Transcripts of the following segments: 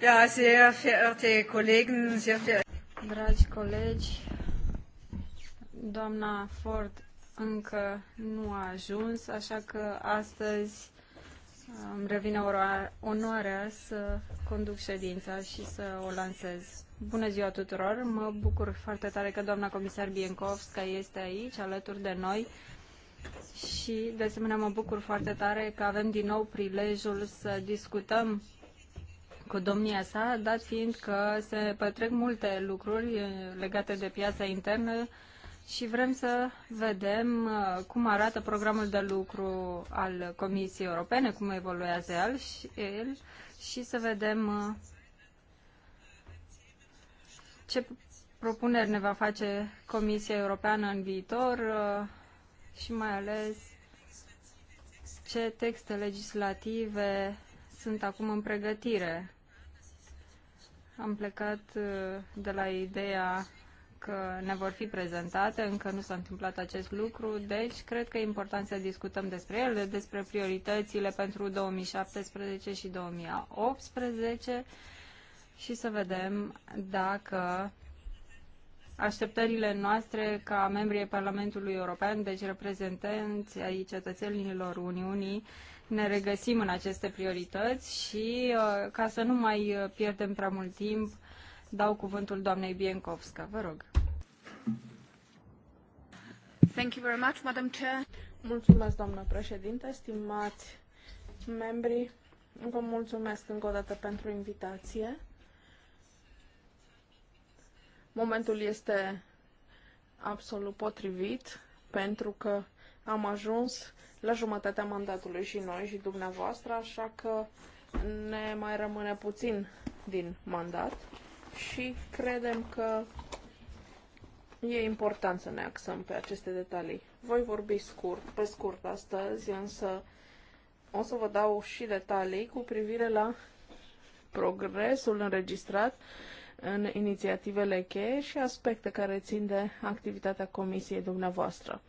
Da, sehr verehrte Kollegen, sehr verehrte... Dragi colegi, doamna Ford încă nu a ajuns, așa că astăzi îmi um, revine onoarea să conduc ședința și să o lansez. Bună ziua tuturor! Mă bucur foarte tare că doamna comisar Biencovska este aici, alături de noi și, de asemenea, mă bucur foarte tare că avem din nou prilejul să discutăm cu domnia sa, dat fiind că se petrec multe lucruri eh, legate de piața internă și vrem să vedem eh, cum arată programul de lucru al Comisiei Europene, cum evoluează el și, el, și să vedem eh, ce propuneri ne va face Comisia Europeană în viitor și mai ales ce texte legislative sunt acum în pregătire am plecat uh, de la ideea că ne vor fi prezentate, încă nu s-a întâmplat acest lucru, deci cred că e important să discutăm despre ele, despre prioritățile pentru 2017 și 2018 și să vedem dacă așteptările noastre ca membrii Parlamentului European, deci reprezentanți ai cetățenilor Uniunii, ne regăsim în aceste priorități și uh, ca să nu mai uh, pierdem prea mult timp, dau cuvântul doamnei Biencovska. Vă rog. Thank you very much, Madam Chair. Mulțumesc, doamnă președinte, stimați membri. Vă mulțumesc încă o dată pentru invitație. Momentul este absolut potrivit pentru că am ajuns la jumătatea mandatului și noi și dumneavoastră, așa că ne mai rămâne puțin din mandat și credem că e important să ne axăm pe aceste detalii. Voi vorbi scurt, pe scurt astăzi, însă o să vă dau și detalii cu privire la progresul înregistrat în inițiativele cheie și aspecte care țin de activitatea comisiei dumneavoastră.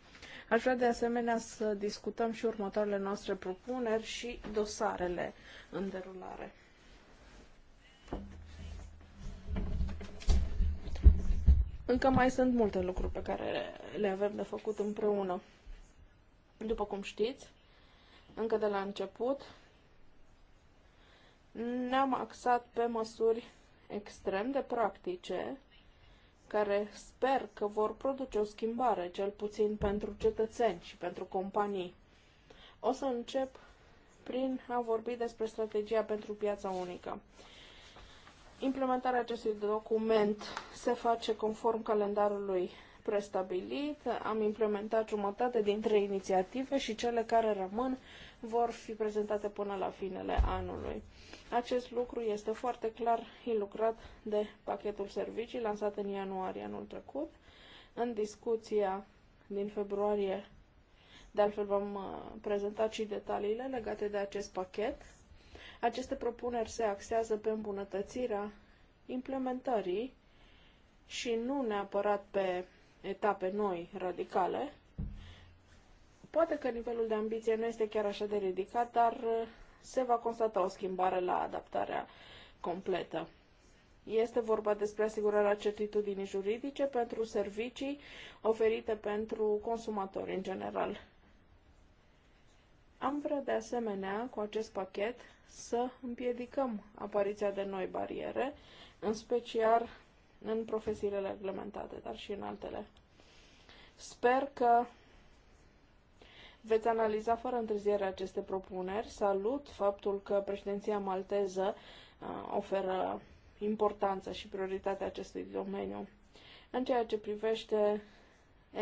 Aș vrea de asemenea să discutăm și următoarele noastre propuneri și dosarele în derulare. Încă mai sunt multe lucruri pe care le avem de făcut împreună. După cum știți, încă de la început, ne-am axat pe măsuri extrem de practice care sper că vor produce o schimbare, cel puțin pentru cetățeni și pentru companii. O să încep prin a vorbi despre strategia pentru piața unică. Implementarea acestui document se face conform calendarului prestabilit. Am implementat jumătate dintre inițiative și cele care rămân vor fi prezentate până la finele anului. Acest lucru este foarte clar ilucrat de pachetul servicii lansat în ianuarie anul trecut. În discuția din februarie, de altfel vom uh, prezenta și detaliile legate de acest pachet. Aceste propuneri se axează pe îmbunătățirea implementării și nu neapărat pe etape noi, radicale. Poate că nivelul de ambiție nu este chiar așa de ridicat, dar uh, se va constata o schimbare la adaptarea completă. Este vorba despre asigurarea certitudinii juridice pentru servicii oferite pentru consumatori în general. Am vrea de asemenea cu acest pachet să împiedicăm apariția de noi bariere, în special în profesiile reglementate, dar și în altele. Sper că Veți analiza fără întârziere aceste propuneri. Salut faptul că președinția malteză uh, oferă importanța și prioritatea acestui domeniu. În ceea ce privește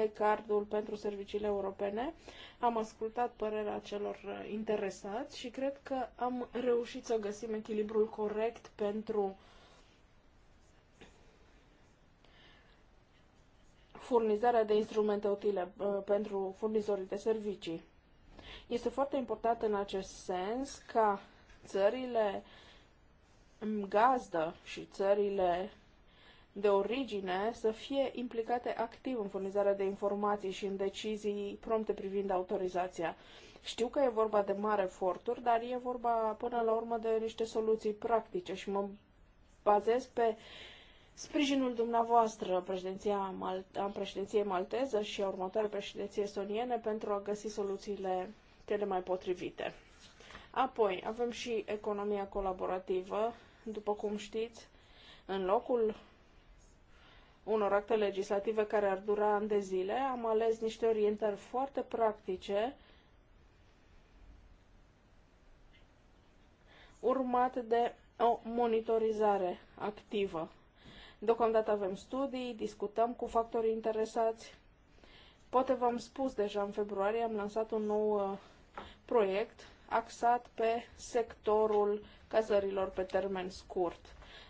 e-cardul pentru serviciile europene, am ascultat părerea celor uh, interesați și cred că am reușit să găsim echilibrul corect pentru uh, furnizarea de instrumente utile uh, pentru furnizorii de servicii. Este foarte important în acest sens ca țările gazdă și țările de origine să fie implicate activ în furnizarea de informații și în decizii prompte privind autorizația. Știu că e vorba de mari eforturi, dar e vorba până la urmă de niște soluții practice și mă bazez pe uh, Sprijinul dumneavoastră, președinția Malte- a președinției malteză și a următoarei președinții estoniene pentru a găsi soluțiile cele mai potrivite. Apoi, avem și economia colaborativă. După cum știți, în locul unor acte legislative care ar dura ani de zile, am ales niște orientări foarte practice urmat de o monitorizare activă Deocamdată avem studii, discutăm cu factorii interesați. Poate v-am spus deja în februarie, am lansat un nou uh, proiect axat pe sectorul cazărilor pe termen scurt.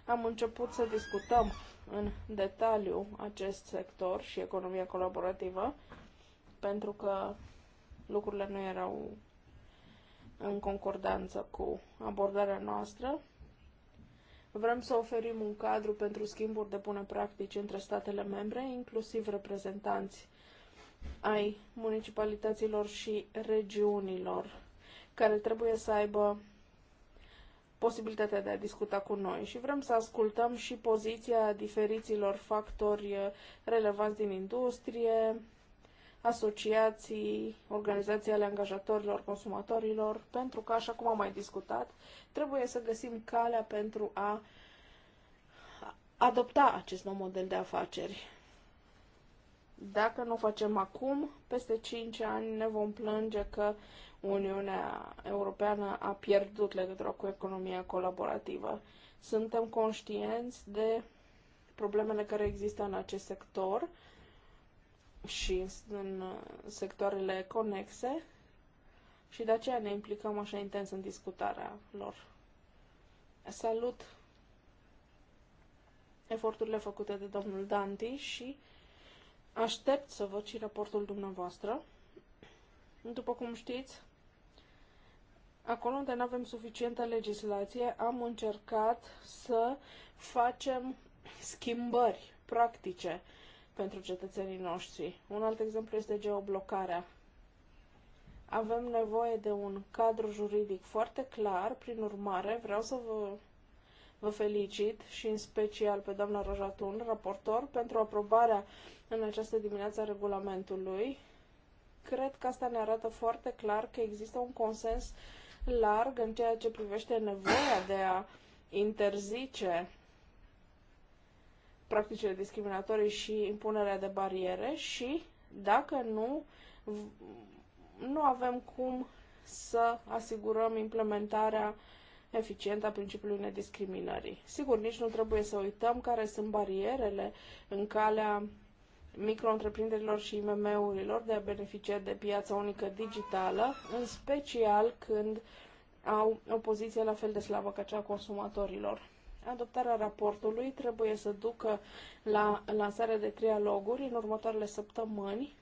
Am început să discutăm în detaliu acest sector și economia colaborativă, pentru că lucrurile nu erau în concordanță cu abordarea noastră. Vrem să oferim un cadru pentru schimburi de bune practici între statele membre, inclusiv reprezentanți ai municipalităților și regiunilor, care trebuie să aibă posibilitatea de a discuta cu noi și vrem să ascultăm și poziția diferiților factori relevanți din industrie, asociații, organizații ale angajatorilor, consumatorilor, pentru că, așa cum am mai discutat, trebuie să găsim calea pentru a adopta acest nou model de afaceri. Dacă nu o facem acum, peste 5 ani ne vom plânge că Uniunea Europeană a pierdut legătura cu economia colaborativă. Suntem conștienți de problemele care există în acest sector și în uh, sectoarele conexe și de aceea ne implicăm așa intens în discutarea lor. Salut eforturile făcute de domnul Danti și aștept să văd și raportul dumneavoastră. După cum știți, acolo unde nu avem suficientă legislație, am încercat să facem schimbări practice pentru cetățenii noștri. Un alt exemplu este geoblocarea. Avem nevoie de un cadru juridic foarte clar, prin urmare vreau să vă, vă felicit și în special pe doamna Rojatun, raportor, pentru aprobarea în această dimineață a regulamentului. Cred că asta ne arată foarte clar că există un consens larg în ceea ce privește nevoia de a interzice practicile discriminatorii și impunerea de bariere și dacă nu, nu avem cum să asigurăm implementarea eficientă a principiului nediscriminării. Sigur, nici nu trebuie să uităm care sunt barierele în calea micro-întreprinderilor și IMM-urilor de a beneficia de piața unică digitală, în special când au o poziție la fel de slabă ca cea a consumatorilor. Adoptarea raportului trebuie să ducă la lansarea de trialoguri în următoarele săptămâni.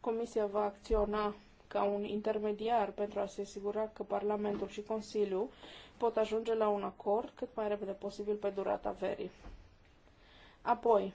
Comisia va acționa ca un intermediar pentru a se asigura că Parlamentul și Consiliul pot ajunge la un acord cât mai repede posibil pe durata verii. Apoi,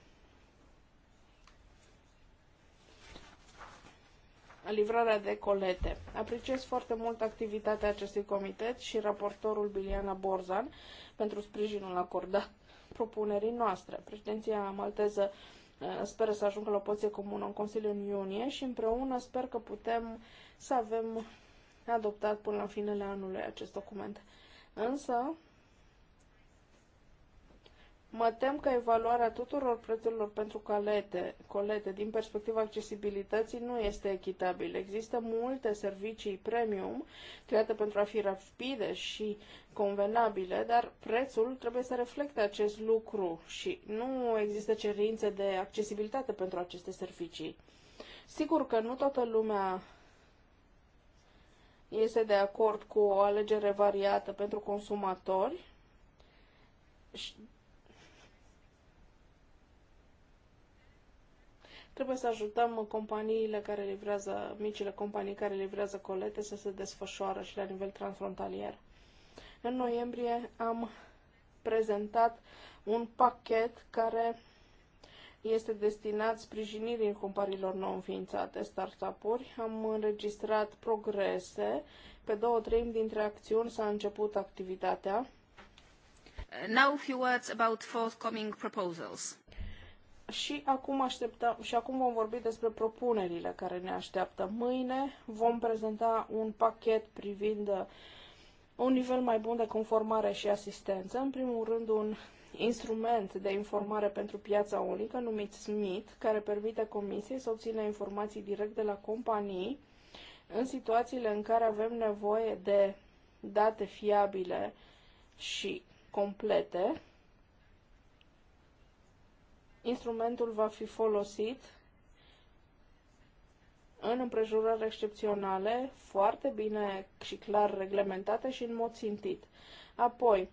livrarea de colete. Apreciez foarte mult activitatea acestui comitet și raportorul Biliana Borzan pentru sprijinul acordat propunerii noastre. Președinția malteză eh, speră să ajungă la o poziție comună în Consiliu în iunie și împreună sper că putem să avem adoptat până la finele anului acest document. Însă, Mă tem că evaluarea tuturor prețurilor pentru calete, colete din perspectiva accesibilității nu este echitabilă. Există multe servicii premium create pentru a fi rapide și convenabile, dar prețul trebuie să reflecte acest lucru și nu există cerințe de accesibilitate pentru aceste servicii. Sigur că nu toată lumea este de acord cu o alegere variată pentru consumatori, Trebuie să ajutăm companiile care livrează, micile companii care livrează colete să se desfășoară și la nivel transfrontalier. În noiembrie am prezentat un pachet care este destinat sprijinirii companiilor nou înființate, startup-uri. Am înregistrat progrese. Pe două treimi dintre acțiuni s-a început activitatea. Now a few words about forthcoming proposals. Și acum așteptăm și acum vom vorbi despre propunerile care ne așteaptă mâine. Vom prezenta un pachet privind uh, un nivel mai bun de conformare și asistență. În primul rând, un instrument de informare pentru piața unică numit SMIT, care permite comisiei să obțină informații direct de la companii în situațiile în care avem nevoie de date fiabile și complete instrumentul va fi folosit în împrejurări excepționale, foarte bine și clar reglementate și în mod țintit. Apoi,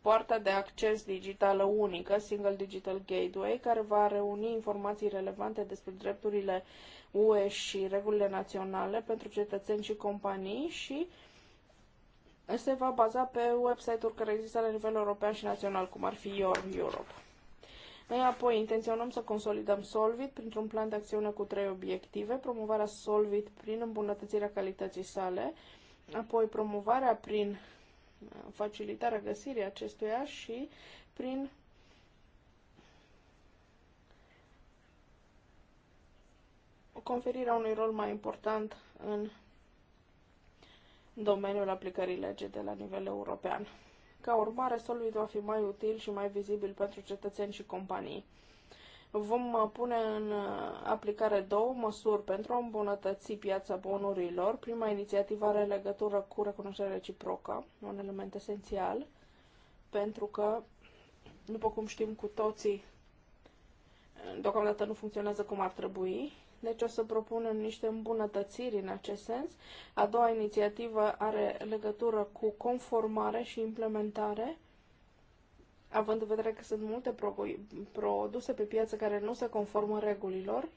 poarta de acces digitală unică, Single Digital Gateway, care va reuni informații relevante despre drepturile UE și regulile naționale pentru cetățeni și companii și uh, se va baza pe website-uri care există la nivel european și național, cum ar fi Your Europe. Noi apoi intenționăm să consolidăm Solvit printr-un plan de acțiune cu trei obiective, promovarea Solvit prin îmbunătățirea calității sale, apoi promovarea prin uh, facilitarea găsirii acestuia și prin conferirea unui rol mai important în domeniul aplicării legii de la nivel european. Ca urmare, Solvit va fi mai util și mai vizibil pentru cetățeni și companii. Vom uh, pune în uh, aplicare două măsuri pentru a îmbunătăți piața bonurilor. Prima inițiativă are legătură cu recunoașterea reciprocă, un element esențial, pentru că, după cum știm cu toții, deocamdată nu funcționează cum ar trebui deci o să propunem niște îmbunătățiri în acest sens. A doua inițiativă are legătură cu conformare și implementare având în vedere că sunt multe produse pe piață care nu se conformă regulilor,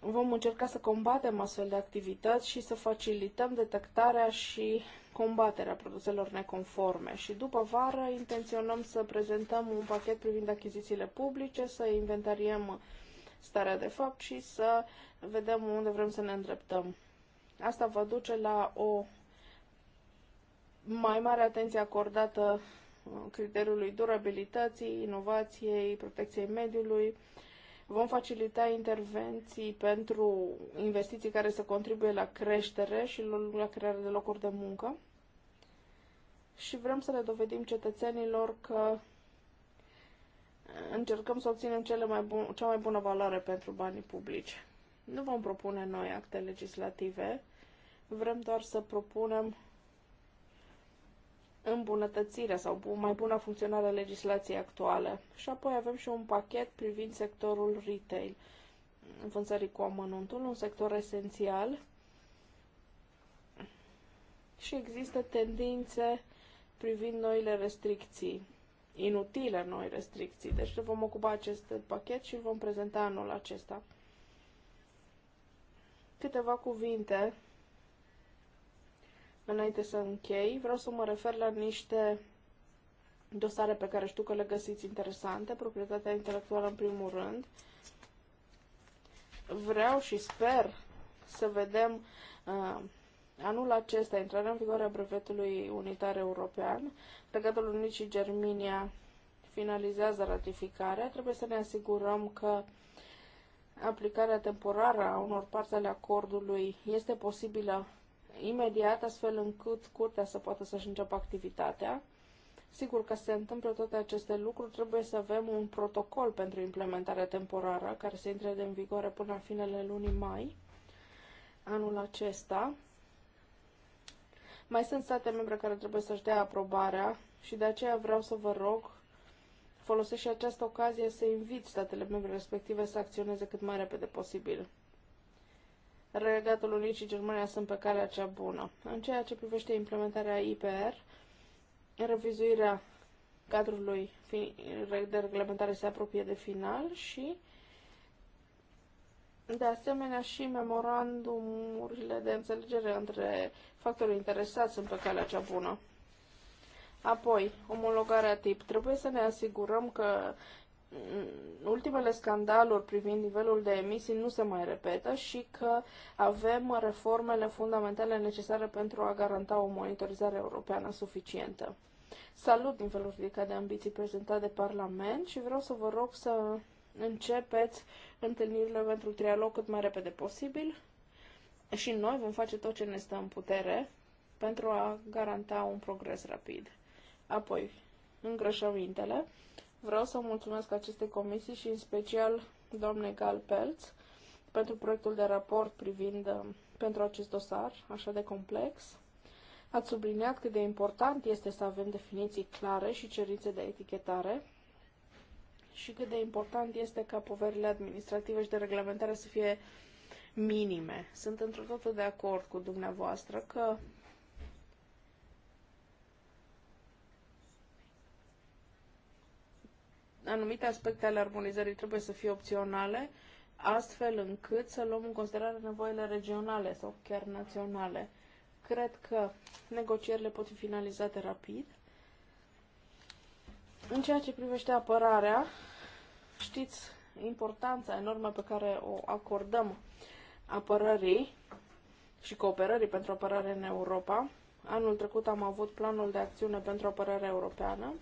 vom încerca să combatem astfel de activități și să facilităm detectarea și combaterea produselor neconforme. Și după vară intenționăm să prezentăm un pachet privind achizițiile publice, să inventariem starea de fapt și să vedem unde vrem să ne îndreptăm. Asta va duce la o mai mare atenție acordată criteriului durabilității, inovației, protecției mediului. Vom facilita intervenții pentru investiții care să contribuie la creștere și la crearea de locuri de muncă. Și vrem să le dovedim cetățenilor că încercăm să obținem cele mai bun, cea mai bună valoare pentru banii publici. Nu vom propune noi acte legislative, vrem doar să propunem îmbunătățirea sau mai bună funcționare a legislației actuale. Și apoi avem și un pachet privind sectorul retail, vânzării cu amănuntul, un sector esențial. Și există tendințe privind noile restricții inutile noi restricții. Deci vom ocupa acest pachet și îl vom prezenta anul acesta. Câteva cuvinte înainte să închei. Vreau să mă refer la niște dosare pe care știu că le găsiți interesante, proprietatea intelectuală în primul rând. Vreau și sper să vedem uh, Anul acesta intrarea în vigoare a brevetului unitar european, Regatul Unit și Germania finalizează ratificarea, trebuie să ne asigurăm că aplicarea temporară a unor părți ale acordului este posibilă imediat, astfel încât curtea să poată să-și înceapă activitatea. Sigur că se întâmplă toate aceste lucruri, trebuie să avem un protocol pentru implementarea temporară, care să intre în vigoare până la finele lunii mai anul acesta mai sunt state membre care trebuie să-și dea aprobarea și de aceea vreau să vă rog, folosesc și această ocazie să invit statele membre respective să acționeze cât mai repede posibil. Regatul Unit și Germania sunt pe calea cea bună. În ceea ce privește implementarea IPR, revizuirea cadrului de reglementare se apropie de final și de asemenea, și memorandumurile de înțelegere între factorii interesați sunt pe calea cea bună. Apoi, omologarea tip. Trebuie să ne asigurăm că mm, ultimele scandaluri privind nivelul de emisii nu se mai repetă și că avem reformele fundamentale necesare pentru a garanta o monitorizare europeană suficientă. Salut nivelul ridicat de ambiții prezentat de Parlament și vreau să vă rog să începeți întâlnirile pentru trialog cât mai repede posibil și noi vom face tot ce ne stă în putere pentru a garanta un progres rapid. Apoi, îngrășămintele. Vreau să mulțumesc acestei comisii și în special doamnei Pelț pentru proiectul de raport privind uh, pentru acest dosar așa de complex. Ați subliniat cât de important este să avem definiții clare și cerințe de etichetare și cât de important este ca poverile administrative și de reglementare să fie minime. Sunt într totul de acord cu dumneavoastră că anumite aspecte ale armonizării trebuie să fie opționale, astfel încât să luăm în considerare nevoile regionale sau chiar naționale. Cred că negocierile pot fi finalizate rapid în ceea ce privește apărarea, știți importanța enormă pe care o acordăm apărării și cooperării pentru apărare în Europa. Anul trecut am avut planul de acțiune pentru apărare europeană,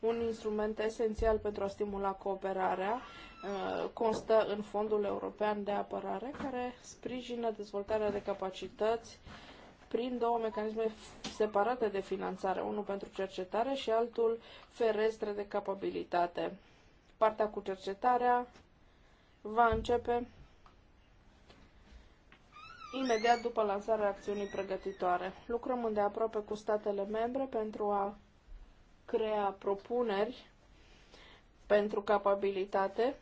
un instrument esențial pentru a stimula cooperarea uh, constă în Fondul European de Apărare, care sprijină dezvoltarea de capacități prin două mecanisme separate de finanțare, unul pentru cercetare și altul ferestre de capabilitate. Partea cu cercetarea va începe imediat după lansarea acțiunii pregătitoare. Lucrăm îndeaproape cu statele membre pentru a crea propuneri pentru capabilitate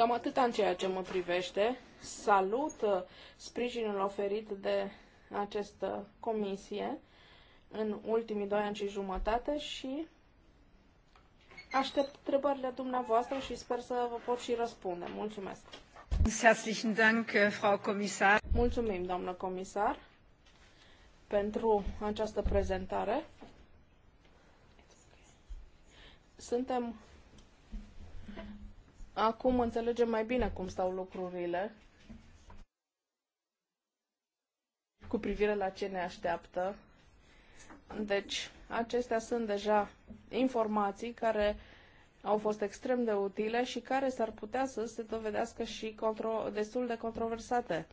Cam atât în ceea ce mă privește. Salut uh, sprijinul oferit de această comisie în ultimii doi ani și jumătate și aștept întrebările dumneavoastră și sper să vă pot și răspunde. Mulțumesc! Herzlichen Dank, uh, Frau Comisar. Mulțumim, doamnă comisar, pentru această prezentare. Suntem Acum înțelegem mai bine cum stau lucrurile cu privire la ce ne așteaptă. Deci, acestea sunt deja informații care au fost extrem de utile și care s-ar putea să se dovedească și contro- destul de controversate.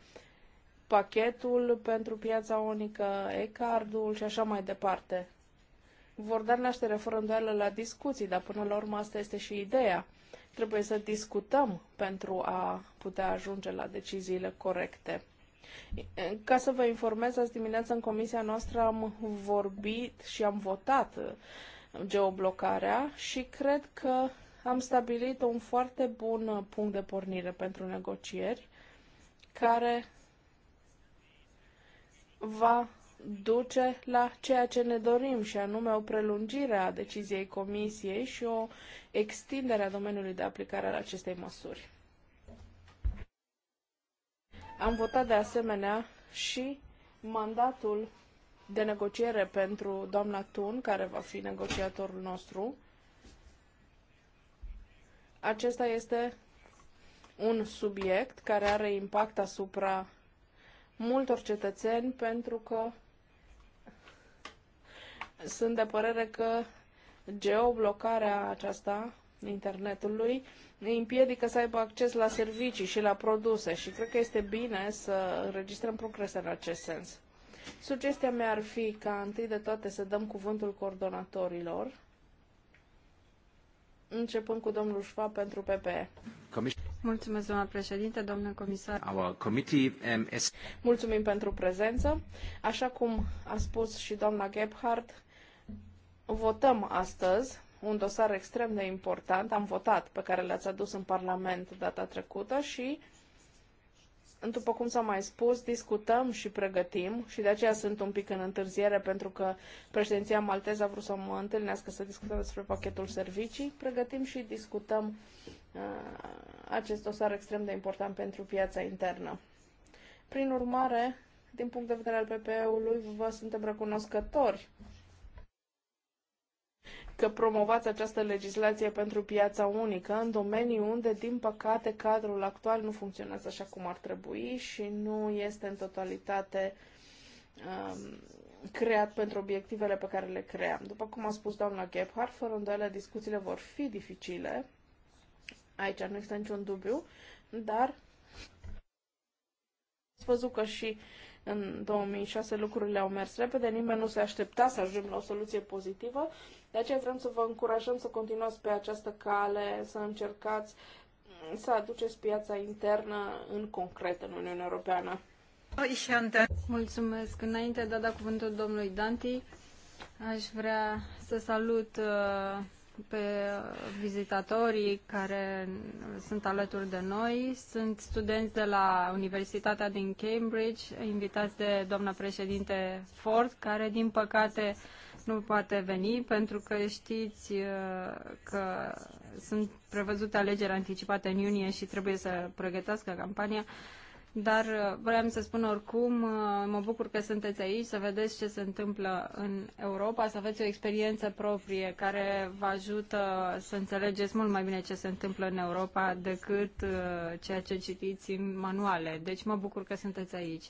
Pachetul pentru piața unică, e-cardul și așa mai departe. Vor da naștere fără îndoială la discuții, dar până la urmă asta este și ideea. Trebuie să discutăm pentru a putea ajunge la deciziile corecte. Ca să vă informez, azi dimineață în comisia noastră am vorbit și am votat geoblocarea și cred că am stabilit un foarte bun punct de pornire pentru negocieri care va duce la ceea ce ne dorim, și anume o prelungire a deciziei Comisiei și o extindere a domeniului de aplicare al acestei măsuri. Am votat de asemenea și mandatul de negociere pentru doamna Tun, care va fi negociatorul nostru. Acesta este un subiect care are impact asupra multor cetățeni pentru că sunt de părere că geoblocarea aceasta internetului îi împiedică să aibă acces la servicii și la produse și cred că este bine să înregistrăm progrese în acest sens. Sugestia mea ar fi ca întâi de toate să dăm cuvântul coordonatorilor, începând cu domnul Șfa pentru PPE. Mulțumesc, doamna președinte, domnule comisar. Our committee, um, Mulțumim pentru prezență. Așa cum a spus și doamna Gebhardt, Votăm astăzi un dosar extrem de important, am votat, pe care l-ați adus în Parlament data trecută și, după cum s-a mai spus, discutăm și pregătim și de aceea sunt un pic în întârziere pentru că președinția malteză a vrut să mă întâlnească să discutăm despre pachetul servicii. Pregătim și discutăm uh, acest dosar extrem de important pentru piața internă. Prin urmare, din punct de vedere al PPE-ului, vă suntem recunoscători că promovați această legislație pentru piața unică în domenii unde, din păcate, cadrul actual nu funcționează așa cum ar trebui și nu este în totalitate um, creat pentru obiectivele pe care le cream. După cum a spus doamna Gebhardt, fără îndoială discuțiile vor fi dificile, aici nu există niciun dubiu, dar ați văzut că și uh, în 2006 lucrurile au mers repede, nimeni nu se aștepta să ajungem la o soluție pozitivă, de aceea vrem să vă încurajăm să continuați pe această cale, să încercați să aduceți piața internă în concret în Uniunea Europeană. Mulțumesc. Înainte de a da cuvântul domnului Danti, aș vrea să salut uh, pe vizitatorii care sunt alături de noi. Sunt studenți de la Universitatea din Cambridge, invitați de doamna președinte Ford, care din păcate nu poate veni pentru că știți uh, că sunt prevăzute alegeri anticipate în iunie și trebuie să pregătească campania. Dar uh, vreau să spun oricum, uh, mă bucur că sunteți aici, să vedeți ce se întâmplă în Europa, să aveți o experiență proprie care vă ajută să înțelegeți mult mai bine ce se întâmplă în Europa decât uh, ceea ce citiți în manuale. Deci mă bucur că sunteți aici.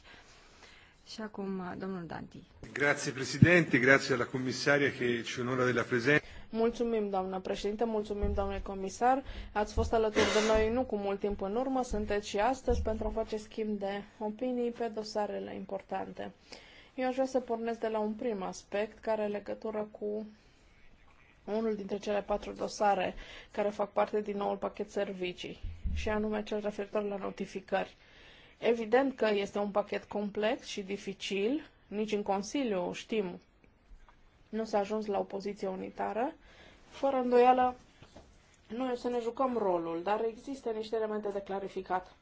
Și acum, domnul Danti. Grazie, președinte, grazie la commissaria che ci onora della presenza. Mulțumim, doamnă președinte, mulțumim, domnule comisar. Ați fost alături de noi nu cu mult timp în urmă, sunteți și astăzi pentru a face schimb de opinii pe dosarele importante. Eu aș vrea să pornesc de la un prim aspect care are legătură cu unul dintre cele patru dosare care fac parte din noul pachet servicii, și anume cel referitor la notificări. Evident că este un pachet complex și dificil, nici în Consiliu știm nu s-a ajuns la o poziție unitară. Fără îndoială, noi o să ne jucăm rolul, dar există niște elemente de clarificat.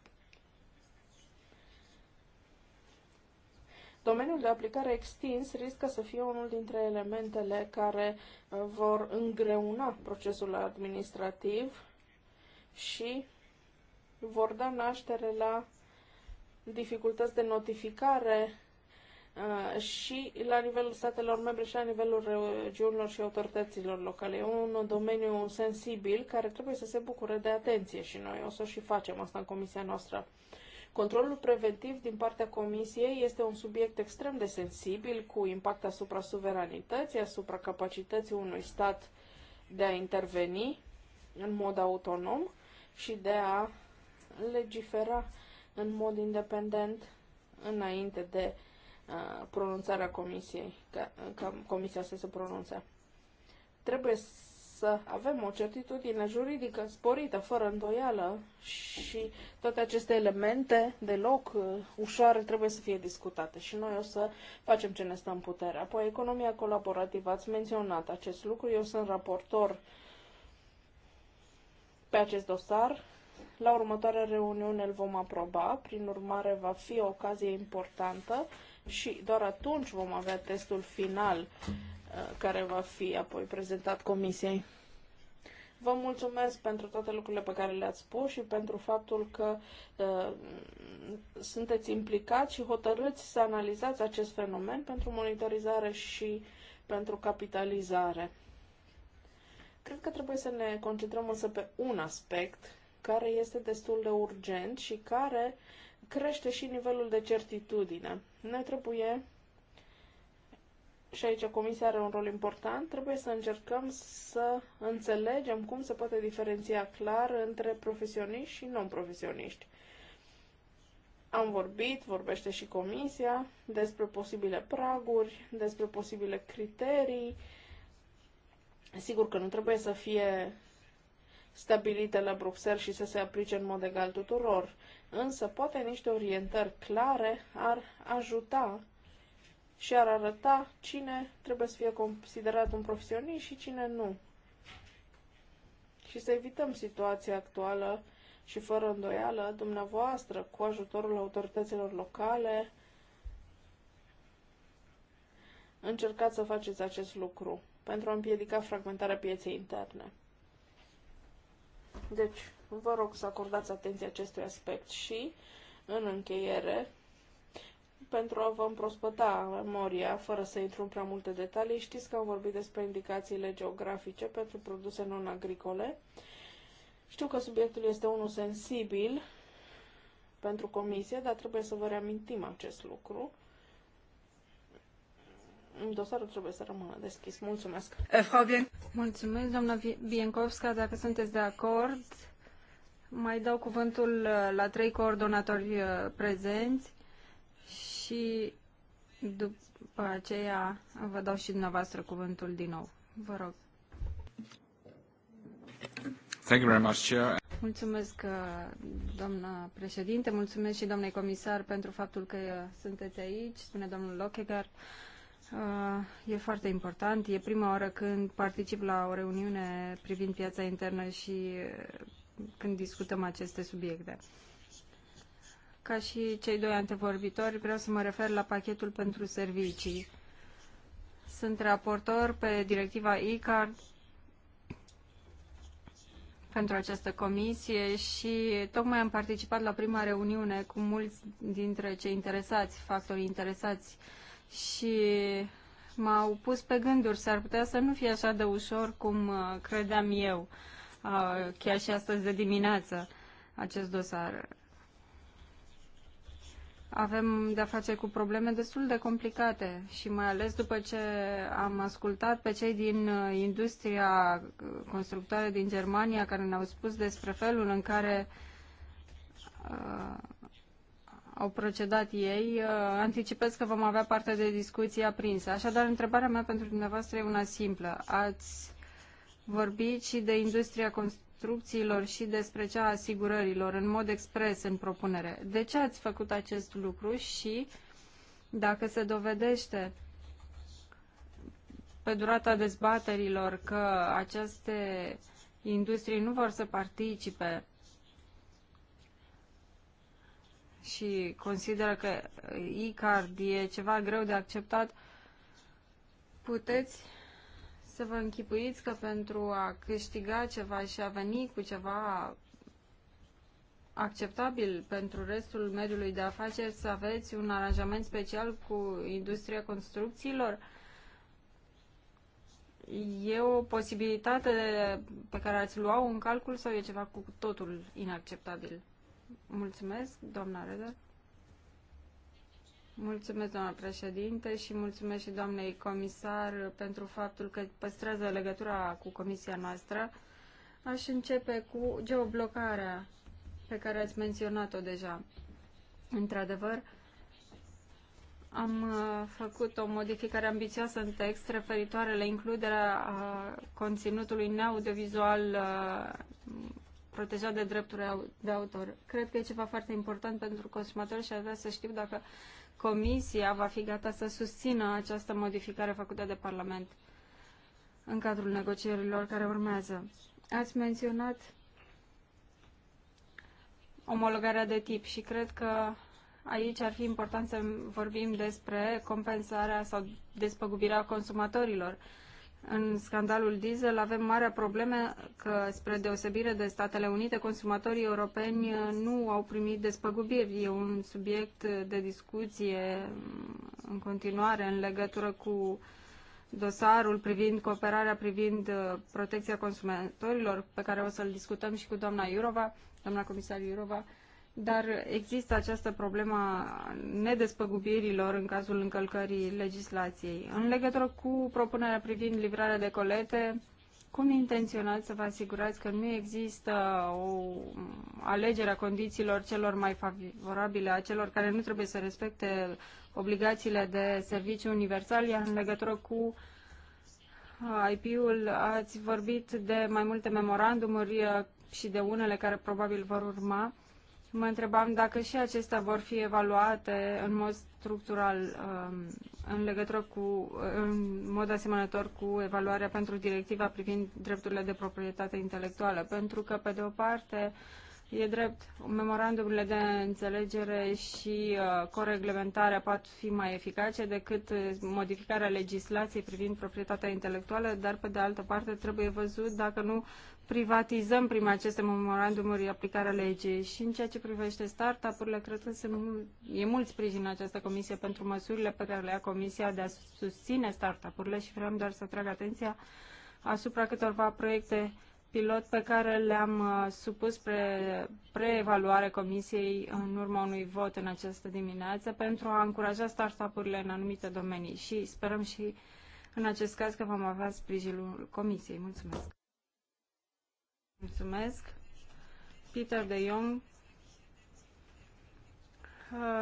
Domeniul de aplicare extins riscă să fie unul dintre elementele care uh, vor îngreuna procesul administrativ și vor da naștere la dificultăți de notificare Uh, și la nivelul statelor membre și la nivelul regiunilor și autorităților locale. E un domeniu sensibil care trebuie să se bucure de atenție și noi o să și facem asta în comisia noastră. Controlul preventiv din partea Comisiei este un subiect extrem de sensibil, cu impact asupra suveranității, asupra capacității unui stat de a interveni în mod autonom și de a legifera în mod independent înainte de uh, pronunțarea comisiei, ca, ca comisia să se pronunțe. Trebuie să avem o certitudine juridică sporită, fără îndoială și toate aceste elemente deloc ușoare trebuie să fie discutate și noi o să facem ce ne stă în putere. Apoi, economia colaborativă, ați menționat acest lucru, eu sunt raportor pe acest dosar. La următoarea reuniune îl vom aproba, prin urmare va fi o ocazie importantă și doar atunci vom avea testul final uh, care va fi apoi prezentat comisiei. Vă mulțumesc pentru toate lucrurile pe care le-ați spus și pentru faptul că uh, sunteți implicați și hotărâți să analizați acest fenomen pentru monitorizare și pentru capitalizare. Cred că trebuie să ne concentrăm însă pe un aspect care este destul de urgent și care uh, crește și nivelul de certitudine. Noi trebuie, și aici Comisia are un rol important, trebuie să încercăm să înțelegem cum se poate diferenția clar între profesioniști și non-profesioniști. Am vorbit, vorbește și Comisia, despre posibile praguri, despre posibile criterii. Sigur că nu trebuie să fie stabilite la Bruxelles și să se aplice în mod egal tuturor. Însă, poate niște orientări clare ar ajuta și ar arăta cine trebuie să fie considerat un profesionist și cine nu. Și să evităm situația actuală și fără îndoială, dumneavoastră, cu ajutorul autorităților locale, încercați să faceți acest lucru pentru a împiedica fragmentarea pieței interne. Deci, Vă rog să acordați atenție acestui aspect și, în încheiere, pentru a vă împrospăta memoria, fără să intru în prea multe detalii, știți că am vorbit despre indicațiile geografice pentru produse non-agricole. Știu că subiectul este unul sensibil pentru comisie, dar trebuie să vă reamintim acest lucru. Dosarul trebuie să rămână deschis. Mulțumesc! Mulțumesc, doamna Biencovska, dacă sunteți de acord. Mai dau cuvântul uh, la trei coordonatori uh, prezenți și după aceea vă dau și dumneavoastră cuvântul din nou. Vă rog. Thank you very much, Chair. Mulțumesc, uh, doamnă președinte, mulțumesc și domnului comisar pentru faptul că sunteți aici, spune domnul Lochegar. E foarte important. E prima oară când particip la o reuniune privind piața internă și când discutăm aceste subiecte. Ca și cei doi antevorbitori, vreau să mă refer la pachetul pentru servicii. Sunt raportor pe directiva ICARD pentru această comisie și tocmai am participat la prima reuniune cu mulți dintre cei interesați, factorii interesați și m-au pus pe gânduri, s-ar putea să nu fie așa de ușor cum uh, credeam eu. Uh, chiar și astăzi de dimineață acest dosar. Avem de-a face cu probleme destul de complicate și mai ales după ce am ascultat pe cei din uh, industria uh, constructoare din Germania care ne-au spus despre felul în care uh, au procedat ei, uh, anticipez că vom avea parte de discuții aprinse. Așadar, întrebarea mea pentru dumneavoastră e una simplă. Ați vorbit și de industria construcțiilor și despre cea a asigurărilor în mod expres în propunere. De ce ați făcut acest lucru și dacă se dovedește pe durata dezbaterilor că aceste industrii nu vor să participe și consideră că ICARD e ceva greu de acceptat, puteți să vă închipuiți că pentru a câștiga ceva și a veni cu ceva acceptabil pentru restul mediului de afaceri să aveți un aranjament special cu industria construcțiilor? E o posibilitate pe care ați luat un calcul sau e ceva cu totul inacceptabil? Mulțumesc, doamna Redar. Mulțumesc, doamna președinte, și mulțumesc și doamnei comisar pentru faptul că păstrează legătura cu comisia noastră. Aș începe cu geoblocarea pe care ați menționat-o deja. Într-adevăr, am uh, făcut o modificare ambițioasă în text referitoare la includerea uh, conținutului neaudiovizual uh, protejat de drepturi de autor. Cred că e ceva foarte important pentru consumatori și aș vrea să știu dacă Comisia va fi gata să susțină această modificare făcută de Parlament în cadrul negocierilor care urmează. Ați menționat omologarea de tip și cred că aici ar fi important să vorbim despre compensarea sau despăgubirea consumatorilor. Uh, în scandalul diesel avem mare probleme că, spre deosebire de Statele Unite, consumatorii europeni uh, nu au primit despăgubiri. E un subiect de discuție mm, în continuare în legătură cu dosarul privind cooperarea, privind uh, protecția consumatorilor, pe care o să-l discutăm și cu doamna Iurova, doamna comisar Iurova dar există această problemă nedespăgubirilor în cazul încălcării legislației. În legătură cu propunerea privind livrarea de colete, cum intenționați să vă asigurați că nu există o alegere a condițiilor celor mai favorabile, a celor care nu trebuie să respecte obligațiile de serviciu universal, iar în legătură cu uh, IP-ul ați vorbit de mai multe memorandumuri uh, și de unele care probabil vor urma. Mă întrebam dacă și acestea vor fi evaluate în mod structural um, în legătură cu, în mod asemănător cu evaluarea pentru directiva privind drepturile de proprietate intelectuală, pentru că, pe de o parte, E drept, memorandumurile de înțelegere și uh, coreglementarea pot fi mai eficace decât uh, modificarea legislației privind proprietatea intelectuală, dar pe de altă parte trebuie văzut dacă nu privatizăm prin aceste memorandumuri aplicarea legii. Și în ceea ce privește startup-urile, cred că se mul- e mult sprijin în această comisie pentru măsurile pe care le ia comisia de a susține startup-urile și vreau doar să atrag atenția asupra câtorva proiecte pilot pe care le-am uh, supus pre, preevaluare comisiei în urma unui vot în această dimineață pentru a încuraja startup-urile în anumite domenii și sperăm și în acest caz că vom avea sprijinul comisiei. Mulțumesc! Mulțumesc! Peter de Jong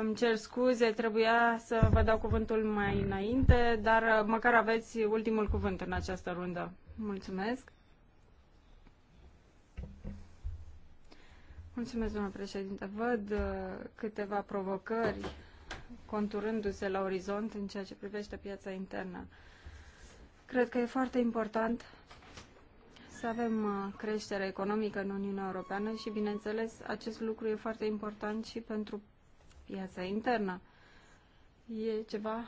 îmi cer scuze, trebuia să vă dau cuvântul mai înainte, dar uh, măcar aveți ultimul cuvânt în această rundă. Mulțumesc. Mulțumesc, domnule președinte. Văd uh, câteva provocări conturându-se la orizont în ceea ce privește piața internă. Cred că e foarte important să avem uh, creștere economică în Uniunea Europeană și, bineînțeles, acest lucru e foarte important și pentru piața internă. E ceva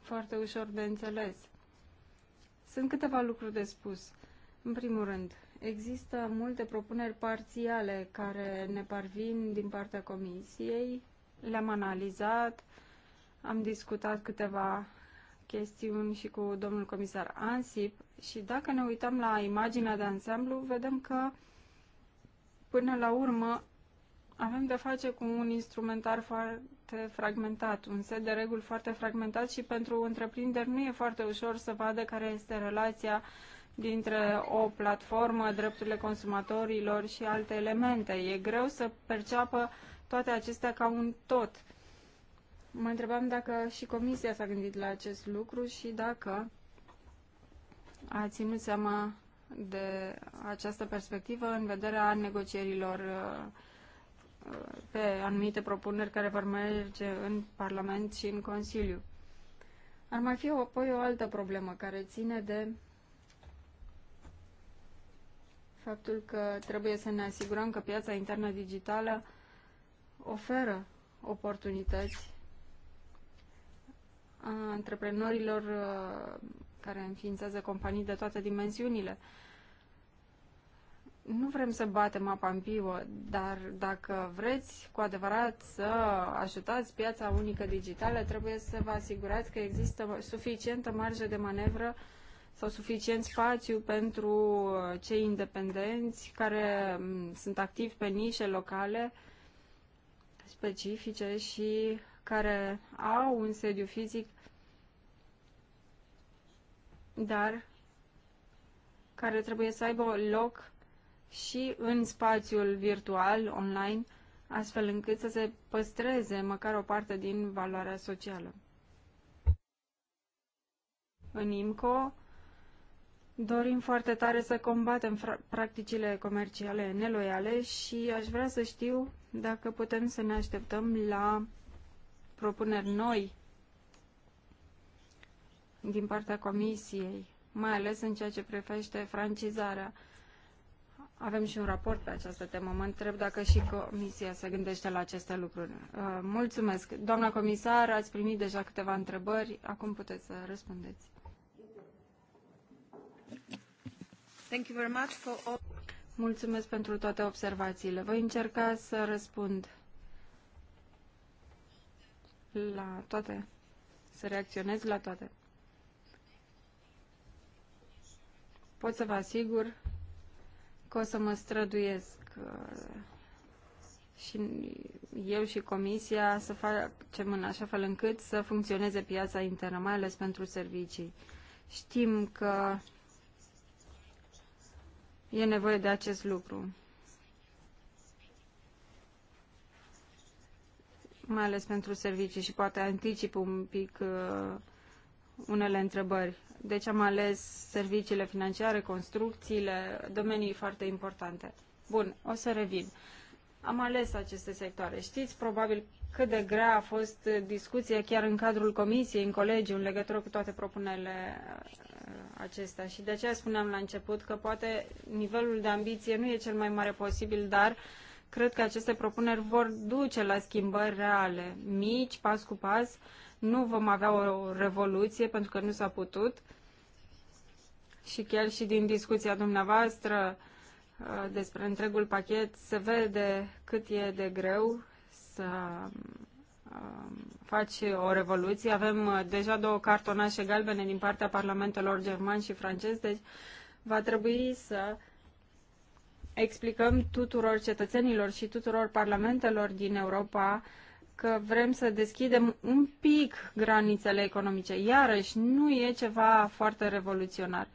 foarte ușor de înțeles. Sunt câteva lucruri de spus. În primul rând, Există multe propuneri parțiale care ne parvin din partea Comisiei. Le-am analizat, am discutat câteva chestiuni și cu domnul comisar Ansip și dacă ne uităm la imaginea de ansamblu, vedem că până la urmă avem de face cu un instrumentar foarte fragmentat, un set de reguli foarte fragmentat și pentru întreprinderi nu e foarte ușor să vadă care este relația uh, dintre o platformă, drepturile consumatorilor și alte elemente. E greu să perceapă toate acestea ca un tot. Mă întrebam dacă și Comisia s-a gândit la acest lucru și dacă a ținut seama de această perspectivă în vederea negocierilor uh, uh, pe anumite propuneri care vor merge în Parlament și în Consiliu. Ar mai fi apoi o altă problemă care ține de faptul că trebuie să ne asigurăm că piața internă digitală oferă oportunități a antreprenorilor uh, care înființează companii de toate dimensiunile. Nu vrem să batem apa în piuă, dar dacă vreți cu adevărat să ajutați piața unică digitală, trebuie să vă asigurați că există suficientă marjă de manevră uh, sau suficient spațiu pentru cei independenți care mm, sunt activi pe nișe locale specifice și care au un sediu fizic, dar care trebuie să aibă loc și în spațiul virtual, online, astfel încât să se păstreze măcar o parte din valoarea socială. În IMCO, Dorim foarte tare să combatem practicile comerciale neloiale și aș vrea să știu dacă putem să ne așteptăm la propuneri noi din partea Comisiei, mai ales în ceea ce privește francizarea. Avem și un raport pe această temă. Mă întreb dacă și Comisia se gândește la aceste lucruri. Uh, mulțumesc. Doamna comisar, ați primit deja câteva întrebări. Acum puteți să răspundeți. Mulțumesc pentru toate observațiile. Voi încerca să răspund la toate, să reacționez la toate. Pot să vă asigur că o să mă străduiesc uh, și eu și Comisia să facem în așa fel încât să funcționeze piața internă, mai ales pentru servicii. Știm că e nevoie de acest lucru. Mai ales pentru servicii și poate anticip un pic uh, unele întrebări. Deci am ales serviciile financiare, construcțiile, domenii foarte importante. Bun, o să revin. Am ales aceste sectoare. Știți probabil cât de grea a fost discuția chiar în cadrul comisiei, în colegiu, în legătură cu toate propunerile acesta și de aceea spuneam la început că poate nivelul de ambiție nu e cel mai mare posibil, dar cred că aceste propuneri vor duce la schimbări reale, mici, pas cu pas. Nu vom avea o revoluție pentru că nu s-a putut și chiar și din discuția dumneavoastră uh, despre întregul pachet se vede cât e de greu să Um, faci o revoluție. Avem uh, deja două cartonașe galbene din partea parlamentelor german și francez, deci va trebui să explicăm tuturor cetățenilor și tuturor parlamentelor din Europa că vrem să deschidem un pic granițele economice. Iarăși, nu e ceva foarte revoluționar,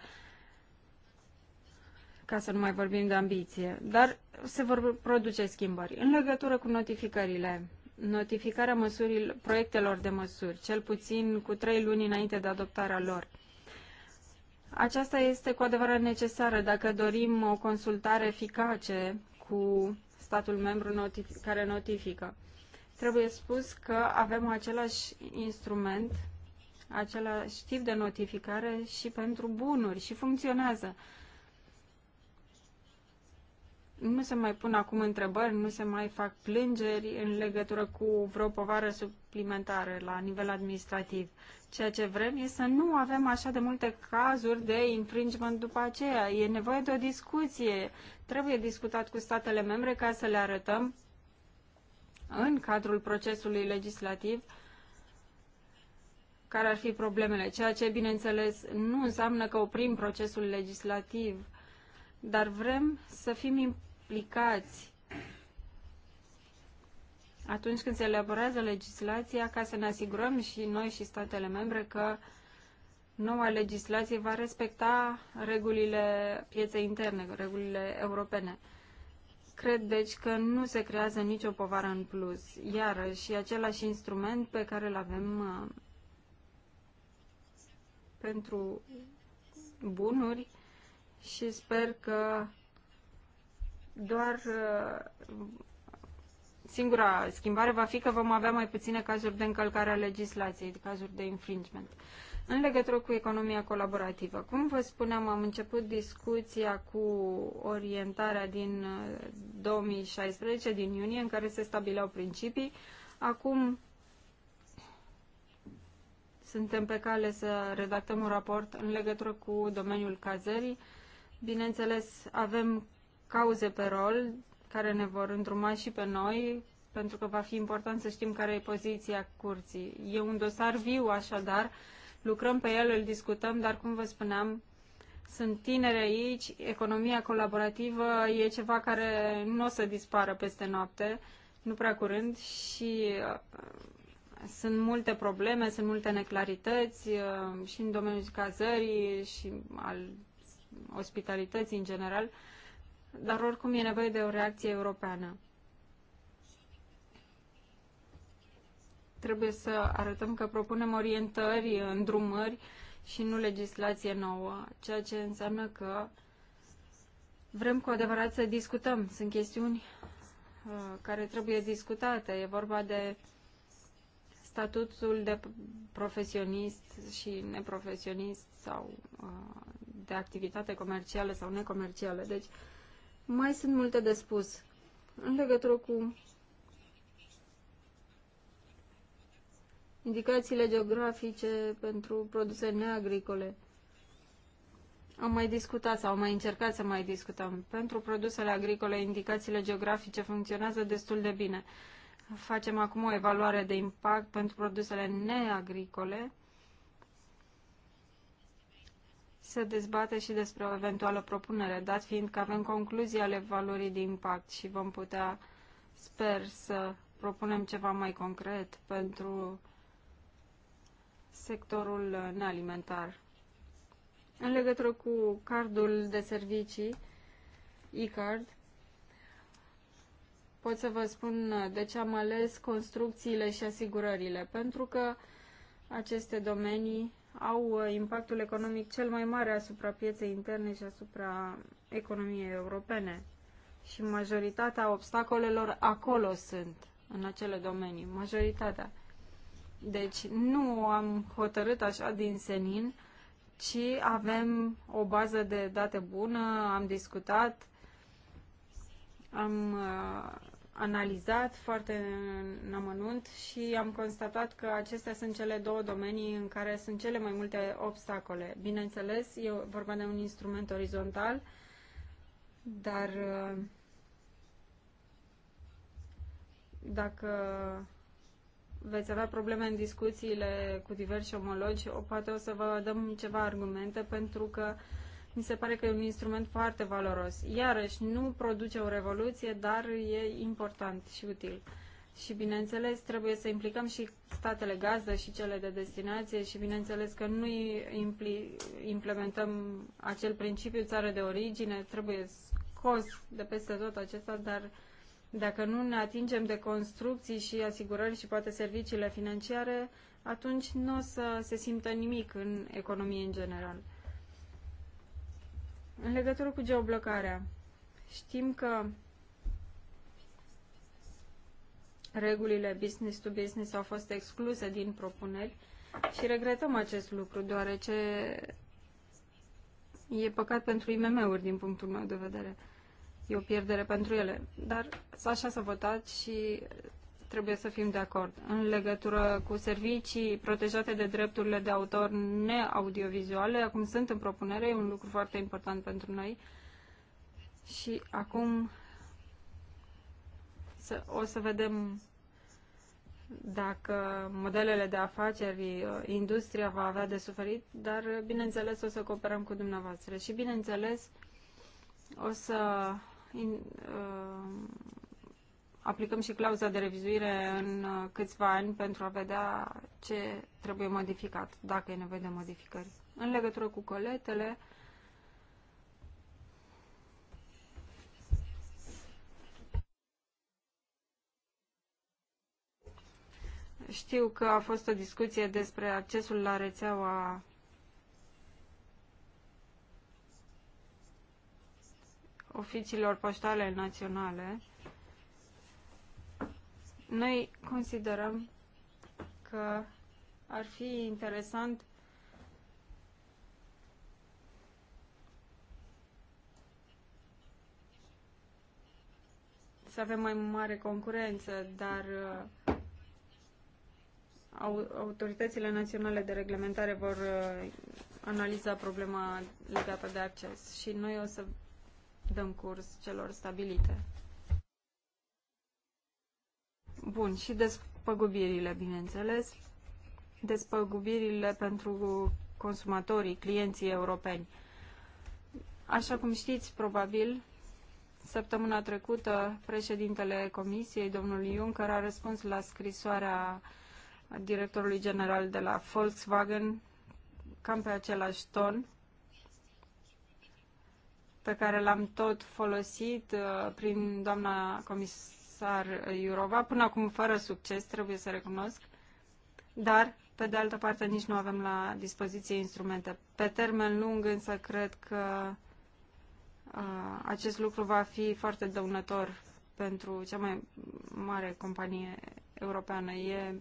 ca să nu mai vorbim de ambiție, dar se vor produce schimbări. În legătură cu notificările, notificarea măsurilor, proiectelor de măsuri, cel puțin cu trei luni înainte de adoptarea lor. Aceasta este cu adevărat necesară dacă dorim o consultare eficace cu statul membru notific care notifică. Trebuie spus că avem același instrument, același tip de notificare și pentru bunuri și funcționează nu se mai pun acum întrebări, nu se mai fac plângeri în legătură cu vreo povară suplimentară la nivel administrativ. Ceea ce vrem este să nu avem așa de multe cazuri de infringement după aceea. E nevoie de o discuție. Trebuie discutat cu statele membre ca să le arătăm în cadrul procesului legislativ care ar fi problemele. Ceea ce, bineînțeles, nu înseamnă că oprim procesul legislativ dar vrem să fim implicați atunci când se elaborează legislația ca să ne asigurăm și noi și statele membre că noua legislație va respecta regulile pieței interne, regulile europene. Cred, deci, că nu se creează nicio povară în plus. Iar și același instrument pe care îl avem uh, pentru bunuri și sper că doar uh, singura schimbare va fi că vom avea mai puține cazuri de încălcare a legislației, cazuri de infringement. În legătură cu economia colaborativă, cum vă spuneam, am început discuția cu orientarea din 2016, uh, din iunie, în care se stabileau principii. Acum suntem pe cale să redactăm un raport în legătură cu domeniul cazării. Bineînțeles, avem cauze pe rol care ne vor îndruma și pe noi, pentru că va fi important să știm care e poziția curții. E un dosar viu, așadar, lucrăm pe el, îl discutăm, dar, cum vă spuneam, sunt tineri aici, economia colaborativă e ceva care nu o să dispară peste noapte, nu prea curând, și uh, sunt multe probleme, sunt multe neclarități uh, și în domeniul cazării și al ospitalității în general dar oricum e nevoie de o reacție europeană. Trebuie să arătăm că propunem orientări, îndrumări și nu legislație nouă, ceea ce înseamnă că vrem cu adevărat să discutăm. Sunt chestiuni uh, care trebuie discutate. E vorba de statutul de profesionist și neprofesionist sau uh, de activitate comercială sau necomercială. Deci mai sunt multe de spus în legătură cu indicațiile geografice pentru produse neagricole. Am mai discutat sau am mai încercat să mai discutăm. Pentru produsele agricole, indicațiile geografice funcționează destul de bine. Facem acum o evaluare de impact pentru produsele neagricole să dezbate și despre o eventuală propunere, dat fiind că avem concluzii ale valorii de impact și vom putea, sper, să propunem ceva mai concret pentru sectorul nealimentar. În legătură cu cardul de servicii, e-card, pot să vă spun de ce am ales construcțiile și asigurările, pentru că aceste domenii au uh, impactul economic cel mai mare asupra pieței interne și asupra economiei europene. Și majoritatea obstacolelor acolo sunt, în acele domenii, majoritatea. Deci nu am hotărât așa din senin, ci avem o bază de date bună, am discutat, am uh, analizat foarte în amănunt și am constatat că acestea sunt cele două domenii în care sunt cele mai multe obstacole. Bineînțeles, e vorba de un instrument orizontal, dar uh, dacă veți avea probleme în discuțiile cu diversi omologi, o, poate o să vă dăm ceva argumente pentru că uh, mi se pare că e un instrument foarte valoros. Iarăși, nu produce o revoluție, dar e important și util. Și, bineînțeles, trebuie să implicăm și statele gazdă și cele de destinație și, bineînțeles, că nu implementăm acel principiu țară de origine, trebuie scos de peste tot acesta, dar dacă nu ne atingem de construcții și asigurări și poate serviciile financiare, atunci nu o să se simtă nimic în economie în general. În legătură cu geoblocarea, știm că regulile business to business au fost excluse din propuneri și regretăm acest lucru, deoarece e păcat pentru IMM-uri din punctul meu de vedere. E o pierdere pentru ele. Dar așa s-a votat și trebuie să fim de acord. În legătură cu servicii protejate de drepturile de autor neaudiovizuale, acum sunt în propunere, e un lucru foarte important pentru noi. Și acum să, o să vedem dacă modelele de afaceri, uh, industria va avea de suferit, dar uh, bineînțeles o să cooperăm cu dumneavoastră și bineînțeles o să in, uh, aplicăm și clauza de revizuire în uh, câțiva ani pentru a vedea ce trebuie modificat, dacă e nevoie de modificări. În legătură cu coletele, știu că a fost o discuție despre accesul la rețeaua oficiilor poștale naționale noi considerăm că ar fi interesant să avem mai mare concurență, dar uh, autoritățile naționale de reglementare vor uh, analiza problema legată de acces și noi o să dăm curs celor stabilite. Bun, și despăgubirile, bineînțeles. Despăgubirile pentru consumatorii, clienții europeni. Așa cum știți, probabil, săptămâna trecută, președintele Comisiei, domnul Juncker, a răspuns la scrisoarea directorului general de la Volkswagen, cam pe același ton, pe care l-am tot folosit uh, prin doamna comis comisar Iurova, până acum fără succes, trebuie să recunosc, dar, pe de altă parte, nici nu avem la dispoziție instrumente. Pe termen lung, însă, cred că uh, acest lucru va fi foarte dăunător pentru cea mai mare companie europeană. E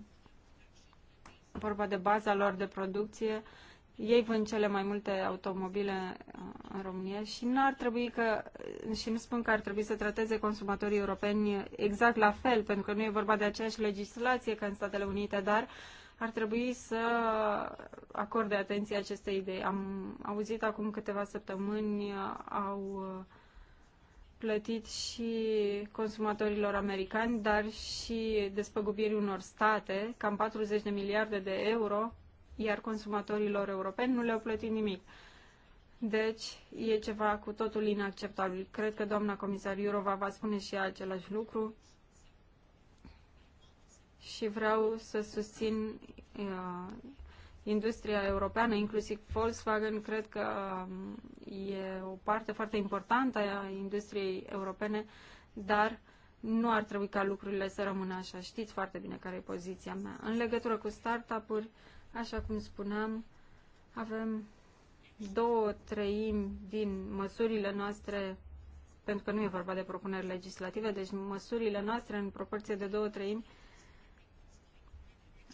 vorba de baza lor de producție, uh, ei vând cele mai multe automobile uh, în România și nu ar trebui că, și nu spun că ar trebui să trateze consumatorii europeni exact la fel, pentru că nu e vorba de aceeași legislație ca în Statele Unite, dar ar trebui să acorde atenție acestei idei. Am auzit acum câteva săptămâni, uh, au uh, plătit și consumatorilor americani, dar și despăgubiri unor state, cam 40 de miliarde de euro iar consumatorilor europeni nu le-au plătit nimic. Deci, e ceva cu totul inacceptabil. Cred că doamna comisar Iurova va spune și ea același lucru și vreau să susțin uh, industria europeană, inclusiv Volkswagen. Cred că uh, e o parte foarte importantă a industriei europene, dar nu ar trebui ca lucrurile să rămână așa. Știți foarte bine care e poziția mea. În legătură cu startup-uri, uh, Așa cum spuneam, avem două treimi din măsurile noastre, pentru că nu e vorba de propuneri legislative, deci măsurile noastre în proporție de două treimi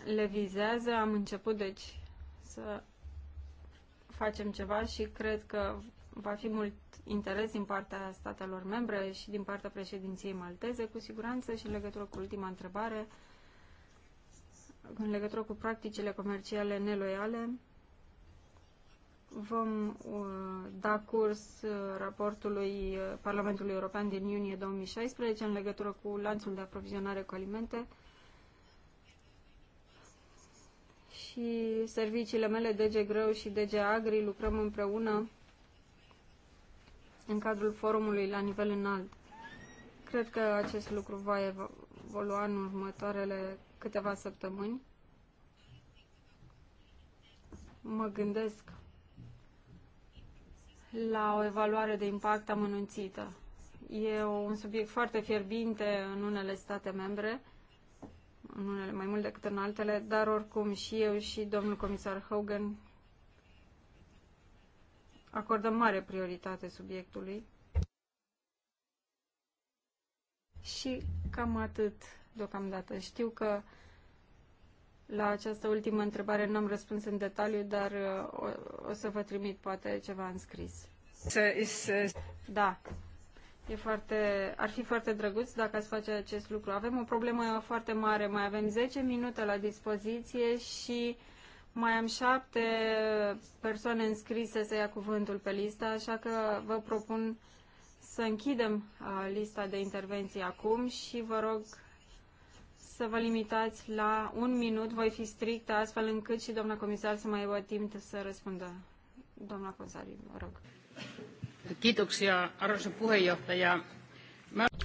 le vizează. Am început, deci, să facem ceva și cred că va fi mult interes din partea statelor membre și din partea președinției malteze, cu siguranță, și în legătură cu ultima întrebare, în legătură cu practicile comerciale neloiale, vom uh, da curs uh, raportului uh, Parlamentului European din iunie 2016 în legătură cu lanțul de aprovizionare cu alimente și serviciile mele DG Greu și DG Agri lucrăm împreună în cadrul forumului la nivel înalt. Cred că acest lucru va evolua în următoarele câteva săptămâni, mă gândesc la o evaluare de impact amănunțită. E un subiect foarte fierbinte în unele state membre, în unele mai mult decât în altele, dar oricum și eu și domnul comisar Hogan acordăm mare prioritate subiectului. Și cam atât deocamdată. Știu că la această ultimă întrebare nu am răspuns în detaliu, dar uh, o, o să vă trimit poate ceva în scris. Da. E foarte, ar fi foarte drăguț dacă ați face acest lucru. Avem o problemă foarte mare. Mai avem 10 minute la dispoziție și mai am 7 persoane înscrise să ia cuvântul pe listă, așa că vă propun să închidem uh, lista de intervenții acum și vă rog să vă limitați la un minut. Voi fi strictă astfel încât și doamna comisar să mai aibă timp să răspundă. Doamna comisar, vă rog. Kiitoksia, arvoisa puheenjohtaja.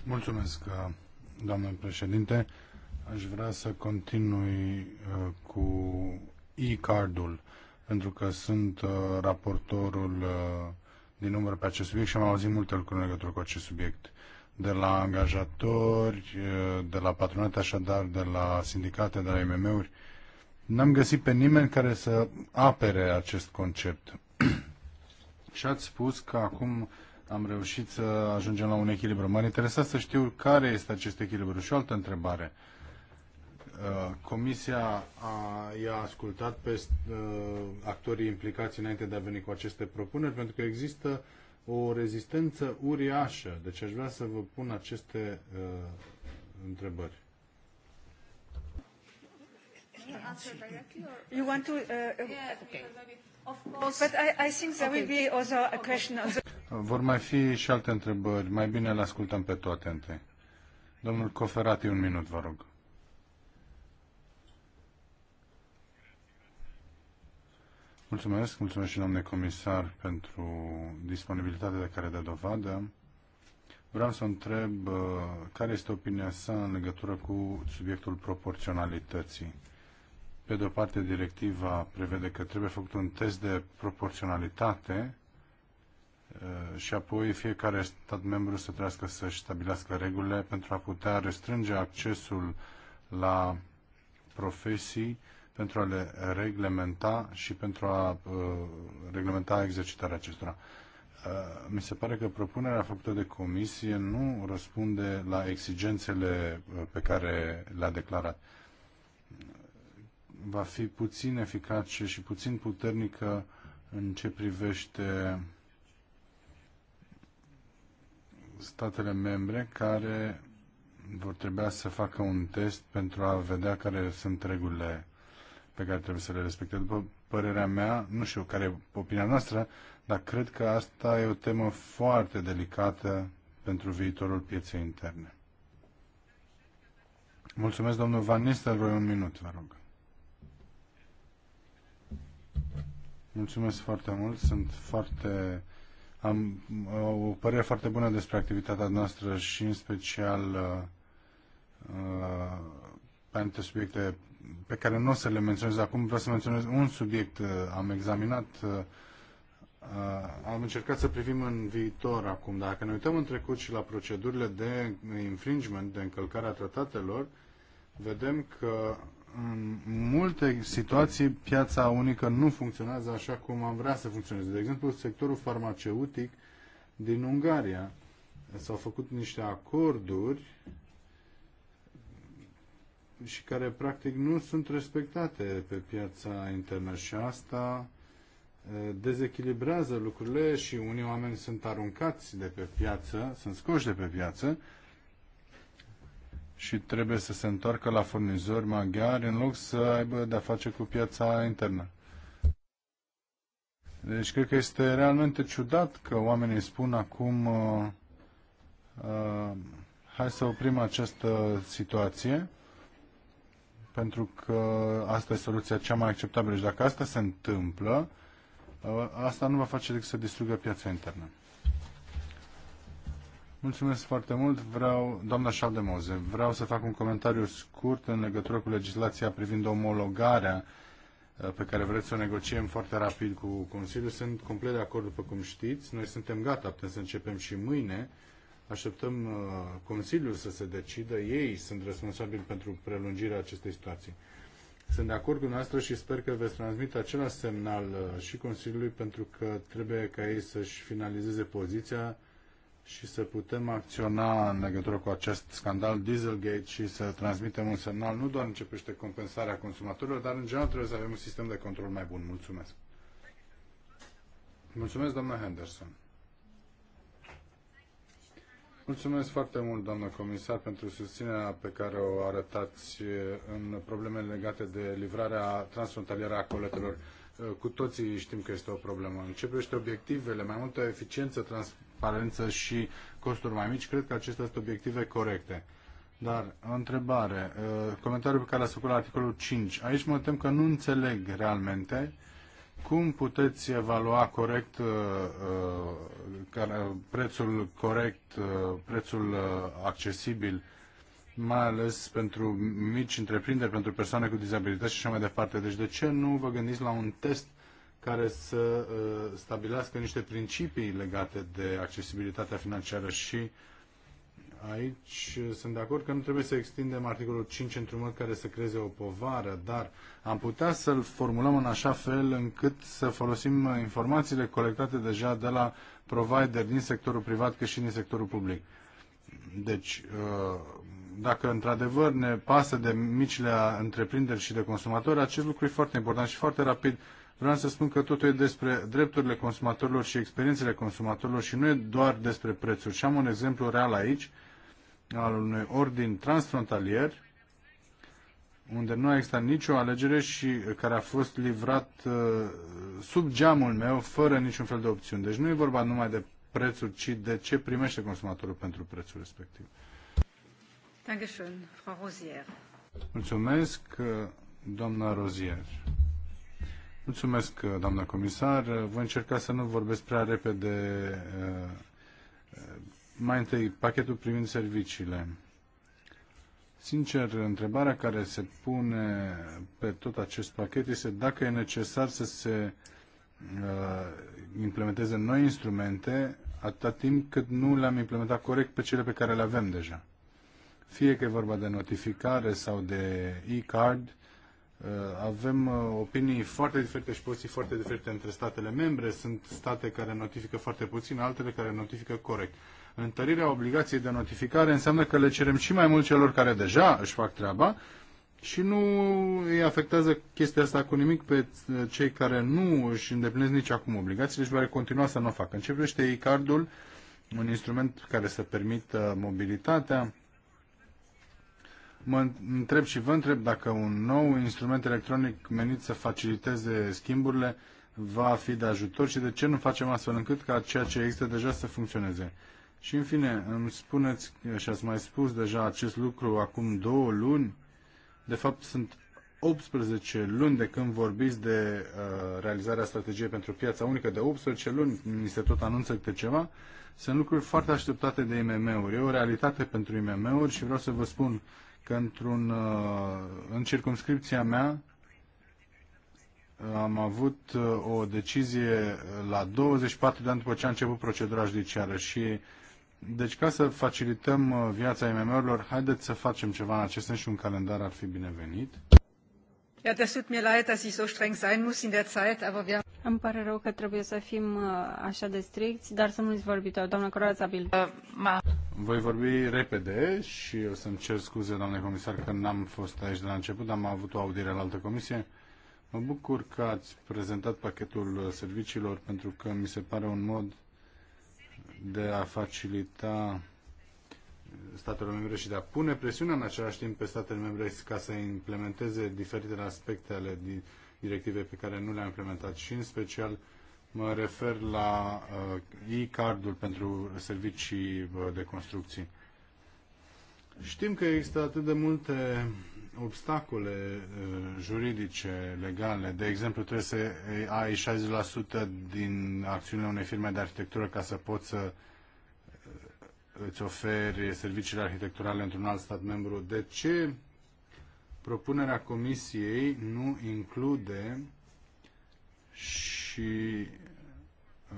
Mulțumesc, uh, doamnă președinte. Aș vrea să continui uh, cu e-cardul, pentru că sunt uh, raportorul din număr pe acest subiect și am auzit multe lucruri în legătură cu acest subiect de la angajatori, de la patronate, așadar, de la sindicate, de la IMM-uri. N-am găsit pe nimeni care să apere acest concept. Și ați spus că acum am reușit să ajungem la un echilibru. M-ar interesa să știu care este acest echilibru. Și o altă întrebare. Uh, Comisia a, i-a ascultat pe uh, actorii implicați înainte de a veni cu aceste propuneri, pentru că există uh, o rezistență uriașă. Deci aș vrea să vă pun aceste uh, întrebări. You want to, uh, okay. But I, I think there will be also a question Vor mai fi și alte întrebări. Mai bine le ascultăm pe toate întâi. Domnul Coferati, un minut, vă rog. Mulțumesc, mulțumesc și domnule comisar pentru disponibilitatea de care dă dovadă. Vreau să întreb uh, care este opinia sa în legătură cu subiectul proporționalității. Pe de o parte, directiva prevede că trebuie făcut un test de proporționalitate uh, și apoi fiecare stat membru să trească să-și stabilească regulile pentru a putea restrânge accesul la profesii pentru a le reglementa și pentru a uh, reglementa exercitarea acestora. Uh, mi se pare că propunerea făcută de comisie nu răspunde la exigențele uh, pe care le-a declarat. Va fi puțin eficace și puțin puternică în ce privește statele membre care vor trebui să facă un test pentru a vedea care sunt regulile pe care trebuie să le respecte. După părerea mea, nu știu care e opinia noastră, dar cred că asta e o temă foarte delicată pentru viitorul pieței interne. Mulțumesc, domnul Van Nistelrooy, un minut, vă rog. Mulțumesc foarte mult, sunt foarte... Am o părere foarte bună despre activitatea noastră și în special uh, uh pe anumite subiecte pe care nu o să le menționez acum, vreau să menționez un subiect. Uh, am examinat, uh, uh, am încercat să privim în viitor acum. Dacă ne uităm în trecut și la procedurile de infringement, de încălcare a tratatelor, vedem că în multe situații piața unică nu funcționează așa cum am vrea să funcționeze. De exemplu, sectorul farmaceutic din Ungaria s-au făcut niște acorduri și care practic nu sunt respectate pe piața internă și asta dezechilibrează lucrurile și unii oameni sunt aruncați de pe piață, sunt scoși de pe piață și trebuie să se întoarcă la furnizori maghiari în loc să aibă de-a face cu piața internă. Deci cred că este realmente ciudat că oamenii spun acum uh, uh, hai să oprim această situație pentru că asta e soluția cea mai acceptabilă și dacă asta se întâmplă, uh, asta nu va face decât să distrugă piața internă. Mulțumesc foarte mult. Vreau, doamna Șaldemoze, vreau să fac un comentariu scurt în legătură cu legislația privind omologarea uh, pe care vreți să o negociem foarte rapid cu Consiliul. Sunt complet de acord, după cum știți. Noi suntem gata, putem să începem și mâine. Așteptăm uh, Consiliul să se decidă. Ei sunt responsabili pentru prelungirea acestei situații. Sunt de acord cu noastră și sper că veți transmite același semnal uh, și Consiliului pentru că trebuie ca ei să-și finalizeze poziția și să putem acționa în legătură cu acest scandal Dieselgate și să transmitem un semnal nu doar în ce privește compensarea consumatorilor, dar în general trebuie să avem un sistem de control mai bun. Mulțumesc. Mulțumesc, doamna Henderson. Mulțumesc foarte mult, doamnă comisar, pentru susținerea pe care o arătați în problemele legate de livrarea transfrontalieră a coletelor. Cu toții știm că este o problemă. Începește obiectivele, mai multă eficiență, transparență și costuri mai mici. Cred că acestea sunt obiective corecte. Dar, o întrebare, comentariul pe care l-ați făcut la articolul 5. Aici mă tem că nu înțeleg realmente uh, cum puteți evalua corect uh, uh, prețul corect, uh, prețul accesibil, mai ales pentru mici întreprinderi, pentru persoane cu dizabilități și așa mai departe? Deci de ce nu vă gândiți la un test care să stabilească niște principii legate de accesibilitatea financiară și Aici uh, sunt de acord că nu trebuie să extindem articolul 5 într-un mod care să creeze o povară, dar am putea să-l formulăm în așa fel încât să folosim uh, informațiile colectate deja de la provider din sectorul privat cât și din sectorul public. Deci, uh, dacă într-adevăr ne pasă de micile întreprinderi și de consumatori, acest lucru e foarte important și foarte rapid. Vreau să spun că totul e despre drepturile consumatorilor și experiențele consumatorilor și nu e doar despre prețuri. Și am un exemplu real aici al unui ordin transfrontalier unde nu a existat nicio alegere și care a fost livrat uh, sub geamul meu fără niciun fel de opțiuni. Deci nu e vorba numai de prețuri, ci de ce primește consumatorul pentru prețul respectiv. Mulțumesc, uh, doamna Rozier. Mulțumesc, uh, doamna comisar. Voi încerca să nu vorbesc prea repede mai întâi, pachetul privind serviciile. Sincer, întrebarea care se pune pe tot acest pachet este dacă e necesar să se uh, implementeze noi instrumente atâta timp cât nu le-am implementat corect pe cele pe care le avem deja. Fie că e vorba de notificare sau de e-card, uh, avem uh, opinii foarte diferite și poziții foarte diferite între statele membre. Sunt state care notifică foarte puțin, altele care notifică corect. Întărirea obligației de notificare înseamnă că le cerem și mai mult celor care deja își fac treaba și nu îi afectează chestia asta cu nimic pe uh, cei care nu își îndeplinesc nici acum obligațiile și vor continua să nu o facă. În ce privește e-cardul, un instrument care să permită mobilitatea, Mă întreb și vă întreb dacă un nou instrument electronic menit să faciliteze schimburile va fi de ajutor și de ce nu facem astfel încât ca ceea ce există deja să funcționeze. Și în fine, îmi spuneți, și ați mai spus deja acest lucru acum două luni, de fapt sunt 18 luni de când vorbiți de uh, realizarea strategiei pentru piața unică, de 18 luni mi se tot anunță câte ceva, sunt lucruri foarte așteptate de IMM-uri. E o realitate pentru IMM-uri și vreau să vă spun că într-un, uh, în circumscripția mea uh, am avut uh, o decizie la 24 de ani după ce a început procedura judiciară și deci ca să facilităm uh, viața IMM-urilor, haideți să facem ceva în acest sens și un calendar ar fi binevenit. Ja, das tut mir leid, dass ich so streng sein muss in der Zeit, aber wir îmi pare rău că trebuie să fim uh, așa de stricți, dar sunt vorbi vorbitori. Doamna Coroața Bil. Uh, Voi vorbi repede și o să-mi cer scuze, doamne comisar, că n-am fost aici de la început, am avut o audiere la altă comisie. Mă bucur că ați prezentat pachetul serviciilor pentru că mi se pare un mod de a facilita statele membre și de a pune presiunea în același timp pe statele membre ca să implementeze diferitele aspecte ale directivei pe care nu le-a implementat și în special mă refer la uh, e-cardul pentru servicii uh, de construcții. Știm că există atât de multe obstacole eh, juridice, legale. De exemplu, trebuie să ai 60% din acțiunile unei firme de arhitectură ca să poți să eh, îți oferi serviciile arhitecturale într-un alt stat membru. De ce propunerea Comisiei nu include și eh,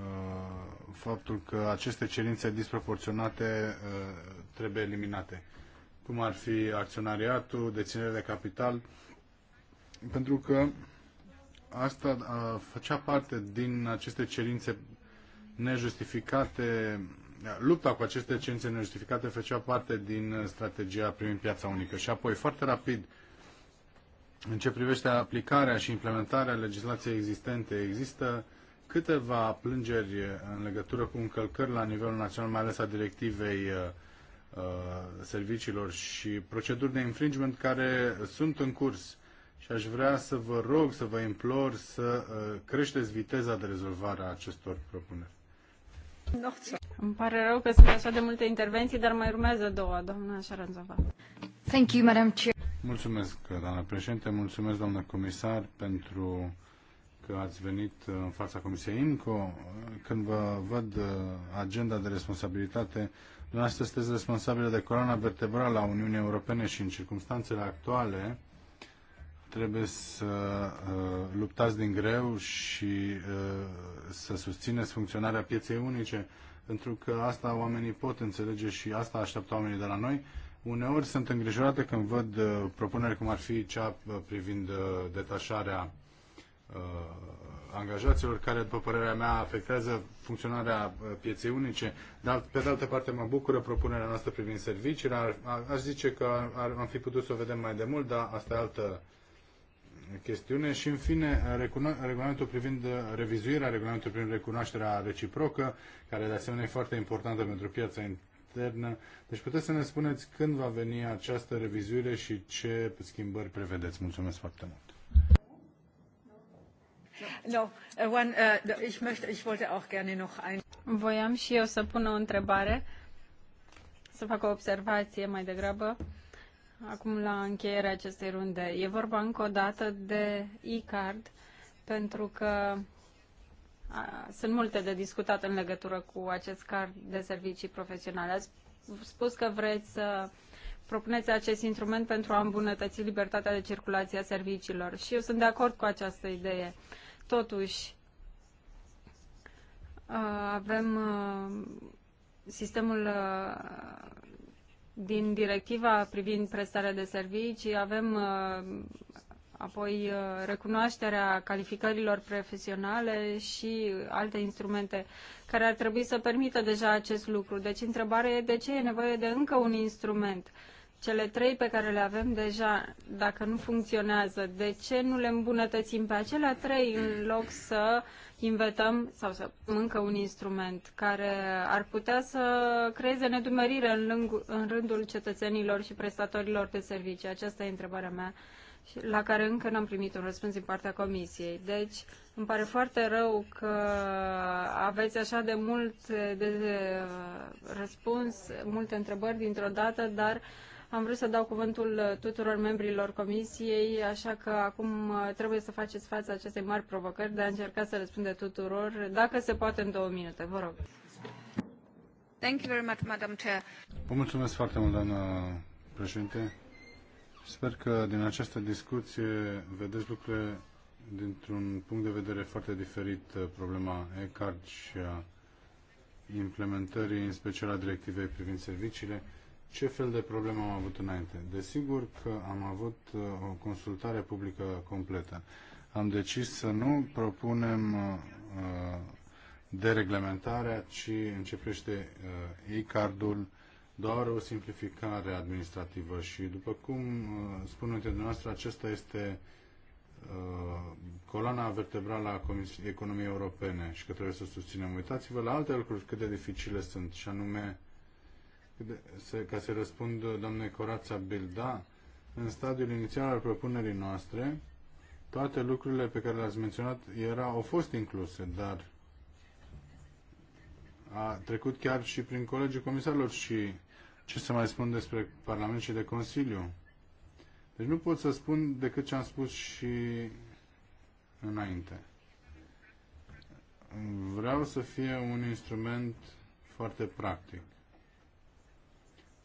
faptul că aceste cerințe disproporționate trebuie eliminate cum ar fi acționariatul, deținere de capital, pentru că asta făcea parte din aceste cerințe nejustificate, lupta cu aceste cerințe nejustificate făcea parte din strategia privind piața unică. Și apoi, foarte rapid, în ce privește aplicarea și implementarea legislației existente, există câteva plângeri în legătură cu încălcări la nivelul național, mai ales a directivei Uh, serviciilor și proceduri de infringement care sunt în curs. Și aș vrea să vă rog, să vă implor să uh, creșteți viteza de rezolvare a acestor propuneri. Îmi pare rău că sunt așa de multe intervenții, dar mai urmează două, doamna Șaranzova. Thank you, Madam Chair. Mulțumesc, doamna președinte, mulțumesc, doamna comisar, pentru că ați venit în fața Comisiei INCO. Când vă văd uh, agenda de responsabilitate, Dumneavoastră sunteți responsabilă de coloana vertebrală a Uniunii Europene și în circunstanțele actuale trebuie să uh, luptați din greu și uh, să susțineți funcționarea pieței unice, pentru că asta oamenii pot înțelege și asta așteaptă oamenii de la noi. Uneori sunt îngrijorate când văd uh, propuneri cum ar fi cea uh, privind uh, detașarea uh, angajaților, care, după părerea mea, afectează funcționarea uh, pieței unice, dar, pe de altă parte, mă bucură propunerea noastră privind serviciile. Ar, aș zice că ar, am fi putut să o vedem mai de mult, dar asta e altă chestiune. Și, în fine, regulamentul privind uh, revizuirea, regulamentul privind recunoașterea reciprocă, care, de asemenea, e foarte importantă pentru piața internă. Deci puteți să ne spuneți când va veni această revizuire și ce schimbări prevedeți. Mulțumesc foarte mult! Uh, uh, Voiam și eu să pun o întrebare, să fac o observație mai degrabă. Acum la încheierea acestei runde. E vorba încă o dată de e-card, pentru că a, sunt multe de discutat în legătură cu acest card de servicii profesionale. Ați spus că vreți să propuneți acest instrument pentru a îmbunătăți libertatea de circulație a serviciilor și eu sunt de acord cu această idee. Totuși, avem sistemul din directiva privind prestarea de servicii, avem apoi recunoașterea calificărilor profesionale și alte instrumente care ar trebui să permită deja acest lucru. Deci întrebarea e de ce e nevoie de încă un instrument uh, cele trei pe care le avem deja, dacă nu funcționează, de ce nu le îmbunătățim pe acelea trei în loc să invetăm sau să mâncă un instrument care ar putea să creeze nedumerire în, lâng- în rândul cetățenilor și prestatorilor de servicii? Aceasta e întrebarea mea la care încă n-am primit un răspuns din partea comisiei. Deci, îmi pare foarte rău că aveți așa de mult de răspuns, multe întrebări dintr-o dată, dar uh, am vrut să dau cuvântul uh, tuturor membrilor comisiei, așa că acum uh, trebuie să faceți față acestei mari provocări de a încerca să răspunde tuturor, dacă se poate în două minute. Vă rog. Thank you very much, Madam Chair. Vă mulțumesc foarte mult, doamnă președinte. Sper că din această discuție vedeți lucrurile dintr-un punct de vedere foarte diferit uh, problema e-card și a implementării, în special a directivei privind serviciile. Ce fel de probleme am avut înainte? Desigur că am avut uh, o consultare publică completă. Am decis să nu propunem uh, dereglementarea, ci începește uh, e-cardul doar o simplificare administrativă și după cum spuneți dumneavoastră, acesta este coloana vertebrală a Economiei Europene și că trebuie să susținem. Uitați-vă la alte lucruri cât de dificile sunt și anume ca să răspund doamnei Corața Bilda, în stadiul inițial al propunerii noastre, toate lucrurile pe care le-ați menționat era, au fost incluse, dar a trecut chiar și prin colegii comisarilor și ce să mai spun despre Parlament și de Consiliu. Deci nu pot să spun decât ce am spus și înainte. Vreau să fie un instrument foarte practic.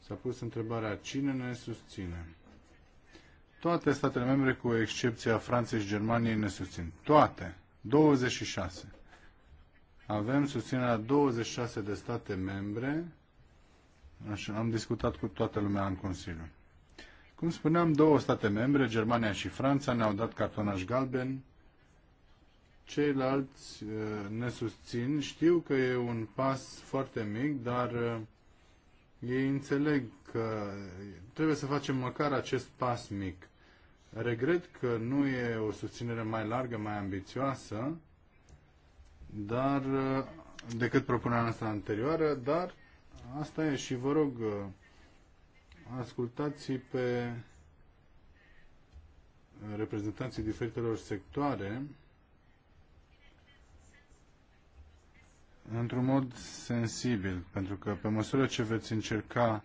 S-a pus întrebarea cine ne susține. Toate statele membre, cu excepția Franței și Germaniei, ne susțin. Toate. 26. Avem susținerea 26 de state membre. Așa, am discutat cu toată lumea în Consiliu. Cum spuneam, două state membre, Germania și Franța, ne-au dat cartonaș galben. Ceilalți eh, ne susțin. Știu că e un pas foarte mic, dar eh, ei înțeleg că trebuie să facem măcar acest pas mic. Regret că nu e o susținere mai largă, mai ambițioasă, dar decât propunerea noastră anterioară, dar asta e și vă rog ascultați pe reprezentanții diferitelor sectoare într-un mod sensibil, pentru că pe măsură ce veți încerca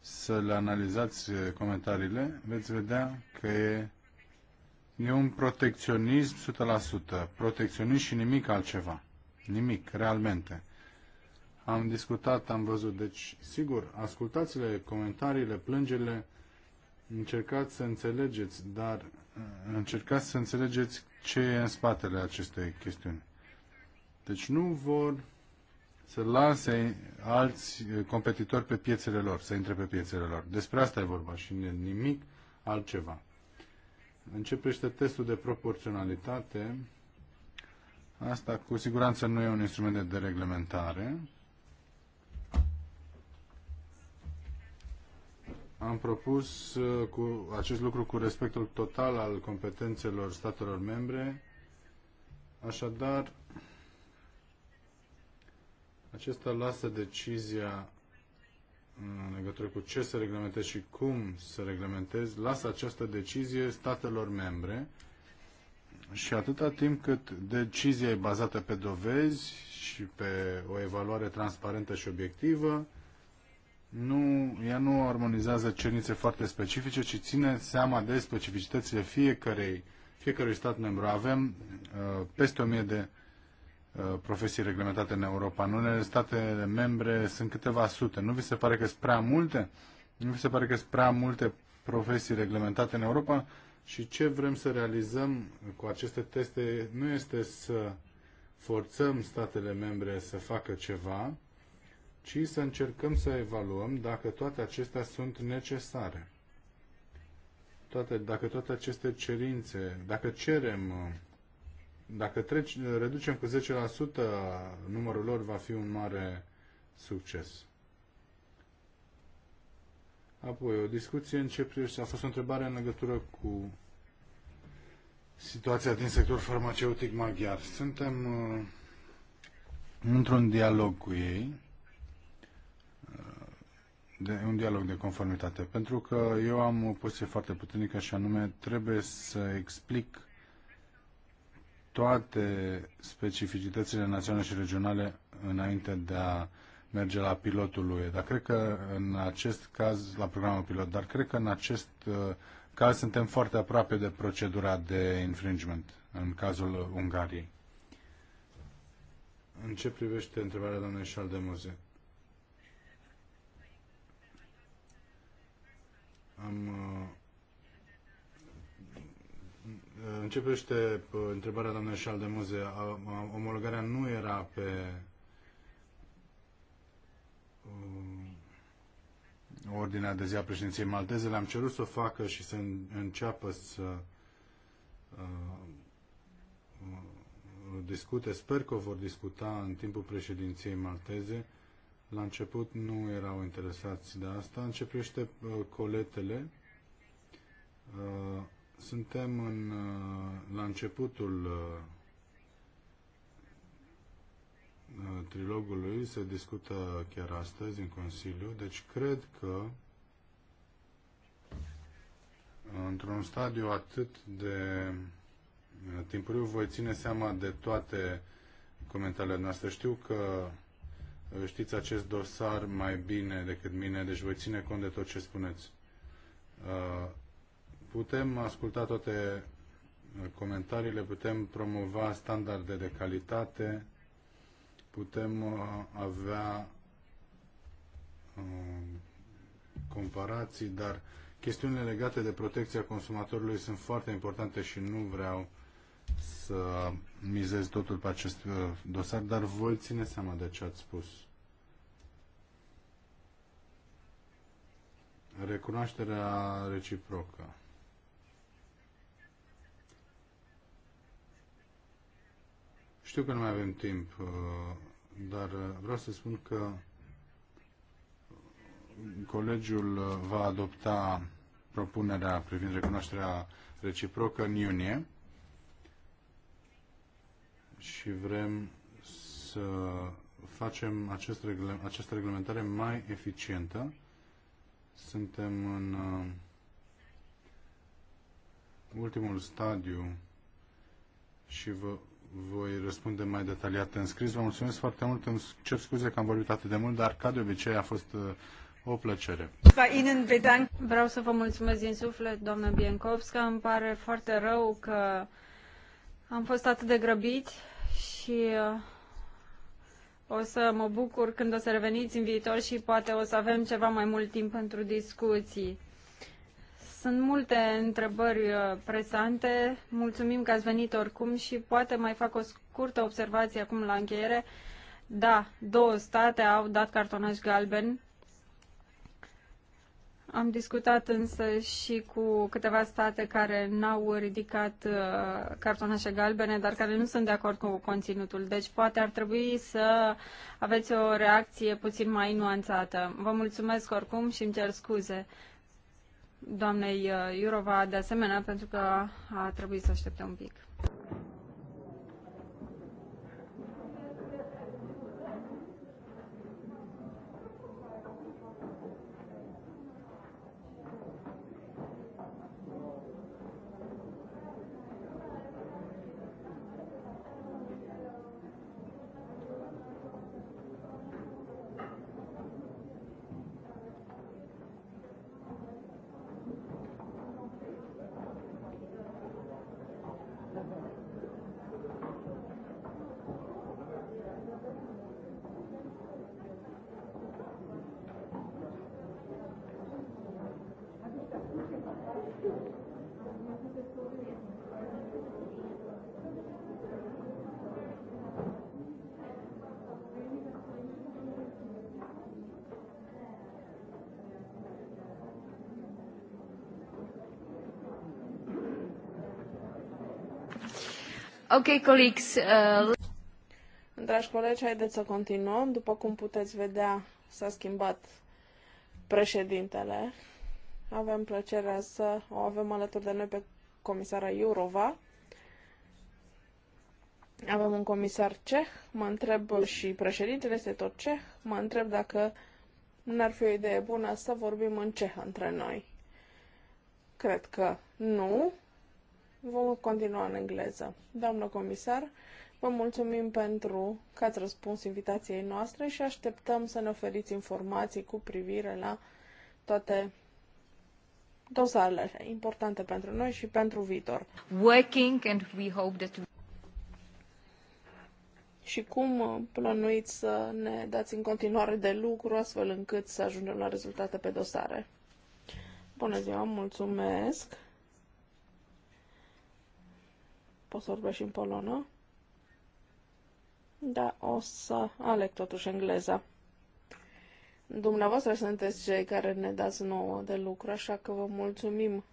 să le analizați eh, comentariile, veți vedea că e, e un protecționism 100%, protecționism și nimic altceva. Nimic, realmente. Am discutat, am văzut, deci, sigur, ascultați-le comentariile, plângerile, încercați să înțelegeți, dar eh, încercați să înțelegeți ce e în spatele acestei chestiuni. Deci nu vor să lase alți eh, competitori pe piețele lor, să intre pe piețele lor. Despre asta e vorba și nimic altceva. Începește testul de proporționalitate. Asta cu siguranță nu e un instrument de dereglementare. Am propus eh, cu acest lucru cu respectul total al competențelor statelor membre. Așadar, acesta lasă decizia în legătură cu ce să reglementezi și cum să reglementezi, lasă această decizie statelor membre și atâta timp cât decizia e bazată pe dovezi și pe o evaluare transparentă și obiectivă, nu, ea nu armonizează cerințe foarte specifice, ci ține seama de specificitățile fiecărei, fiecărui stat membru. Avem uh, peste mie de profesii reglementate în Europa. În unele state membre sunt câteva sute. Nu vi se pare că sunt prea multe? Nu vi se pare că sunt prea multe profesii reglementate în Europa? Și ce vrem să realizăm cu aceste teste nu este să forțăm statele membre să facă ceva, ci să încercăm să evaluăm dacă toate acestea sunt necesare. Toate, dacă toate aceste cerințe, dacă cerem uh, dacă treci, reducem cu 10% numărul lor, va fi un mare succes. Apoi, o discuție în ce privește, a fost o întrebare în legătură cu situația din sectorul farmaceutic maghiar. Suntem uh, într-un dialog cu ei, uh, de, un dialog de conformitate, pentru că eu am o poziție foarte puternică și anume trebuie să explic toate specificitățile naționale și regionale înainte de a merge la pilotul lui. Dar cred că în acest caz, la programul pilot, dar cred că în acest uh, caz suntem foarte aproape de procedura de infringement în cazul Ungariei. În ce privește întrebarea doamnei Șaldemoze? Am uh, Începește uh, întrebarea doamnei Șaldemoze. Omologarea nu era pe um, ordinea de zi a președinției malteze. Le-am cerut să o facă și să înceapă să uh, uh, discute. Sper că o vor discuta în timpul președinției malteze. La început nu erau interesați de asta. Începește coletele. Suntem în, uh, la începutul uh, uh, trilogului, se discută chiar astăzi în Consiliu, deci cred că într-un stadiu atât de timpuriu voi ține seama de toate comentariile noastre. Știu că știți acest dosar mai bine decât mine, deci voi ține cont de tot ce spuneți putem asculta toate uh, comentariile, putem promova standarde de calitate, putem uh, avea uh, comparații, dar chestiunile legate de protecția consumatorului sunt foarte importante și nu vreau să mizez totul pe acest dosar, dar voi ține seama de ce ați spus. Recunoașterea reciprocă. Știu că nu mai avem timp, uh, dar uh, vreau să spun că colegiul uh, va adopta propunerea privind recunoașterea reciprocă în iunie și vrem să facem acest regle, această reglementare mai eficientă. Suntem în ultimul stadiu și vă voi răspunde mai detaliat în scris. Vă mulțumesc foarte mult, îmi cer scuze că am vorbit atât de mult, dar ca de obicei a fost uh, o plăcere. Vreau să vă mulțumesc din suflet, doamnă Biencovska. Îmi pare foarte rău că am fost atât de grăbiți și uh, o să mă bucur când o să reveniți în viitor și poate o să avem ceva mai mult timp pentru discuții. Sunt multe întrebări uh, presante. Mulțumim că ați venit oricum și poate mai fac o scurtă observație acum la încheiere. Da, două state au dat cartonaj galben. Am discutat însă și cu câteva state care n-au ridicat uh, cartonașe galbene, dar care nu sunt de acord cu conținutul. Deci poate ar trebui să aveți o reacție puțin mai nuanțată. Vă mulțumesc oricum și îmi cer scuze doamnei uh, Iurova de asemenea, pentru că a trebuit să aștepte un pic. Okay, colleagues. Uh... Dragi colegi, haideți să continuăm. După cum puteți vedea, s-a schimbat președintele. Avem plăcerea să o avem alături de noi pe comisara Iurova. Avem un comisar ceh, mă întreb și președintele este tot ceh, mă întreb dacă n-ar fi o idee bună să vorbim în ceh între noi. Cred că nu, Vom continua în engleză. Doamnă comisar, vă mulțumim pentru că ați răspuns invitației noastre și așteptăm să ne oferiți informații cu privire la toate dosarele importante pentru noi și pentru viitor. Working and we hope that și cum plănuiți să ne dați în continuare de lucru astfel încât să ajungem la rezultate pe dosare. Bună ziua, mulțumesc! Pot să vorbesc și în polonă? Da, o să aleg totuși engleza. Dumneavoastră sunteți cei care ne dați nouă de lucru, așa că vă mulțumim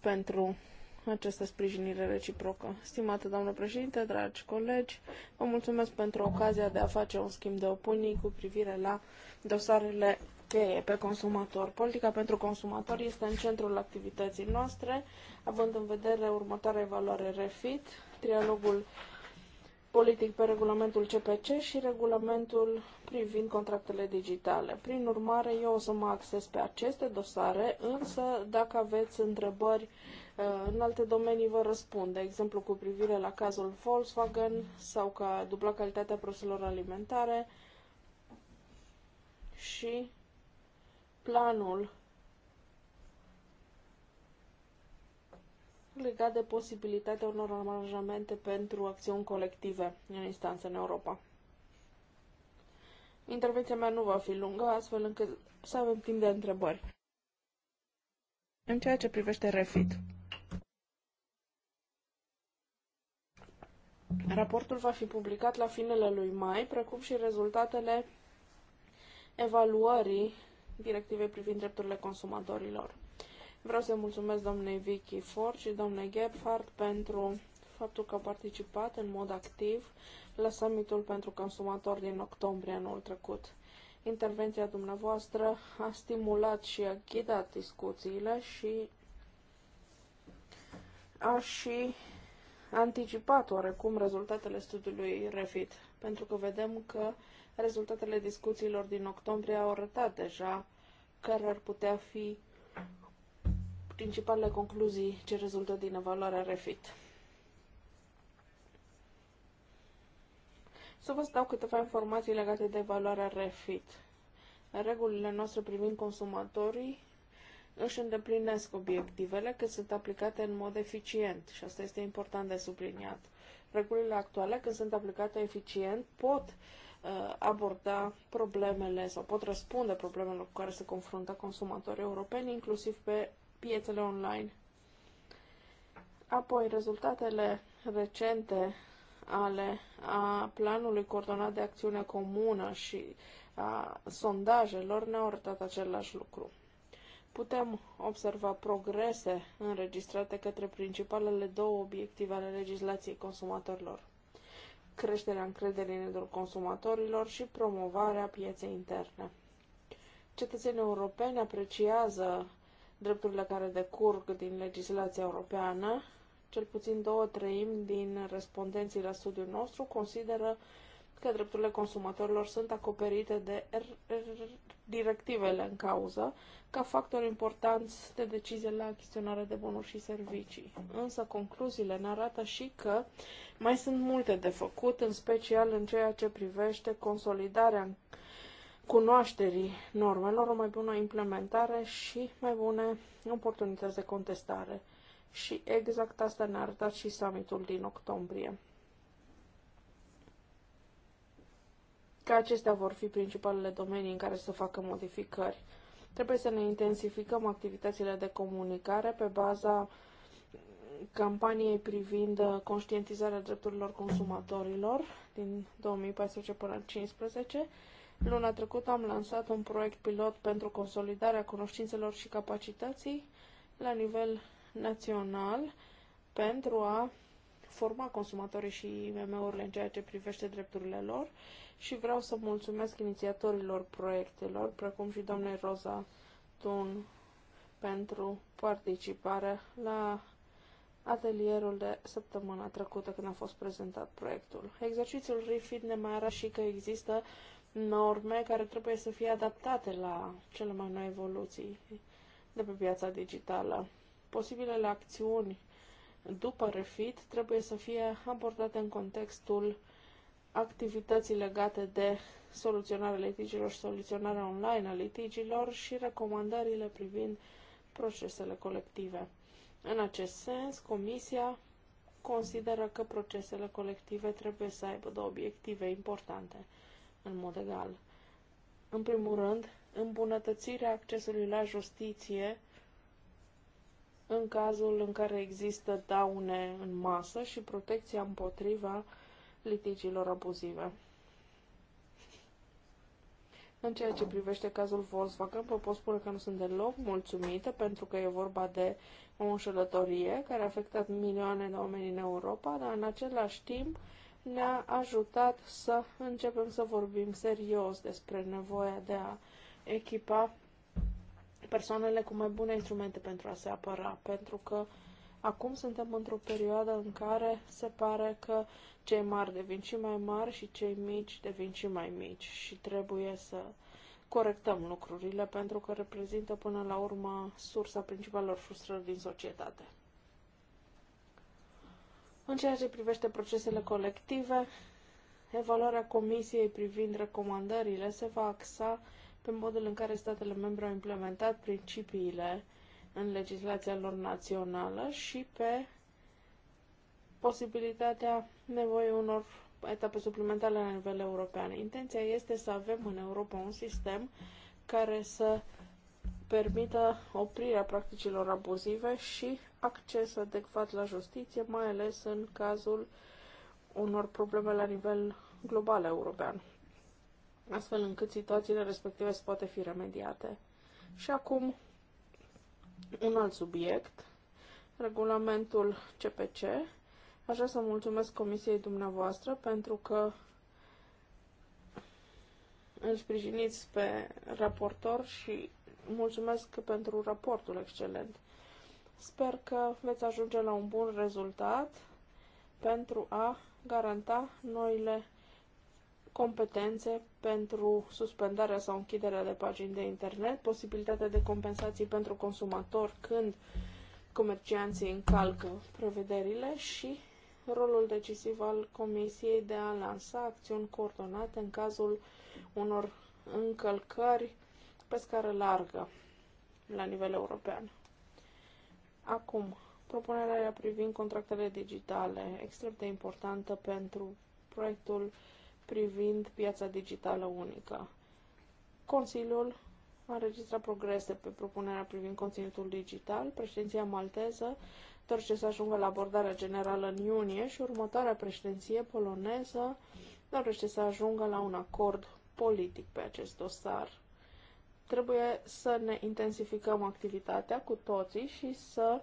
pentru această sprijinire reciprocă. Stimată doamnă președinte, dragi colegi, vă mulțumesc pentru ocazia de a face un schimb de opinii cu privire la dosarele cheie pe consumator. Politica pentru consumator este în centrul activității noastre, având în vedere următoarea evaluare REFIT, trialogul politic pe regulamentul CPC și regulamentul privind contractele digitale. Prin urmare, eu o să mă acces pe aceste dosare, însă dacă aveți întrebări uh, în alte domenii vă răspund, de exemplu cu privire la cazul Volkswagen sau ca dubla calitatea produselor alimentare, și planul legat de posibilitatea unor aranjamente pentru acțiuni colective în instanță în Europa. Intervenția mea nu va fi lungă, astfel încât să avem timp de întrebări. În ceea ce privește refit. Raportul va fi publicat la finele lui mai, precum și rezultatele evaluării directivei privind drepturile consumatorilor. Vreau să mulțumesc doamnei Vicky Ford și doamnei Gebhardt pentru faptul că au participat în mod activ la summitul pentru consumatori din octombrie anul trecut. Intervenția dumneavoastră a stimulat și a ghidat discuțiile și a și anticipat oarecum rezultatele studiului Refit, pentru că vedem că Rezultatele discuțiilor din octombrie au arătat deja care ar putea fi principalele concluzii ce rezultă din evaluarea REFIT. Să vă stau câteva informații legate de evaluarea REFIT. Regulile noastre privind consumatorii își îndeplinesc obiectivele când sunt aplicate în mod eficient și asta este important de subliniat. Regulile actuale, când sunt aplicate eficient, pot uh, Uh, aborda problemele sau pot răspunde problemelor cu care se confruntă consumatorii europeni, inclusiv pe piețele online. Apoi, rezultatele recente ale a planului coordonat de acțiune comună și a sondajelor ne-au arătat același lucru. Putem observa progrese înregistrate către principalele două obiective ale legislației consumatorilor creșterea încrederii în rândul consumatorilor și promovarea pieței interne. Cetățenii europeni apreciază drepturile care decurg din legislația europeană. Cel puțin două treimi din respondenții la studiul nostru consideră că drepturile consumatorilor sunt acoperite de directivele în cauză ca factor important de decizie la achiziționare de bunuri și servicii. Însă concluziile ne arată și că mai sunt multe de făcut, în special în ceea ce privește consolidarea cunoașterii normelor, o mai bună implementare și mai bune oportunități de contestare. Și exact asta ne-a arătat și summitul din octombrie. că acestea vor fi principalele domenii în care să facă modificări. Trebuie să ne intensificăm activitățile de comunicare pe baza campaniei privind uh, conștientizarea drepturilor consumatorilor din 2014 până 2015. Luna trecută am lansat un proiect pilot pentru consolidarea cunoștințelor și capacității la nivel național pentru a forma consumatorii și IMM-urile în ceea ce privește drepturile lor și vreau să mulțumesc inițiatorilor proiectelor, precum și doamnei Roza Tun, pentru participare la atelierul de săptămâna trecută când a fost prezentat proiectul. Exercițiul REFIT ne mai arată și că există norme care trebuie să fie adaptate la cele mai noi evoluții de pe piața digitală. Posibilele acțiuni după refit trebuie să fie abordate în contextul activității legate de soluționarea litigilor și soluționarea online a litigilor și recomandările privind procesele colective. În acest sens, Comisia consideră că procesele colective trebuie să aibă două obiective importante în mod egal. În primul rând, îmbunătățirea accesului la justiție în cazul în care există daune în masă și protecția împotriva litigiilor abuzive. În ceea ce privește cazul Volkswagen, vă pot spune că nu sunt deloc mulțumită pentru că e vorba de o înșelătorie care a afectat milioane de oameni în Europa, dar în același timp ne-a ajutat să începem să vorbim serios despre nevoia de a echipa persoanele cu mai bune instrumente pentru a se apăra, pentru că uh, Acum suntem într-o perioadă în care se pare că cei mari devin și mai mari și cei mici devin și mai mici și trebuie să corectăm lucrurile pentru că reprezintă până la urmă sursa principalelor frustrări din societate. În ceea ce privește procesele colective, evaluarea Comisiei privind recomandările se va axa pe modul în care statele membre au implementat principiile în legislația lor națională și pe posibilitatea nevoii unor etape suplimentare la nivel european. Intenția este să avem în Europa un sistem care să permită oprirea practicilor abuzive și acces adecvat la justiție, mai ales în cazul unor probleme la nivel global european, astfel încât situațiile respective să poate fi remediate. Și acum un alt subiect, regulamentul CPC. Aș vrea să mulțumesc comisiei dumneavoastră pentru că îl sprijiniți pe raportor și mulțumesc pentru raportul excelent. Sper că veți ajunge la un bun rezultat pentru a garanta noile competențe pentru suspendarea sau închiderea de pagini de internet, posibilitatea de compensații pentru consumator când comercianții încalcă prevederile și rolul decisiv al Comisiei de a lansa acțiuni coordonate în cazul unor încălcări pe scară largă la nivel european. Acum, propunerea privind contractele digitale, extrem de importantă pentru proiectul uh, privind piața digitală unică. Consiliul a înregistrat progrese pe propunerea privind conținutul digital. Președinția malteză dorește să ajungă la abordarea generală în iunie și următoarea președinție poloneză dorește să ajungă la un acord politic pe acest dosar. Trebuie să ne intensificăm activitatea cu toții și să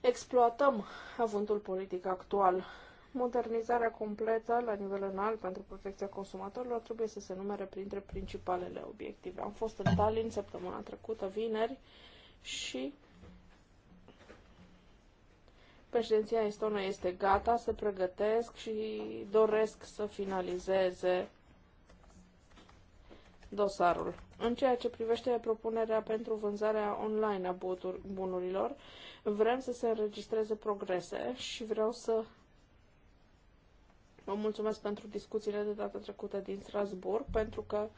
exploatăm avântul politic actual Modernizarea completă la nivel înalt pentru protecția consumatorilor trebuie să se numere printre principalele obiective. Am fost în Tallinn săptămâna trecută, vineri, și președinția estonă este gata, se pregătesc și doresc să finalizeze dosarul. În ceea ce privește propunerea pentru vânzarea online a bunurilor, vrem să se înregistreze progrese și vreau să Vă mulțumesc pentru discuțiile de data trecută din Strasburg, pentru că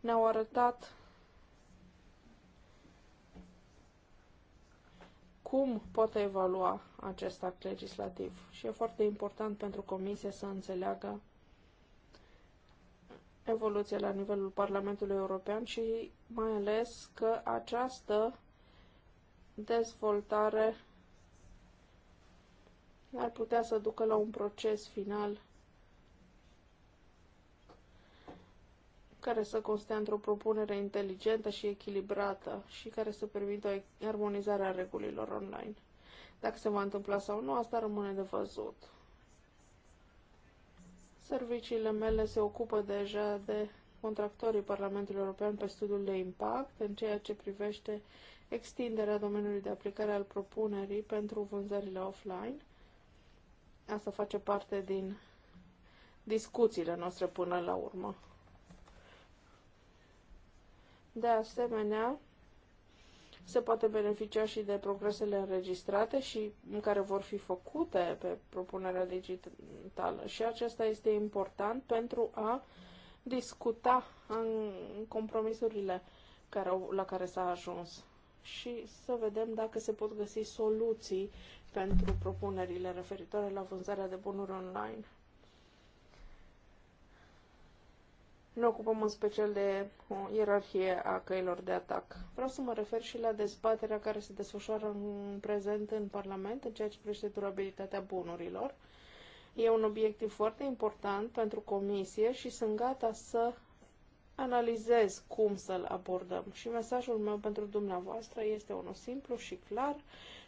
ne-au arătat cum poate evalua acest act legislativ. Și e foarte important pentru Comisie să înțeleagă evoluția la nivelul Parlamentului European și mai ales că această dezvoltare ar putea să ducă la un proces final care să constea într-o propunere inteligentă și echilibrată și care să permită o armonizare a regulilor online. Dacă se va întâmpla sau nu, asta rămâne de văzut. Serviciile mele se ocupă deja de contractorii Parlamentului European pe studiul de impact în ceea ce privește extinderea domeniului de aplicare al propunerii pentru vânzările offline. Asta face parte din discuțiile noastre până la urmă. De asemenea, se poate beneficia și de progresele înregistrate și în care vor fi făcute pe propunerea digitală. Și acesta este important pentru a discuta în compromisurile care, la care s-a ajuns și să vedem dacă se pot găsi soluții pentru propunerile referitoare la vânzarea de bunuri online. ne ocupăm în special de o ierarhie a căilor de atac. Vreau să mă refer și la dezbaterea care se desfășoară în prezent în Parlament în ceea ce privește durabilitatea bunurilor. E un obiectiv foarte important pentru Comisie și sunt gata să analizez cum să-l abordăm. Și mesajul meu pentru dumneavoastră este unul simplu și clar.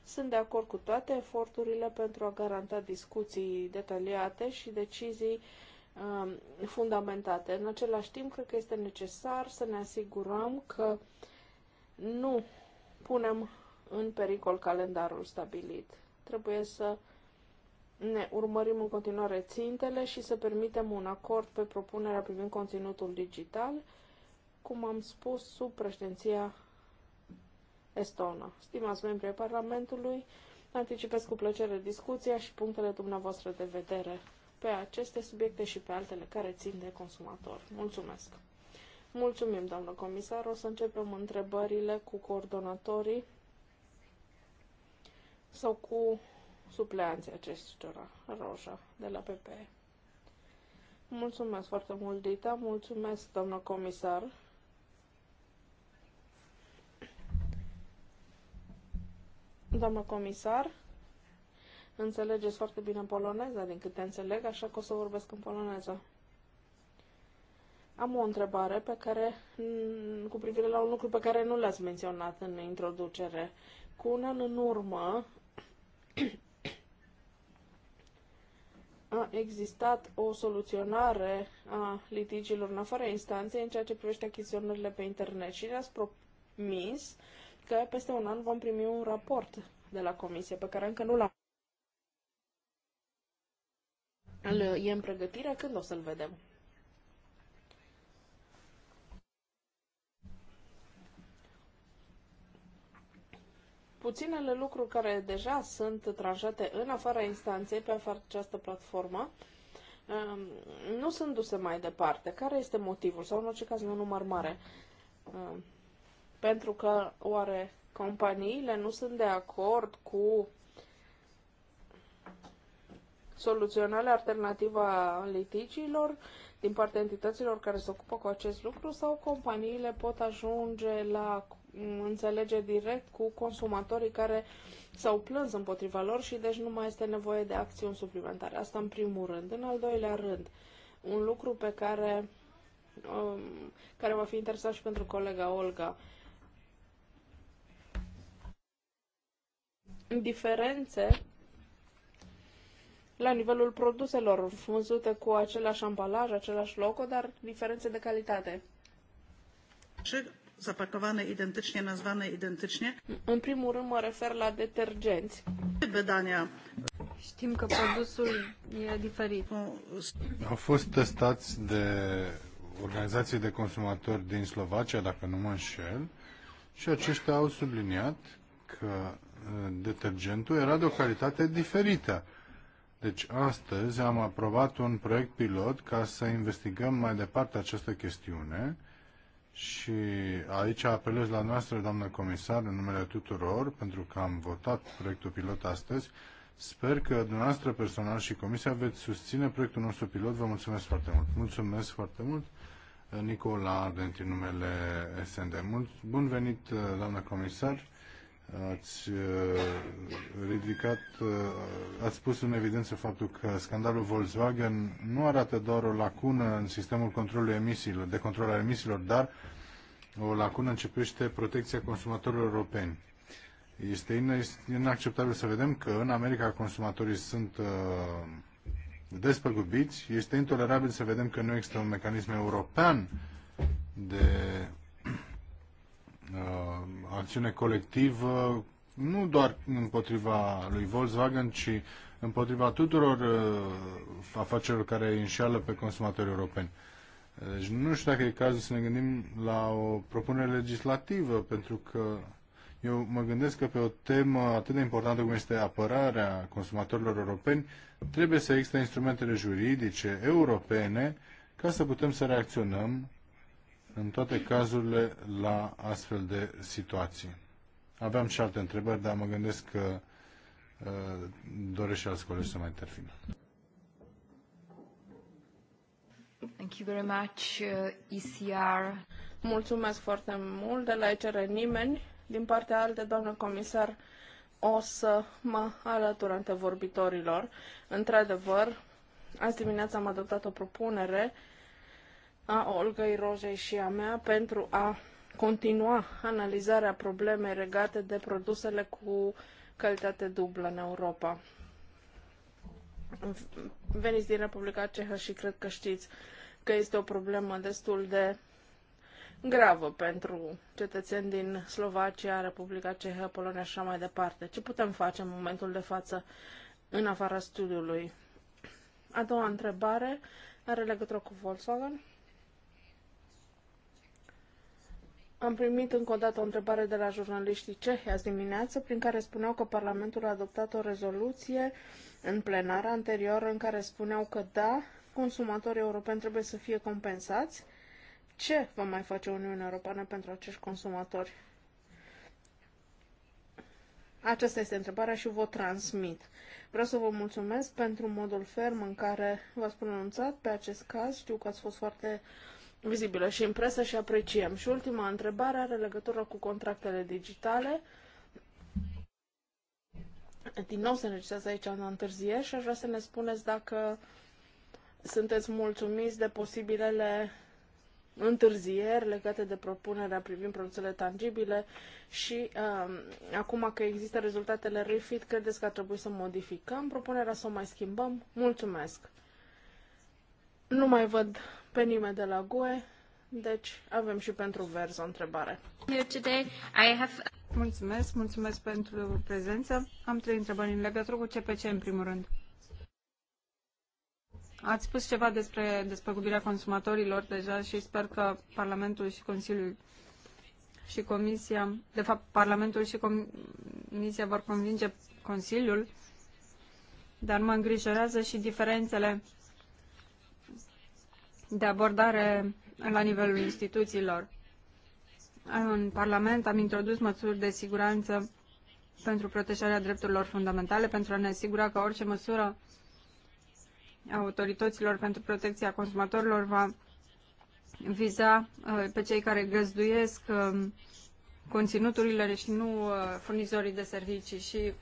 Sunt de acord cu toate eforturile pentru a garanta discuții detaliate și decizii Um, fundamentate. În același timp, cred că este necesar să ne asigurăm că nu punem în pericol calendarul stabilit. Trebuie să ne urmărim în continuare țintele și să permitem un acord pe propunerea privind conținutul digital, cum am spus, sub președinția estonă. Stimați membrii Parlamentului, anticipez cu plăcere discuția și punctele dumneavoastră de vedere pe aceste subiecte și pe altele care țin de consumator. Mulțumesc! Mulțumim, doamnă comisar. O să începem întrebările cu coordonatorii sau cu supleanții acestora, Roja, de la PPE. Mulțumesc foarte mult, Dita. Mulțumesc, doamnă comisar. Doamnă comisar, Înțelegeți foarte bine poloneza, din câte înțeleg, așa că o să vorbesc în poloneză. Am o întrebare pe care, cu privire la un lucru pe care nu l-ați menționat în introducere. Cu un an în urmă a existat o soluționare a litigiilor în afara instanței în ceea ce privește achiziționările pe internet și ne-ați promis că peste un an vom primi un raport de la comisie pe care încă nu l-am. Îl e în pregătire? Când o să-l vedem? Puținele lucruri care deja sunt tranjate în afara instanței pe afară, această platformă um, nu sunt duse mai departe. Care este motivul? Sau în orice caz nu număr mare. Um, pentru că oare companiile nu sunt de acord cu soluționare alternativă a litigiilor din partea entităților care se ocupă cu acest lucru sau companiile pot ajunge la înțelege direct cu consumatorii care s-au plâns împotriva lor și deci nu mai este nevoie de acțiuni suplimentare. Asta în primul rând. În al doilea rând, un lucru pe care, um, care va fi interesant și pentru colega Olga, diferențe la nivelul produselor vândute cu același ambalaj, același logo, dar diferențe de calitate. Și zapakowane identycznie, nazwane identycznie. În primul rând mă refer la detergenți. Vedania. Știm că produsul e diferit. Au fost testați de organizații de consumatori din Slovacia, dacă nu mă înșel, și aceștia au subliniat că uh, detergentul era de o calitate diferită deci astăzi am aprobat un proiect pilot ca să investigăm mai departe această chestiune și aici apelez la noastră, doamnă comisar, în numele tuturor, pentru că am votat proiectul pilot astăzi. Sper că dumneavoastră personal și comisia veți susține proiectul nostru pilot. Vă mulțumesc foarte mult. Mulțumesc foarte mult, Nicola Ardent, în numele SND. Bun venit, doamnă comisar ați uh, ridicat, uh, ați pus în evidență faptul că scandalul Volkswagen nu arată doar o lacună în sistemul controlului emisiilor, de control al emisiilor, dar o lacună începește protecția consumatorilor europeni. Este inacceptabil să vedem că în America consumatorii sunt uh, despăgubiți, este intolerabil să vedem că nu există un mecanism european de Uh, acțiune colectivă, nu doar împotriva lui Volkswagen, ci împotriva tuturor uh, afacerilor care înșeală pe consumatorii europeni. Deci nu știu dacă e cazul să ne gândim la o propunere legislativă, pentru că eu mă gândesc că pe o temă atât de importantă cum este apărarea consumatorilor europeni, trebuie să existe instrumentele juridice europene ca să putem să reacționăm în toate cazurile la astfel de situații. Aveam și alte întrebări, dar mă gândesc că uh, doresc și alți colegi să mai intervină. Thank you very much, uh, ECR. Mulțumesc foarte mult de la ECR nimeni. Din partea altă, doamnă comisar, o să mă alătur vorbitorilor. Într-adevăr, azi dimineața am adoptat o propunere uh, a Olgăi Rozei și a mea pentru a continua analizarea problemei legate de produsele cu calitate dublă în Europa. Veniți din Republica Cehă și cred că știți că este o problemă destul de gravă pentru cetățeni din Slovacia, Republica Cehă, Polonia și așa mai departe. Ce putem face în momentul de față în afara studiului? A doua întrebare are legătură cu Volkswagen. Am primit încă o dată o întrebare de la jurnaliștii cehi azi dimineață, prin care spuneau că Parlamentul a adoptat o rezoluție în plenară anterior, în care spuneau că da, consumatorii europeni trebuie să fie compensați. Ce va mai face Uniunea Europeană pentru acești consumatori? Aceasta este întrebarea și vă transmit. Vreau să vă mulțumesc pentru modul ferm în care v-ați pronunțat pe acest caz. Știu că ați fost foarte uh, vizibilă și în presă și apreciem. Și ultima întrebare are legătură cu contractele digitale. Din nou se înregistrează aici în întârziere și aș vrea să ne spuneți dacă sunteți mulțumiți de posibilele întârzieri legate de propunerea privind produsele tangibile și uh, acum că există rezultatele refit, credeți că ar trebui să modificăm propunerea, să o mai schimbăm? Mulțumesc! Nu mai văd pe nimeni de la GUE, deci avem și pentru vers o întrebare. Mulțumesc, mulțumesc pentru prezență. Am trei întrebări în legătură cu CPC în primul rând. Ați spus ceva despre despăgubirea consumatorilor deja și sper că Parlamentul și Consiliul și Comisia, de fapt Parlamentul și Comisia vor convinge Consiliul, dar mă îngrijorează și diferențele de abordare la nivelul instituțiilor. În Parlament am introdus măsuri de siguranță pentru protejarea drepturilor fundamentale, pentru a ne asigura că orice măsură a autorităților pentru protecția consumatorilor va viza uh, pe cei care găzduiesc um, conținuturile și nu uh, furnizorii de servicii și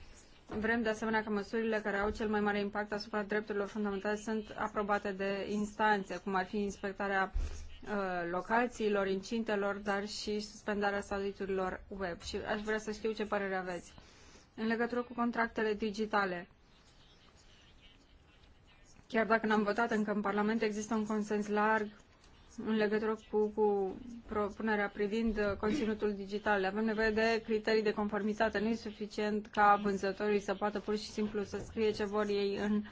Vrem de asemenea că măsurile care au cel mai mare impact asupra drepturilor fundamentale sunt aprobate de instanțe, cum ar fi inspectarea uh, locațiilor, incintelor, dar și suspendarea saliturilor web. Și aș vrea să știu ce părere aveți. În legătură cu contractele digitale, chiar dacă n-am votat încă în Parlament, există un consens larg în legătură cu, cu propunerea privind conținutul digital. Avem nevoie de criterii de conformitate. Nu e suficient ca vânzătorii să poată pur și simplu să scrie ce vor ei în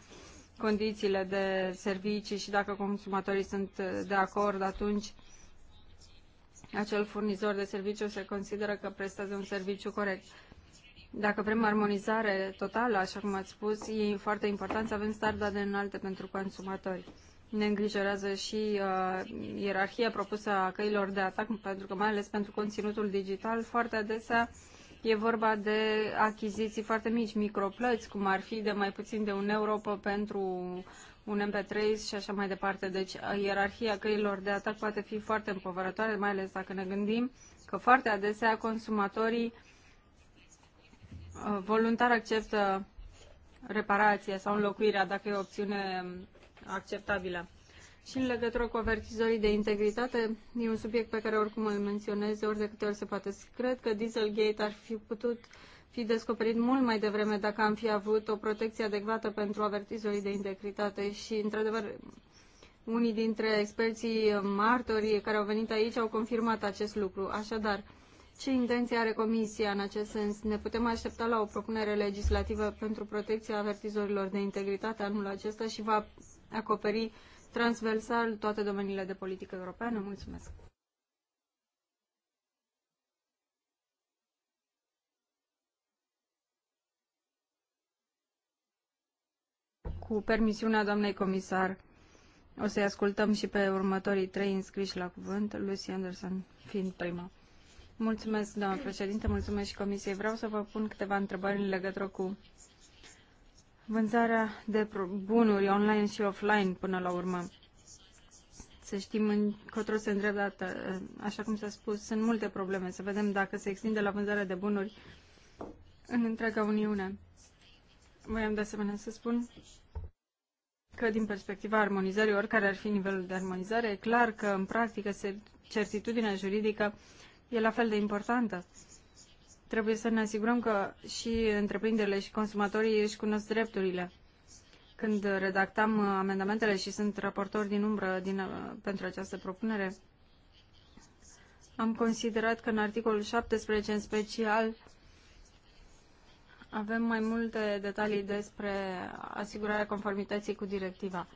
condițiile de servicii și dacă consumatorii sunt de acord, atunci acel furnizor de serviciu se consideră că prestează un serviciu corect. Dacă vrem armonizare totală, așa cum ați spus, e foarte important să avem standarde înalte pentru consumatori ne îngrijorează și uh, ierarhia propusă a căilor de atac, pentru că mai ales pentru conținutul digital, foarte adesea e vorba de achiziții foarte mici, microplăți, cum ar fi de mai puțin de un euro pentru un MP3 și așa mai departe. Deci uh, ierarhia căilor de atac poate fi foarte împovărătoare, mai ales dacă ne gândim că foarte adesea consumatorii uh, voluntar acceptă reparația sau înlocuirea dacă e o opțiune acceptabilă. Și în legătură cu avertizorii de integritate, e un subiect pe care oricum îl menționez ori de câte ori se poate. Cred că Dieselgate ar fi putut fi descoperit mult mai devreme dacă am fi avut o protecție adecvată pentru avertizorii de integritate și, într-adevăr, unii dintre experții martori care au venit aici au confirmat acest lucru. Așadar, ce intenție are Comisia în acest sens? Ne putem aștepta la o propunere legislativă pentru protecția avertizorilor de integritate anul acesta și va acoperi transversal toate domeniile de politică europeană. Mulțumesc! Cu permisiunea doamnei comisar, o să-i ascultăm și pe următorii trei înscriși la cuvânt, Lucy Anderson fiind prima. Mulțumesc, doamnă președinte, mulțumesc și comisiei. Vreau să vă pun câteva întrebări în legătură cu vânzarea de bunuri online și offline până la urmă. Să știm încotro se îndreaptă, ă, așa cum s-a spus, sunt multe probleme. Să vedem dacă se extinde la vânzarea de bunuri în întreaga Uniune. Voiam de asemenea să spun că din perspectiva armonizării, oricare ar fi nivelul de armonizare, e clar că în practică certitudinea juridică e la fel de importantă. Trebuie să ne asigurăm că și întreprinderile și consumatorii își cunosc drepturile. Când redactam uh, amendamentele și sunt raportor din umbră din, uh, pentru această propunere, am considerat că în articolul 17 în special avem mai multe detalii despre asigurarea conformității cu directiva.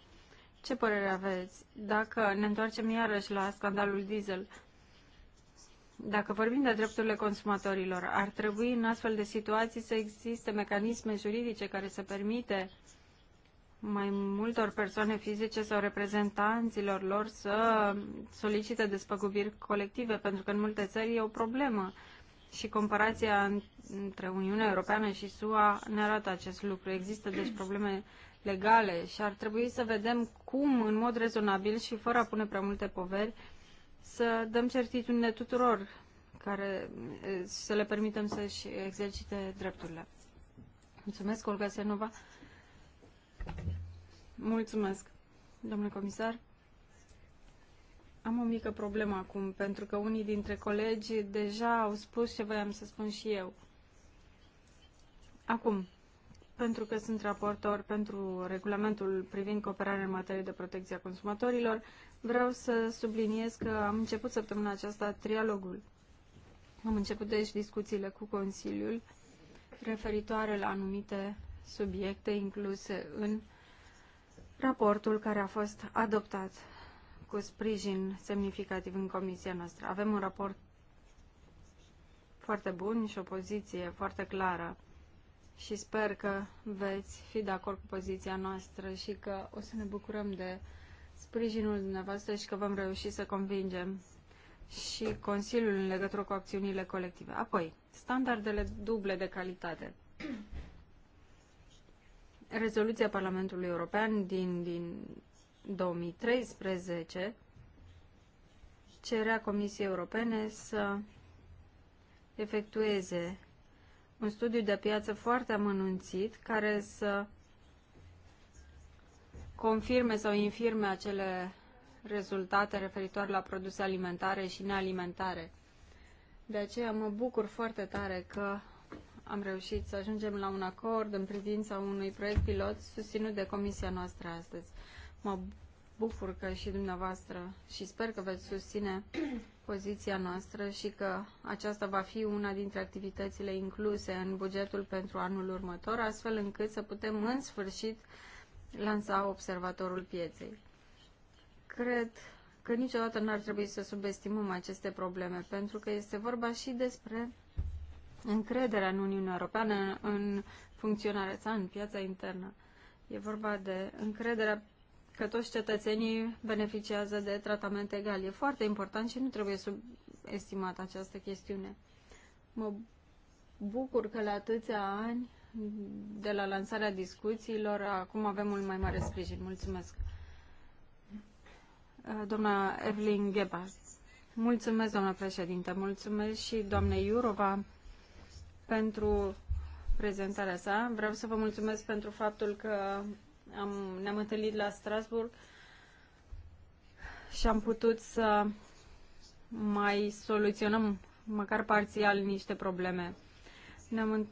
Ce părere aveți? Dacă ne întoarcem iarăși la scandalul diesel, dacă vorbim de drepturile consumatorilor, ar trebui în astfel de situații să existe mecanisme juridice care să permite mai multor persoane fizice sau reprezentanților lor să solicite despăgubiri colective, pentru că în multe țări e o problemă. Și comparația între Uniunea Europeană și SUA ne arată acest lucru. Există deci probleme legale și ar trebui să vedem cum, în mod rezonabil și fără a pune prea multe poveri, să dăm certitudine tuturor care să le permitem să-și exercite drepturile. Mulțumesc, Olga Senova. Mulțumesc, domnule comisar. Am o mică problemă acum, pentru că unii dintre colegi deja au spus ce voiam să spun și eu. Acum, pentru că sunt raportor pentru regulamentul privind cooperarea în materie de protecție a consumatorilor, Vreau să subliniez că am început săptămâna aceasta trialogul. Am început deci discuțiile cu Consiliul referitoare la anumite subiecte incluse în raportul care a fost adoptat cu sprijin semnificativ în comisia noastră. Avem un raport foarte bun și o poziție foarte clară și sper că veți fi de acord cu poziția noastră și că o să ne bucurăm de sprijinul dumneavoastră și că vom reuși să convingem și Consiliul în legătură cu acțiunile colective. Apoi, standardele duble de calitate. Rezoluția Parlamentului European din, din 2013 cerea Comisiei Europene să efectueze un studiu de piață foarte amănunțit care să confirme sau infirme acele rezultate referitoare la produse alimentare și nealimentare. De aceea mă bucur foarte tare că am reușit să ajungem la un acord în privința unui proiect pilot susținut de comisia noastră astăzi. Mă bucur că și dumneavoastră și sper că veți susține poziția noastră și că aceasta va fi una dintre activitățile incluse în bugetul pentru anul următor, astfel încât să putem în sfârșit lansa observatorul pieței. Cred că niciodată n-ar trebui să subestimăm aceste probleme, pentru că este vorba și despre încrederea în Uniunea Europeană, în funcționarea sa, în piața internă. E vorba de încrederea că toți cetățenii beneficiază de tratament egal. E foarte important și nu trebuie subestimată această chestiune. Mă bucur că la atâția ani de la lansarea discuțiilor, acum avem mult mai mare sprijin. Mulțumesc. Uh, doamna Evelyn Gheba. Mulțumesc, doamna președintă. Mulțumesc și doamne Iurova pentru prezentarea sa. Vreau să vă mulțumesc pentru faptul că am, ne-am întâlnit la Strasburg și am putut să mai soluționăm măcar parțial niște probleme. Ne-am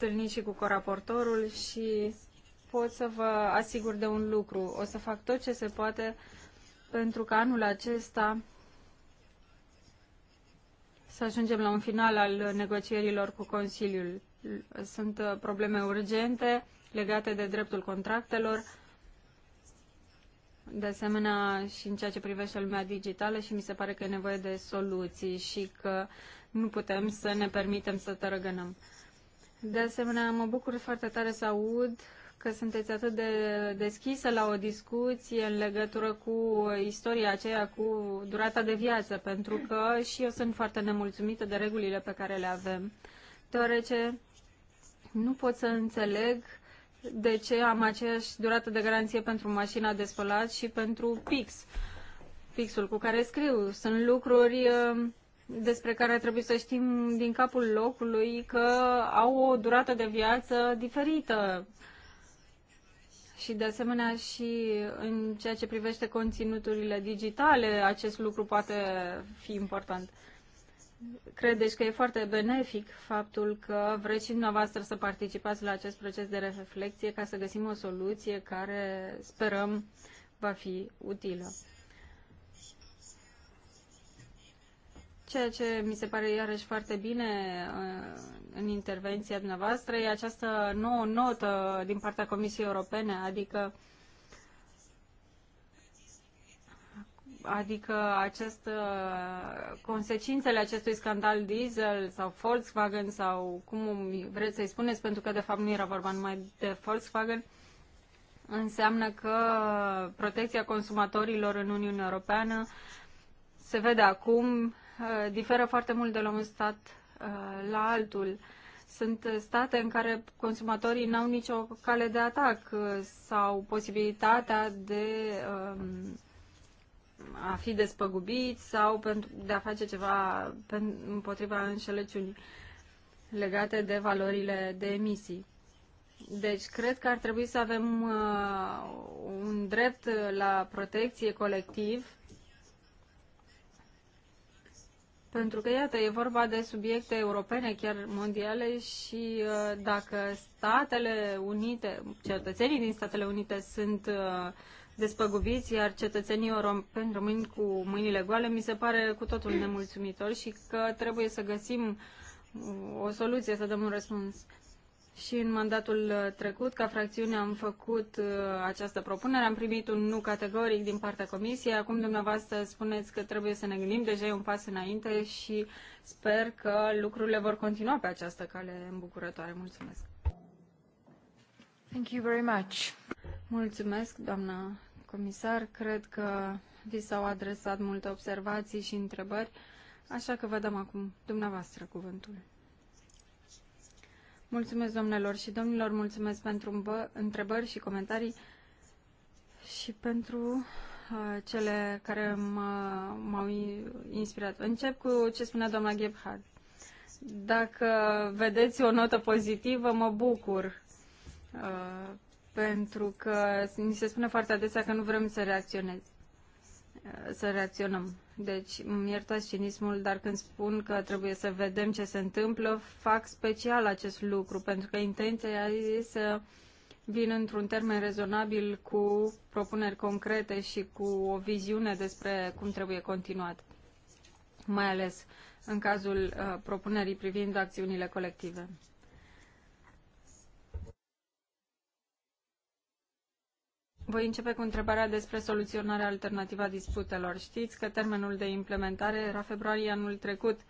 întâlnit și cu coraportorul și pot să vă asigur de un lucru. O să fac tot ce se poate pentru ca anul acesta să ajungem la un final al negocierilor cu Consiliul. Sunt uh, probleme urgente legate de dreptul contractelor, de asemenea și în ceea ce privește lumea digitală și mi se pare că e nevoie de soluții și că nu putem să ne permitem să tărăgânăm. De asemenea, mă bucur foarte tare să aud că sunteți atât de deschisă la o discuție în legătură cu istoria aceea cu durata de viață, pentru că și eu sunt foarte nemulțumită de regulile pe care le avem, deoarece nu pot să înțeleg de ce am aceeași durată de garanție pentru mașina de spălat și pentru pix, pixul cu care scriu. Sunt lucruri uh, despre care trebuie să știm din capul locului că au o durată de viață diferită. Și de asemenea și în ceea ce privește conținuturile digitale, acest lucru poate fi important. Credeți că e foarte benefic faptul că vreți și dumneavoastră să participați la acest proces de reflexie ca să găsim o soluție care sperăm va fi utilă. Ceea ce mi se pare iarăși foarte bine uh, în intervenția dumneavoastră e această nouă notă din partea Comisiei Europene, adică adică acest, uh, consecințele acestui scandal diesel sau Volkswagen sau cum vreți să-i spuneți, pentru că de fapt nu era vorba numai de Volkswagen, înseamnă că protecția consumatorilor în Uniunea Europeană se vede acum Eh, diferă foarte mult de la un stat eh, la altul. Sunt eh, state în care consumatorii n-au nicio cale de atac sau posibilitatea de ehm, a fi despăgubiți sau pentru, de a face ceva împotriva înșelăciunii legate de valorile de emisii. Deci, cred că ar trebui să avem uh, un drept la protecție colectiv Pentru că, iată, e vorba de subiecte europene, chiar mondiale și uh, dacă Statele Unite, cetățenii din Statele Unite sunt uh, despăgubiți, iar cetățenii europeni rămân cu mâinile goale, mi se pare cu totul nemulțumitor și că trebuie să găsim uh, o soluție, să dăm un răspuns și în mandatul uh, trecut, ca fracțiune, am făcut uh, această propunere. Am primit un nu categoric din partea comisiei. Acum dumneavoastră spuneți că trebuie să ne gândim. Deja e un pas înainte și sper că lucrurile vor continua pe această cale îmbucurătoare. Mulțumesc! Thank you very much. Mulțumesc, doamna comisar. Cred că vi s-au adresat multe observații și întrebări, așa că vă dăm acum dumneavoastră cuvântul. Mulțumesc, domnilor și domnilor, mulțumesc pentru întrebări și comentarii și pentru uh, cele care m-au inspirat. Încep cu ce spunea doamna Gebhardt. Dacă vedeți o notă pozitivă, mă bucur. Uh, pentru că ni se spune foarte adesea că nu vrem să reacționezi să reacționăm. Deci, îmi iertați cinismul, dar când spun că trebuie să vedem ce se întâmplă, fac special acest lucru, pentru că intenția e să vin într-un termen rezonabil cu propuneri concrete și cu o viziune despre cum trebuie continuat, mai ales în cazul uh, propunerii privind acțiunile colective. Voi începe cu întrebarea despre soluționarea alternativă a disputelor. Știți că termenul de implementare era februarie anul trecut.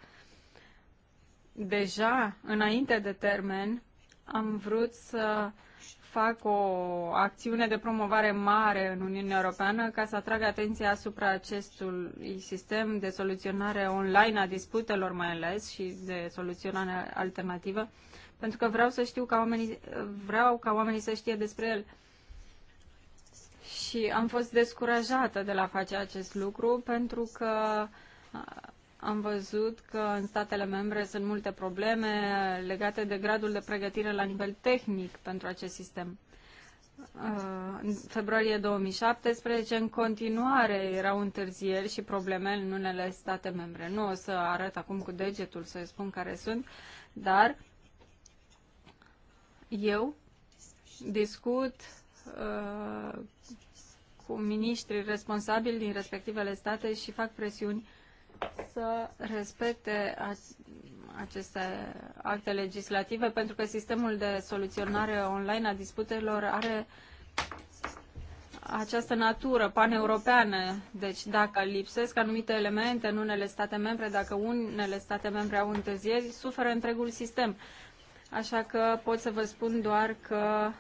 Deja, înainte de termen, am vrut să fac o acțiune de promovare mare în Uniunea Europeană ca să atrag atenția asupra acestui sistem de soluționare online a disputelor mai ales și de soluționare alternativă, pentru că vreau să știu ca oamenii, vreau ca oamenii să știe despre el și am fost descurajată de la face acest lucru pentru că am văzut că în statele membre sunt multe probleme legate de gradul de pregătire la nivel tehnic pentru acest sistem. În februarie 2017, în continuare, erau întârzieri și probleme în unele state membre. Nu o să arăt acum cu degetul să spun care sunt, dar eu discut uh, cu miniștrii responsabili din respectivele state și fac presiuni să respecte aceste acte legislative, pentru că sistemul de soluționare online a disputelor are această natură paneuropeană. Deci dacă lipsesc anumite elemente în unele state membre, dacă unele state membre au întârzieri, suferă întregul sistem. Așa că pot să vă spun doar că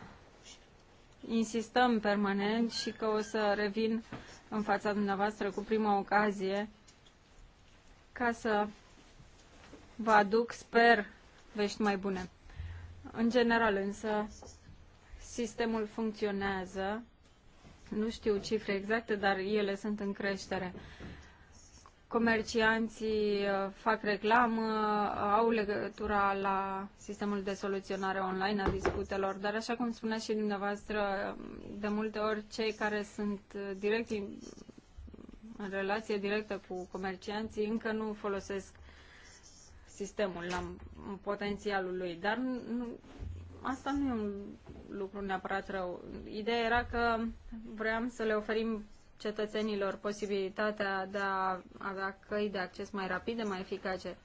insistăm permanent și că o să revin în fața dumneavoastră cu prima ocazie ca să vă aduc, sper, vești mai bune. În general însă, sistemul funcționează, nu știu cifre exacte, dar ele sunt în creștere comercianții uh, fac reclamă, uh, au legătura la sistemul de soluționare online a disputelor, dar așa cum spunea și dumneavoastră, de multe ori cei care sunt uh, direct în relație directă cu comercianții încă nu folosesc sistemul la potențialul lui, dar nu, asta nu e un lucru neapărat rău. Ideea era că vreau să le oferim cetățenilor posibilitatea de a avea căi de acces mai rapide, mai eficace.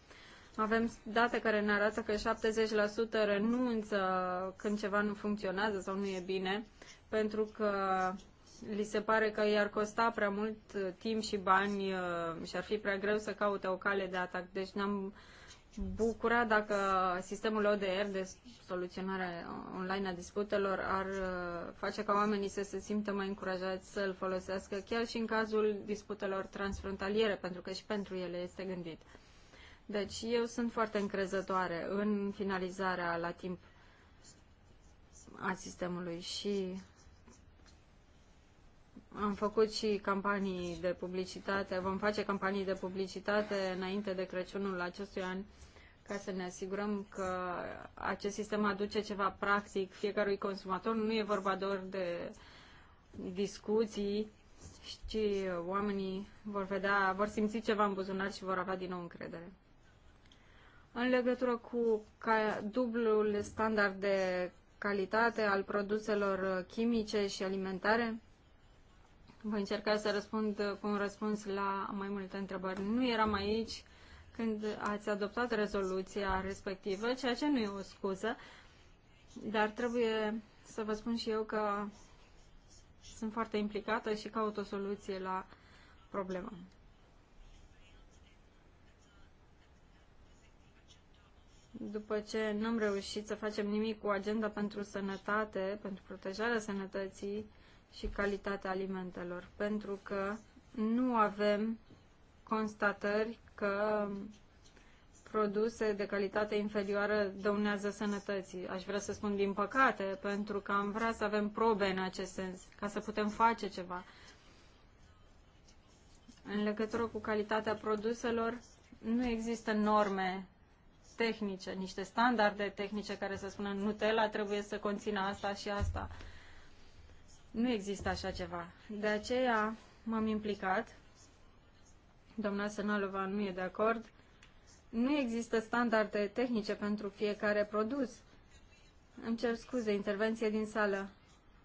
Avem date care ne arată că 70% renunță când ceva nu funcționează sau nu e bine, pentru că li se pare că i-ar costa prea mult uh, timp și bani uh, și ar fi prea greu să caute o cale de atac. Deci n-am bucura dacă sistemul ODR de soluționare online a disputelor ar uh, face ca oamenii să se simtă mai încurajați să-l folosească chiar și în cazul disputelor transfrontaliere, pentru că și pentru ele este gândit. Deci eu sunt foarte încrezătoare în finalizarea la timp a sistemului și am făcut și campanii de publicitate, vom face campanii de publicitate înainte de Crăciunul acestui an ca să ne asigurăm că acest sistem aduce ceva practic fiecărui consumator. Nu e vorba doar de discuții, ci oamenii vor vedea, vor simți ceva în buzunar și vor avea din nou încredere. În legătură cu ca, dublul standard de calitate al produselor chimice și alimentare, voi încerca să răspund uh, cu un răspuns la mai multe întrebări. Nu eram aici când ați adoptat rezoluția respectivă, ceea ce nu e o scuză, dar trebuie să vă spun și eu că sunt foarte implicată și caut o soluție la problemă. După ce n-am reușit să facem nimic cu agenda pentru sănătate, pentru protejarea sănătății, și calitatea alimentelor, pentru că nu avem constatări că produse de calitate inferioară dăunează sănătății. Aș vrea să spun din păcate, pentru că am vrea să avem probe în acest sens, ca să putem face ceva. În legătură cu calitatea produselor, nu există norme tehnice, niște standarde tehnice care să spună Nutella trebuie să conțină asta și asta. Nu există așa ceva. De aceea m-am implicat. Doamna Sănalova nu e de acord. Nu există standarde tehnice pentru fiecare produs. Îmi cer scuze, intervenție din sală.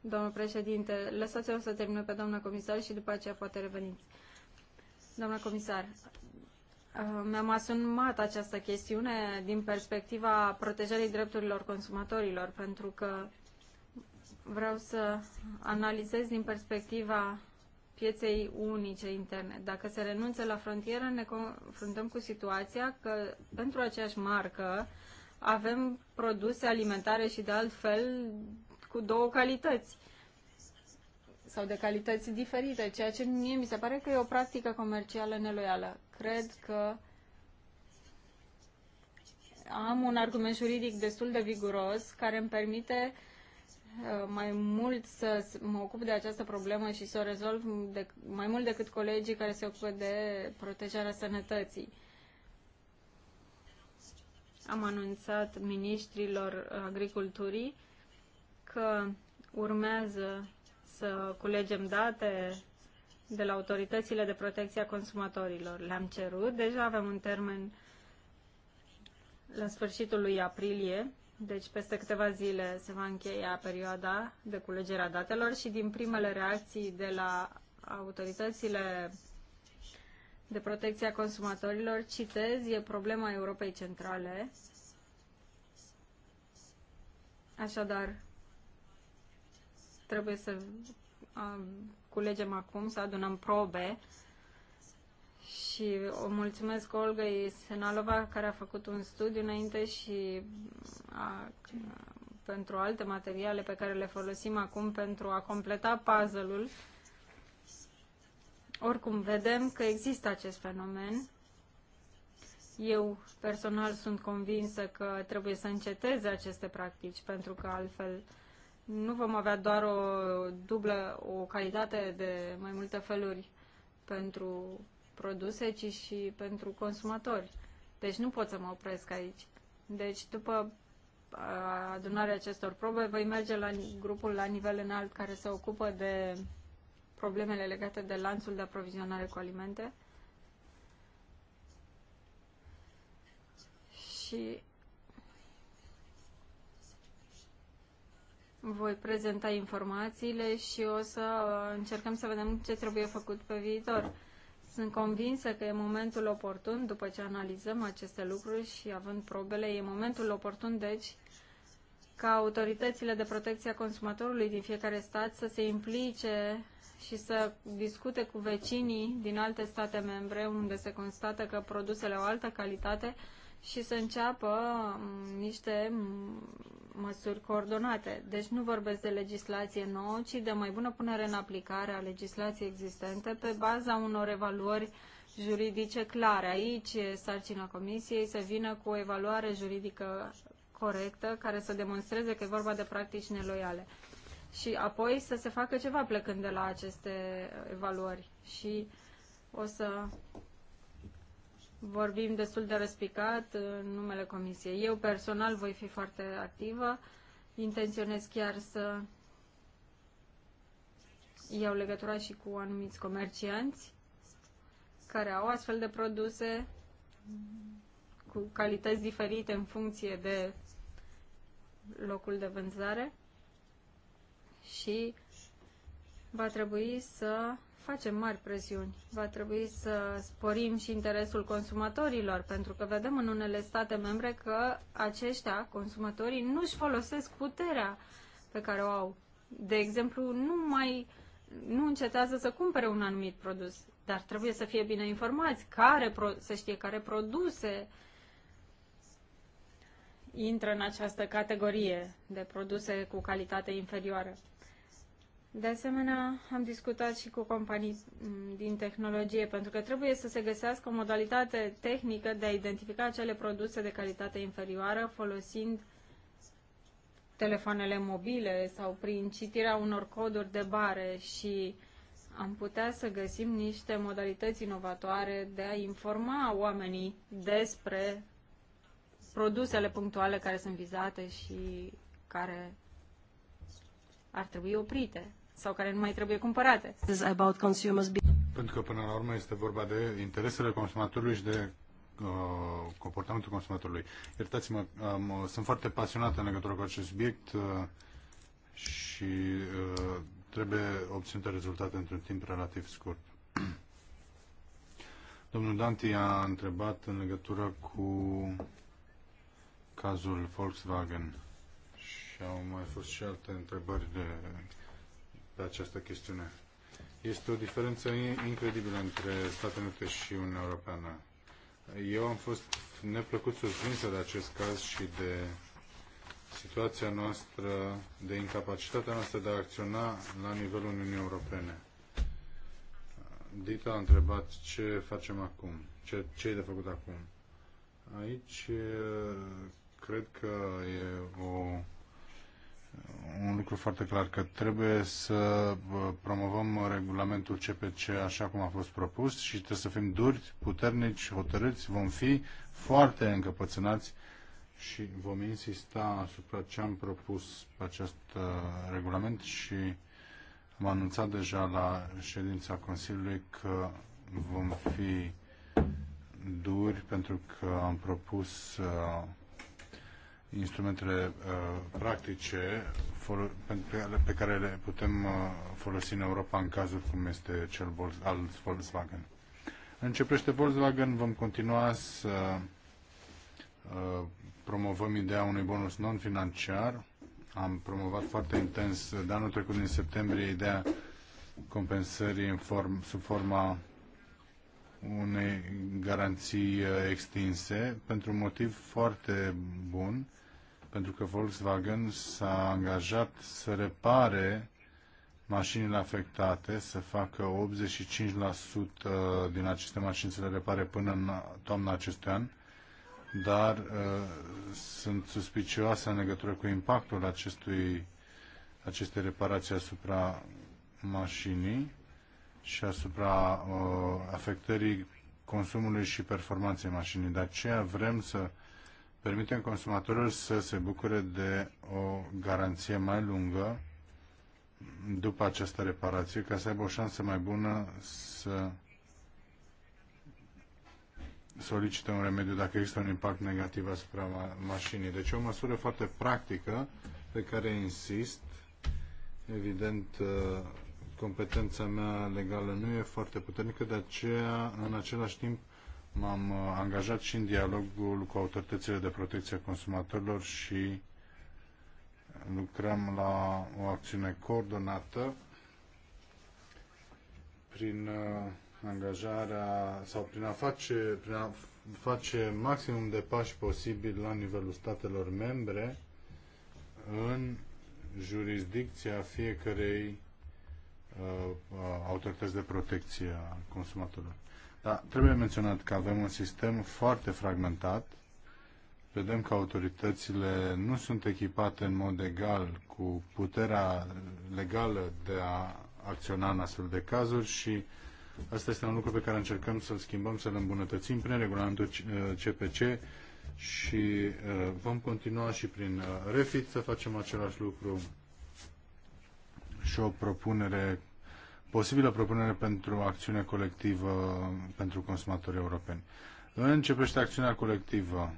Domnul președinte, lăsați-o să termină pe doamna comisar și după aceea poate reveniți. Doamna comisar, uh, mi-am asumat această chestiune din perspectiva protejării drepturilor consumatorilor, pentru că vreau să analizez din perspectiva pieței unice interne. Dacă se renunță la frontieră, ne confruntăm cu situația că pentru aceeași marcă avem produse alimentare și de altfel cu două calități sau de calități diferite, ceea ce mie mi se pare că e o practică comercială neloială. Cred că am un argument juridic destul de viguros care îmi permite uh, Uh, mai mult să mă ocup de această problemă și să o rezolv de, mai mult decât colegii care se ocupă de protejarea sănătății. Am anunțat ministrilor agriculturii că urmează să culegem date de la autoritățile de protecție a consumatorilor. Le-am cerut, deja avem un termen la sfârșitul lui aprilie deci peste câteva zile se va încheia perioada de culegere a datelor și din primele reacții de la autoritățile de protecție a consumatorilor, citez, e problema Europei Centrale. Așadar, trebuie să um, culegem acum, să adunăm probe și o mulțumesc Olga Senalova care a făcut un studiu înainte și a, pentru alte materiale pe care le folosim acum pentru a completa puzzle-ul. Oricum, vedem că există acest fenomen. Eu personal sunt convinsă că trebuie să înceteze aceste practici pentru că altfel nu vom avea doar o dublă, o calitate de mai multe feluri pentru produse, ci și pentru consumatori. Deci nu pot să mă opresc aici. Deci după uh, adunarea acestor probe voi merge la grupul la nivel înalt care se ocupă de problemele legate de lanțul de aprovizionare cu alimente. Și voi prezenta informațiile și o să încercăm să vedem ce trebuie făcut pe viitor. Sunt convinsă că e momentul oportun, după ce analizăm aceste lucruri și având probele, e momentul oportun, deci, ca autoritățile de protecție a consumatorului din fiecare stat să se implice și să discute cu vecinii din alte state membre unde se constată că produsele au altă calitate și să înceapă mm, niște măsuri coordonate. Deci nu vorbesc de legislație nouă, ci de mai bună punere în aplicare a legislației existente pe baza unor evaluări juridice clare. Aici e sarcina Comisiei să vină cu o evaluare juridică corectă care să demonstreze că e vorba de practici neloiale. Și apoi să se facă ceva plecând de la aceste evaluări. Și o să vorbim destul de răspicat uh, în numele Comisiei. Eu personal voi fi foarte activă, intenționez chiar să iau legătura și cu anumiți comercianți care au astfel de produse cu calități diferite în funcție de locul de vânzare și va trebui să facem mari presiuni. Va trebui să sporim și interesul consumatorilor, pentru că vedem în unele state membre că aceștia, consumatorii, nu își folosesc puterea pe care o au. De exemplu, nu mai nu încetează să cumpere un anumit produs, dar trebuie să fie bine informați, care pro, să știe care produse intră în această categorie de produse cu calitate inferioară. De asemenea, am discutat și cu companii din tehnologie, pentru că trebuie să se găsească o modalitate tehnică de a identifica acele produse de calitate inferioară folosind telefoanele mobile sau prin citirea unor coduri de bare și am putea să găsim niște modalități inovatoare de a informa oamenii despre produsele punctuale care sunt vizate și care ar trebui oprite sau care nu mai trebuie cumpărate. Pentru că până la urmă este vorba de interesele consumatorului și de uh, comportamentul consumatorului. Iertați-mă, um, sunt foarte pasionat în legătură cu acest subiect uh, și uh, trebuie obținute rezultate într-un timp relativ scurt. Domnul Danti a întrebat în legătură cu cazul Volkswagen și au mai fost și alte întrebări de pe această chestiune. Este o diferență incredibilă între Statele Unite și Uniunea Europeană. Eu am fost neplăcut surprinsă de acest caz și de situația noastră, de incapacitatea noastră de a acționa la nivelul Uniunii Europene. Dita a întrebat ce facem acum, ce, ce e de făcut acum. Aici cred că e o un lucru foarte clar, că trebuie să uh, promovăm regulamentul CPC așa cum a fost propus și trebuie să fim duri, puternici, hotărâți, vom fi foarte încăpățânați și vom insista asupra ce am propus pe acest uh, regulament și am anunțat deja la ședința Consiliului că vom fi duri pentru că am propus uh, instrumentele uh, practice pe care le putem uh, folosi în Europa în cazul cum este cel al Volkswagen. Începește Volkswagen, vom continua să uh, promovăm ideea unui bonus non-financiar. Am promovat foarte intens de anul trecut din septembrie ideea compensării în form, sub forma unei garanții extinse pentru un motiv foarte bun pentru că Volkswagen s-a angajat să repare mașinile afectate, să facă 85% din aceste mașini să le repare până în toamna acestui an, dar uh, sunt suspicioase în legătură cu impactul acestui, acestei reparații asupra mașinii și asupra uh, afectării consumului și performanței mașinii. De aceea vrem să permitem consumatorilor să se bucure de o garanție mai lungă după această reparație, ca să aibă o șansă mai bună să solicită un remediu dacă există un impact negativ asupra ma mașinii. Deci o măsură foarte practică pe care insist. Evident, uh, competența mea legală nu e foarte puternică, de aceea, în același timp, m-am uh, angajat și în dialogul cu autoritățile de protecție a consumatorilor și lucrăm la o acțiune coordonată prin uh, angajarea sau prin a face, prin a face maximum de pași posibil la nivelul statelor membre în jurisdicția fiecarei uh, uh autorități de protecție a consumatorilor. Da, trebuie menționat că avem un sistem foarte fragmentat. Vedem că autoritățile nu sunt echipate în mod egal cu puterea legală de a acționa în astfel de cazuri și asta este un lucru pe care încercăm să-l schimbăm, să-l îmbunătățim prin regulamentul CPC uh, și uh, vom continua și prin uh, Refit să facem același lucru și o propunere posibilă propunere pentru acțiune colectivă pentru consumatori europeni. Începește acțiunea colectivă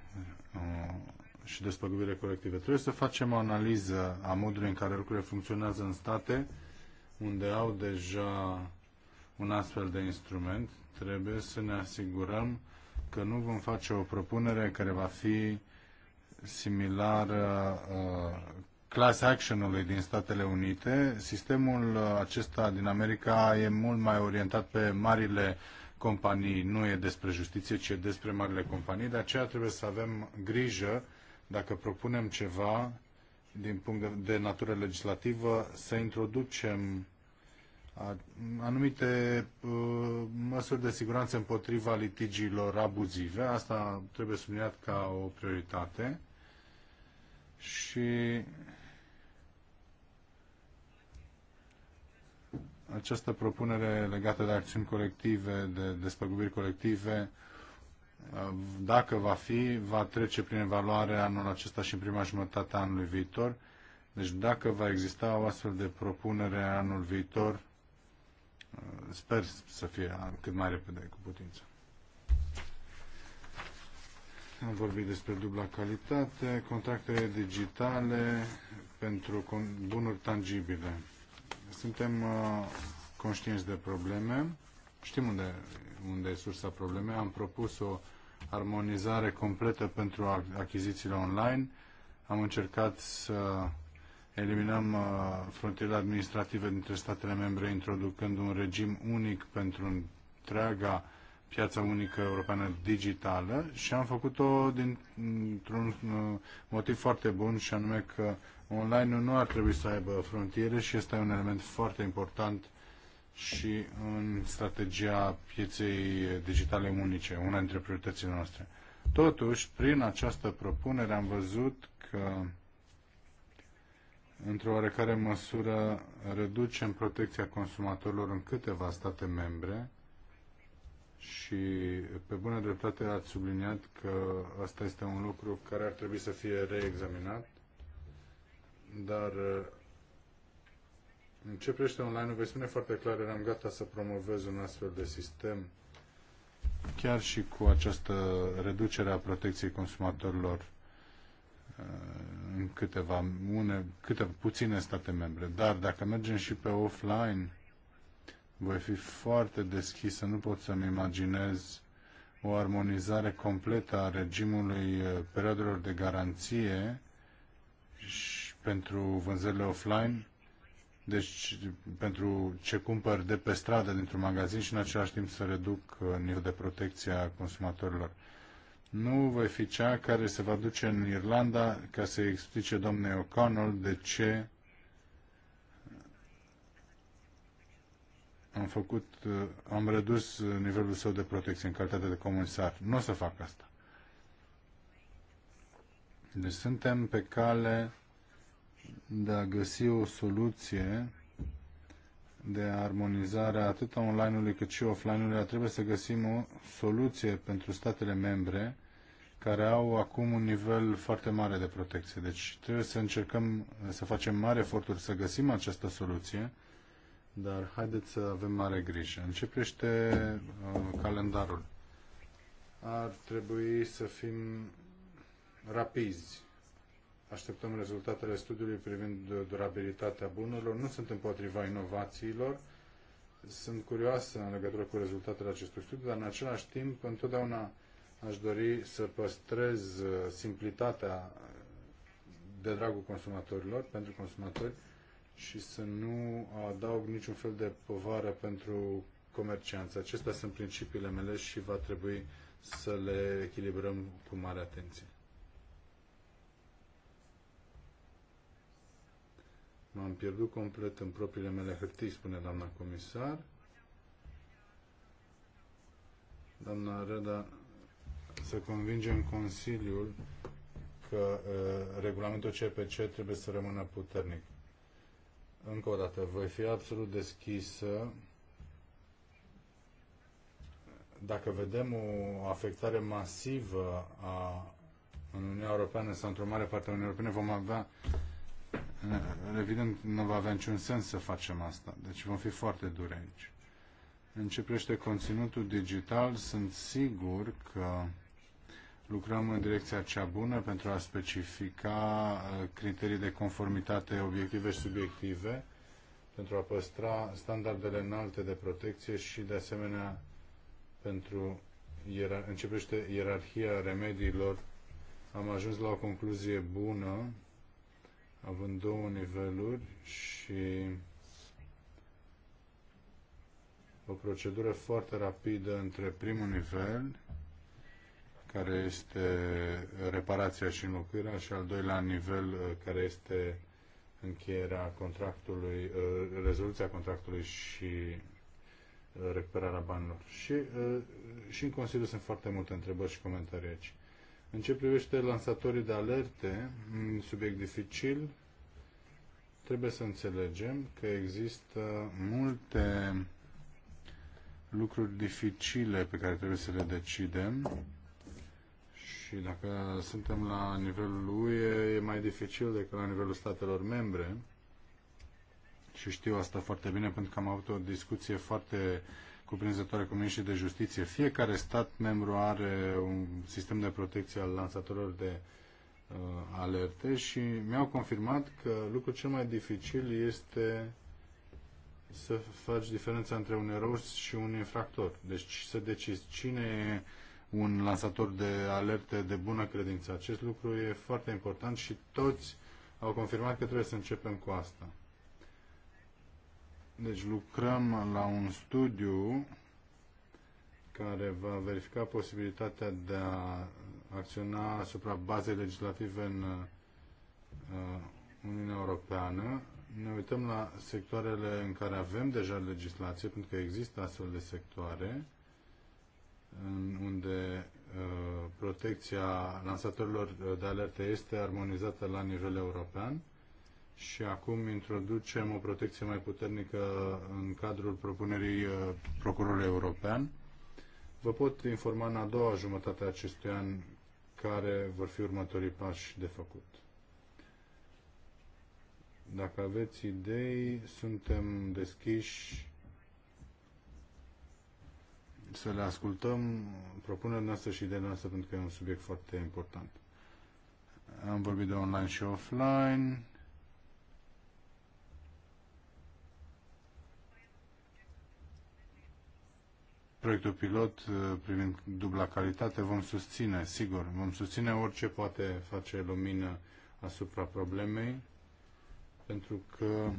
uh, și despăgubire colective. Trebuie să facem o analiză a modului în care lucrurile funcționează în state unde au deja un astfel de instrument. Trebuie să ne asigurăm că nu vom face o propunere care va fi similară uh, class action-ului din Statele Unite. Sistemul acesta din America e mult mai orientat pe marile companii. Nu e despre justiție, ci e despre marile companii. De aceea trebuie să avem grijă dacă propunem ceva din punct de, de natură legislativă, să introducem anumite uh, măsuri de siguranță împotriva litigiilor abuzive. Asta trebuie subliniat ca o prioritate. Și această propunere legată de acțiuni colective, de despăgubiri colective, dacă va fi, va trece prin evaluare anul acesta și în prima jumătate a anului viitor. Deci dacă va exista o astfel de propunere anul viitor, sper să fie cât mai repede cu putință. Am vorbit despre dubla calitate, contractele digitale pentru bunuri tangibile. Suntem uh, conștienți de probleme, știm unde, unde e sursa problemei, am propus o armonizare completă pentru achizițiile online, am încercat să eliminăm uh, frontierele administrative dintre statele membre, introducând un regim unic pentru întreaga piața unică europeană digitală și am făcut-o dintr-un uh, motiv foarte bun și anume că online nu ar trebui să aibă frontiere și este un element foarte important și în strategia pieței digitale unice, una dintre prioritățile noastre. Totuși, prin această propunere am văzut că într-o oarecare măsură reducem protecția consumatorilor în câteva state membre, și pe bună dreptate ați subliniat că asta este un lucru care ar trebui să fie reexaminat, dar în ce privește online vei spune foarte clar, eram gata să promovez un astfel de sistem chiar și cu această reducere a protecției consumatorilor în câteva, une, câte, puține state membre. Dar dacă mergem și pe offline, voi fi foarte deschisă, nu pot să-mi imaginez o armonizare completă a regimului uh, perioadelor de garanție și pentru vânzările offline, deci pentru ce cumpăr de pe stradă dintr-un magazin și în același timp să reduc uh, nivelul de protecție a consumatorilor. Nu voi fi cea care se va duce în Irlanda ca să explice domnului O'Connell de ce am făcut, uh, am redus uh, nivelul său de protecție în calitate de comisar. Nu o să fac asta. Deci suntem pe cale de a găsi o soluție de armonizare atât online-ului cât și offline-ului, trebuie să găsim o soluție pentru statele membre care au acum un nivel foarte mare de protecție. Deci trebuie să încercăm să facem mari eforturi să găsim această soluție dar haideți să avem mare grijă. Începește uh, calendarul. Ar trebui să fim rapizi. Așteptăm rezultatele studiului privind durabilitatea bunurilor. Nu sunt împotriva inovațiilor. Sunt curioasă în legătură cu rezultatele acestui studiu, dar în același timp întotdeauna aș dori să păstrez uh, simplitatea de dragul consumatorilor, pentru consumatori, și să nu adaug niciun fel de povară pentru comercianți. Acestea sunt principiile mele și va trebui să le echilibrăm cu mare atenție. M-am pierdut complet în propriile mele hârtii, spune doamna comisar. Doamna Reda, să convingem Consiliul că uh, regulamentul CPC trebuie să rămână puternic. Încă o dată, voi fi absolut deschisă dacă vedem o afectare masivă a, în Uniunea Europeană sau într-o mare parte a Uniunii Europene, vom avea, evident, nu va avea niciun sens să facem asta. Deci vom fi foarte duri aici. În ce conținutul digital, sunt sigur că lucrăm în direcția cea bună pentru a specifica uh, criterii de conformitate obiective și subiective, pentru a păstra standardele înalte de protecție și, de asemenea, pentru ierar- începește ierarhia remediilor. Am ajuns la o concluzie bună, având două niveluri și o procedură foarte rapidă între primul nivel care este uh, reparația și înlocuirea și al doilea nivel uh, care este încheierea contractului, uh, rezoluția contractului și recuperarea banilor. Și, și în Consiliu sunt foarte multe întrebări și comentarii aici. În ce privește lansatorii de alerte, un mm, subiect dificil, trebuie să înțelegem că există multe lucruri dificile pe care trebuie să le decidem și dacă suntem la nivelul lui e mai dificil decât la nivelul statelor membre. Și știu asta foarte bine pentru că am avut o discuție foarte cuprinzătoare cu miniștrii de justiție. Fiecare stat membru are un sistem de protecție al lansatorilor de uh, alerte și mi-au confirmat că lucrul cel mai dificil este să faci diferența între un erou și un infractor. Deci să decizi cine e un lansator de alerte de bună credință. Acest lucru e foarte important și toți au confirmat că trebuie să începem cu asta. Deci lucrăm la un studiu care va verifica posibilitatea de a acționa asupra bazei legislative în uh, Uniunea Europeană. Ne uităm la sectoarele în care avem deja legislație, pentru că există astfel de sectoare unde uh, protecția lansatorilor uh, de alerte este armonizată la nivel european și acum introducem o protecție mai puternică în cadrul propunerii uh, Procurorului European. Vă pot informa în a doua jumătate a acestui an care vor fi următorii pași de făcut. Dacă aveți idei, suntem deschiși să le ascultăm propunerea noastră și de noastră, pentru că e un subiect foarte important. Am vorbit de online și offline. Proiectul pilot uh, privind dubla calitate vom susține, sigur, vom susține orice poate face lumină asupra problemei, pentru că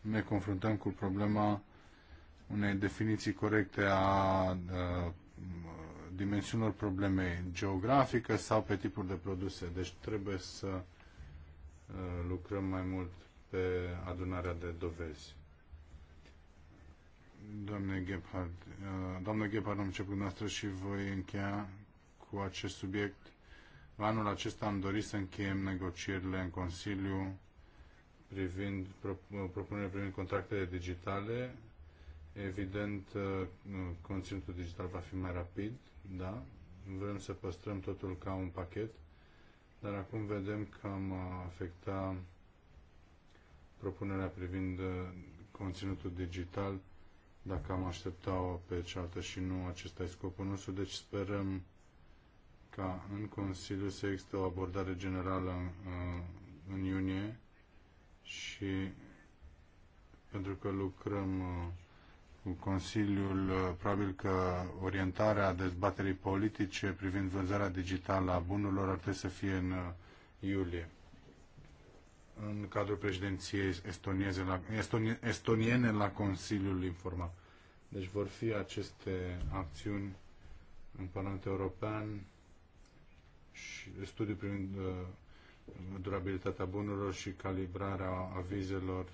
ne confruntăm cu problema unei definiții corecte a dimensiunilor problemei geografică sau pe tipuri de produse. Deci trebuie să lucrăm mai mult pe adunarea de dovezi. Doamne Gebhard, doamne Gebhard, am început noastră și voi încheia cu acest subiect. La anul acesta am dorit să încheiem negocierile în Consiliu privind propunerea privind contractele digitale Evident, uh, conținutul digital va fi mai rapid, da? Vrem să păstrăm totul ca un pachet, dar acum vedem că am afecta propunerea privind uh, conținutul digital dacă am aștepta-o pe cealaltă și nu acesta e scopul nostru, deci sperăm ca în Consiliu să existe o abordare generală în, uh, în iunie și pentru că lucrăm Consiliul, uh, probabil că orientarea dezbaterii politice privind vânzarea digitală a bunurilor ar trebui să fie în uh, iulie. În cadrul președinției estonieze la, estoniene la Consiliul Informal. Deci vor fi aceste acțiuni în Parlamentul European și studiul privind uh, durabilitatea bunurilor și calibrarea avizelor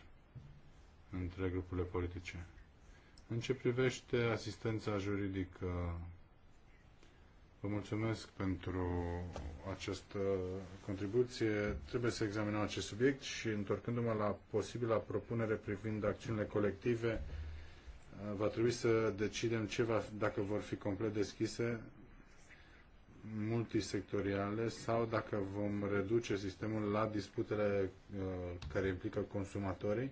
între grupurile politice. În ce privește asistența juridică, vă mulțumesc pentru această contribuție. Trebuie să examinăm acest subiect și întorcându-mă la posibila propunere privind acțiunile colective, va trebui să decidem ce va, dacă vor fi complet deschise, multisectoriale sau dacă vom reduce sistemul la disputele uh, care implică consumatorii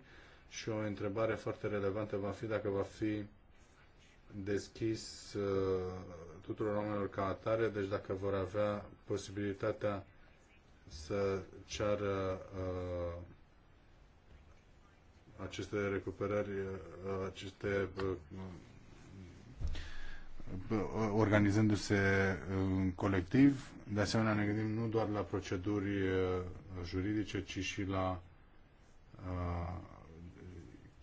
și o întrebare foarte relevantă va fi dacă va fi deschis uh, tuturor oamenilor ca atare, deci dacă vor avea posibilitatea să ceară uh, aceste recuperări, uh, aceste uh, organizându-se în colectiv. De asemenea, ne gândim nu doar la proceduri uh, juridice, ci și la uh,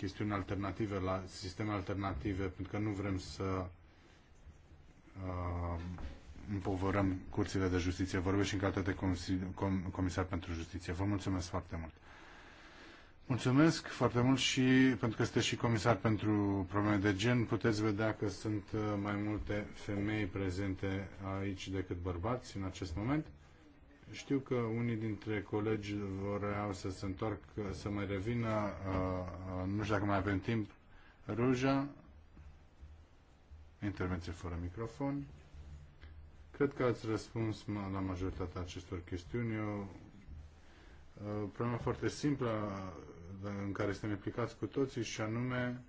chestiuni alternative, la sisteme alternative, pentru că nu vrem să uh, împovărăm curțile de justiție. Vorbesc și în calitate de comisar pentru justiție. Vă mulțumesc foarte mult. Mulțumesc foarte mult și pentru că sunteți și comisar pentru probleme de gen, puteți vedea că sunt uh, mai multe femei prezente aici decât bărbați în acest moment. Știu că unii dintre colegi vreau să se întoarcă, să mai revină, nu știu dacă mai avem timp, Ruja, intervenție fără microfon. Cred că ați răspuns la majoritatea acestor chestiuni. Eu, problema foarte simplă în care suntem implicați cu toții și anume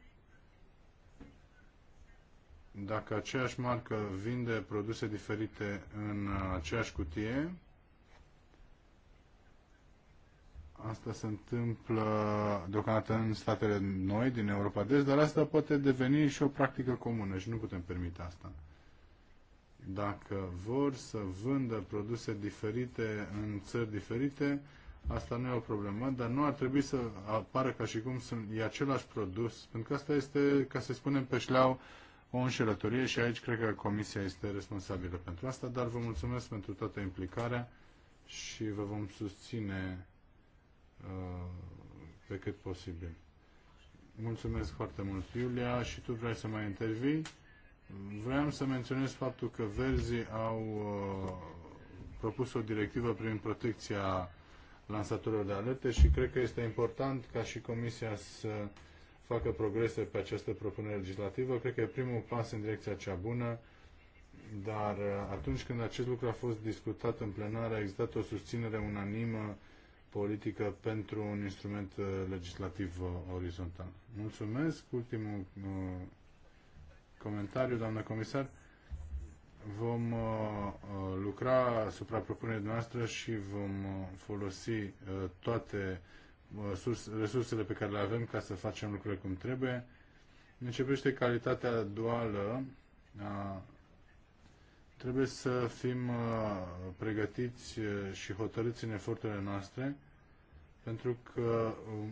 dacă aceeași marcă vinde produse diferite în aceeași cutie, Asta se întâmplă deocamdată în statele noi din Europa de Est, dar asta poate deveni și o practică comună și nu putem permite asta. Dacă vor să vândă produse diferite în țări diferite, asta nu e o problemă, dar nu ar trebui să apară ca și cum sunt, e același produs, pentru că asta este, ca să spunem pe șleau, o înșelătorie și aici cred că Comisia este responsabilă pentru asta, dar vă mulțumesc pentru toată implicarea și vă vom susține Uh, pe cât posibil. Mulțumesc foarte mult, Iulia, și tu vrei să mai intervii? Vreau să menționez faptul că Verzii au uh, propus o directivă prin protecția lansatorilor de alerte și cred că este important ca și Comisia să facă progrese pe această propunere legislativă. Cred că e primul pas în direcția cea bună, dar uh, atunci când acest lucru a fost discutat în plenară, a existat o susținere unanimă politică pentru un instrument uh, legislativ uh, orizontal. Mulțumesc. Ultimul uh, comentariu, doamnă comisar. Vom uh, lucra asupra propunerii noastre și vom uh, folosi uh, toate surs, resursele pe care le avem ca să facem lucrurile cum trebuie. Începește calitatea duală. Trebuie să fim pregătiți și hotărâți în eforturile noastre pentru că um,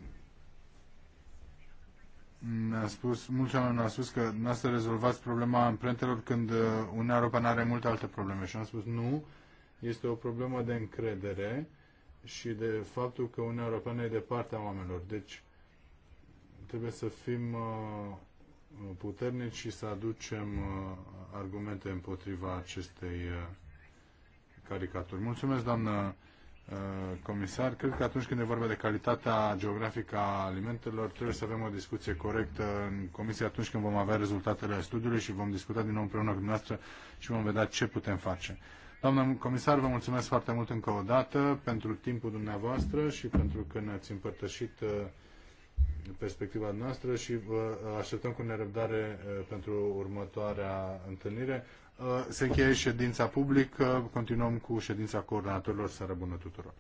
ne a spus, mulți oameni ne au spus că să rezolvați problema amprentelor când uh, Uniunea Europeană are multe alte probleme. Și am spus nu, este o problemă de încredere și de faptul că Uniunea Europeană e de partea oamenilor. Deci trebuie să fim uh, puternici și să aducem uh, argumente împotriva acestei caricaturi. Mulțumesc, doamnă Uh, comisar, cred că atunci când e vorba de calitatea geografică a alimentelor, trebuie să avem o discuție corectă în comisie atunci când vom avea rezultatele studiului și vom discuta din nou împreună cu dumneavoastră și vom vedea ce putem face. Doamna comisar, vă mulțumesc foarte mult încă o dată pentru timpul dumneavoastră și pentru că ne-ați împărtășit uh, perspectiva noastră și vă așteptăm cu nerăbdare uh, pentru următoarea întâlnire. Uh, se încheie ședința publică. Continuăm cu ședința coordonatorilor. Să răbună tuturor!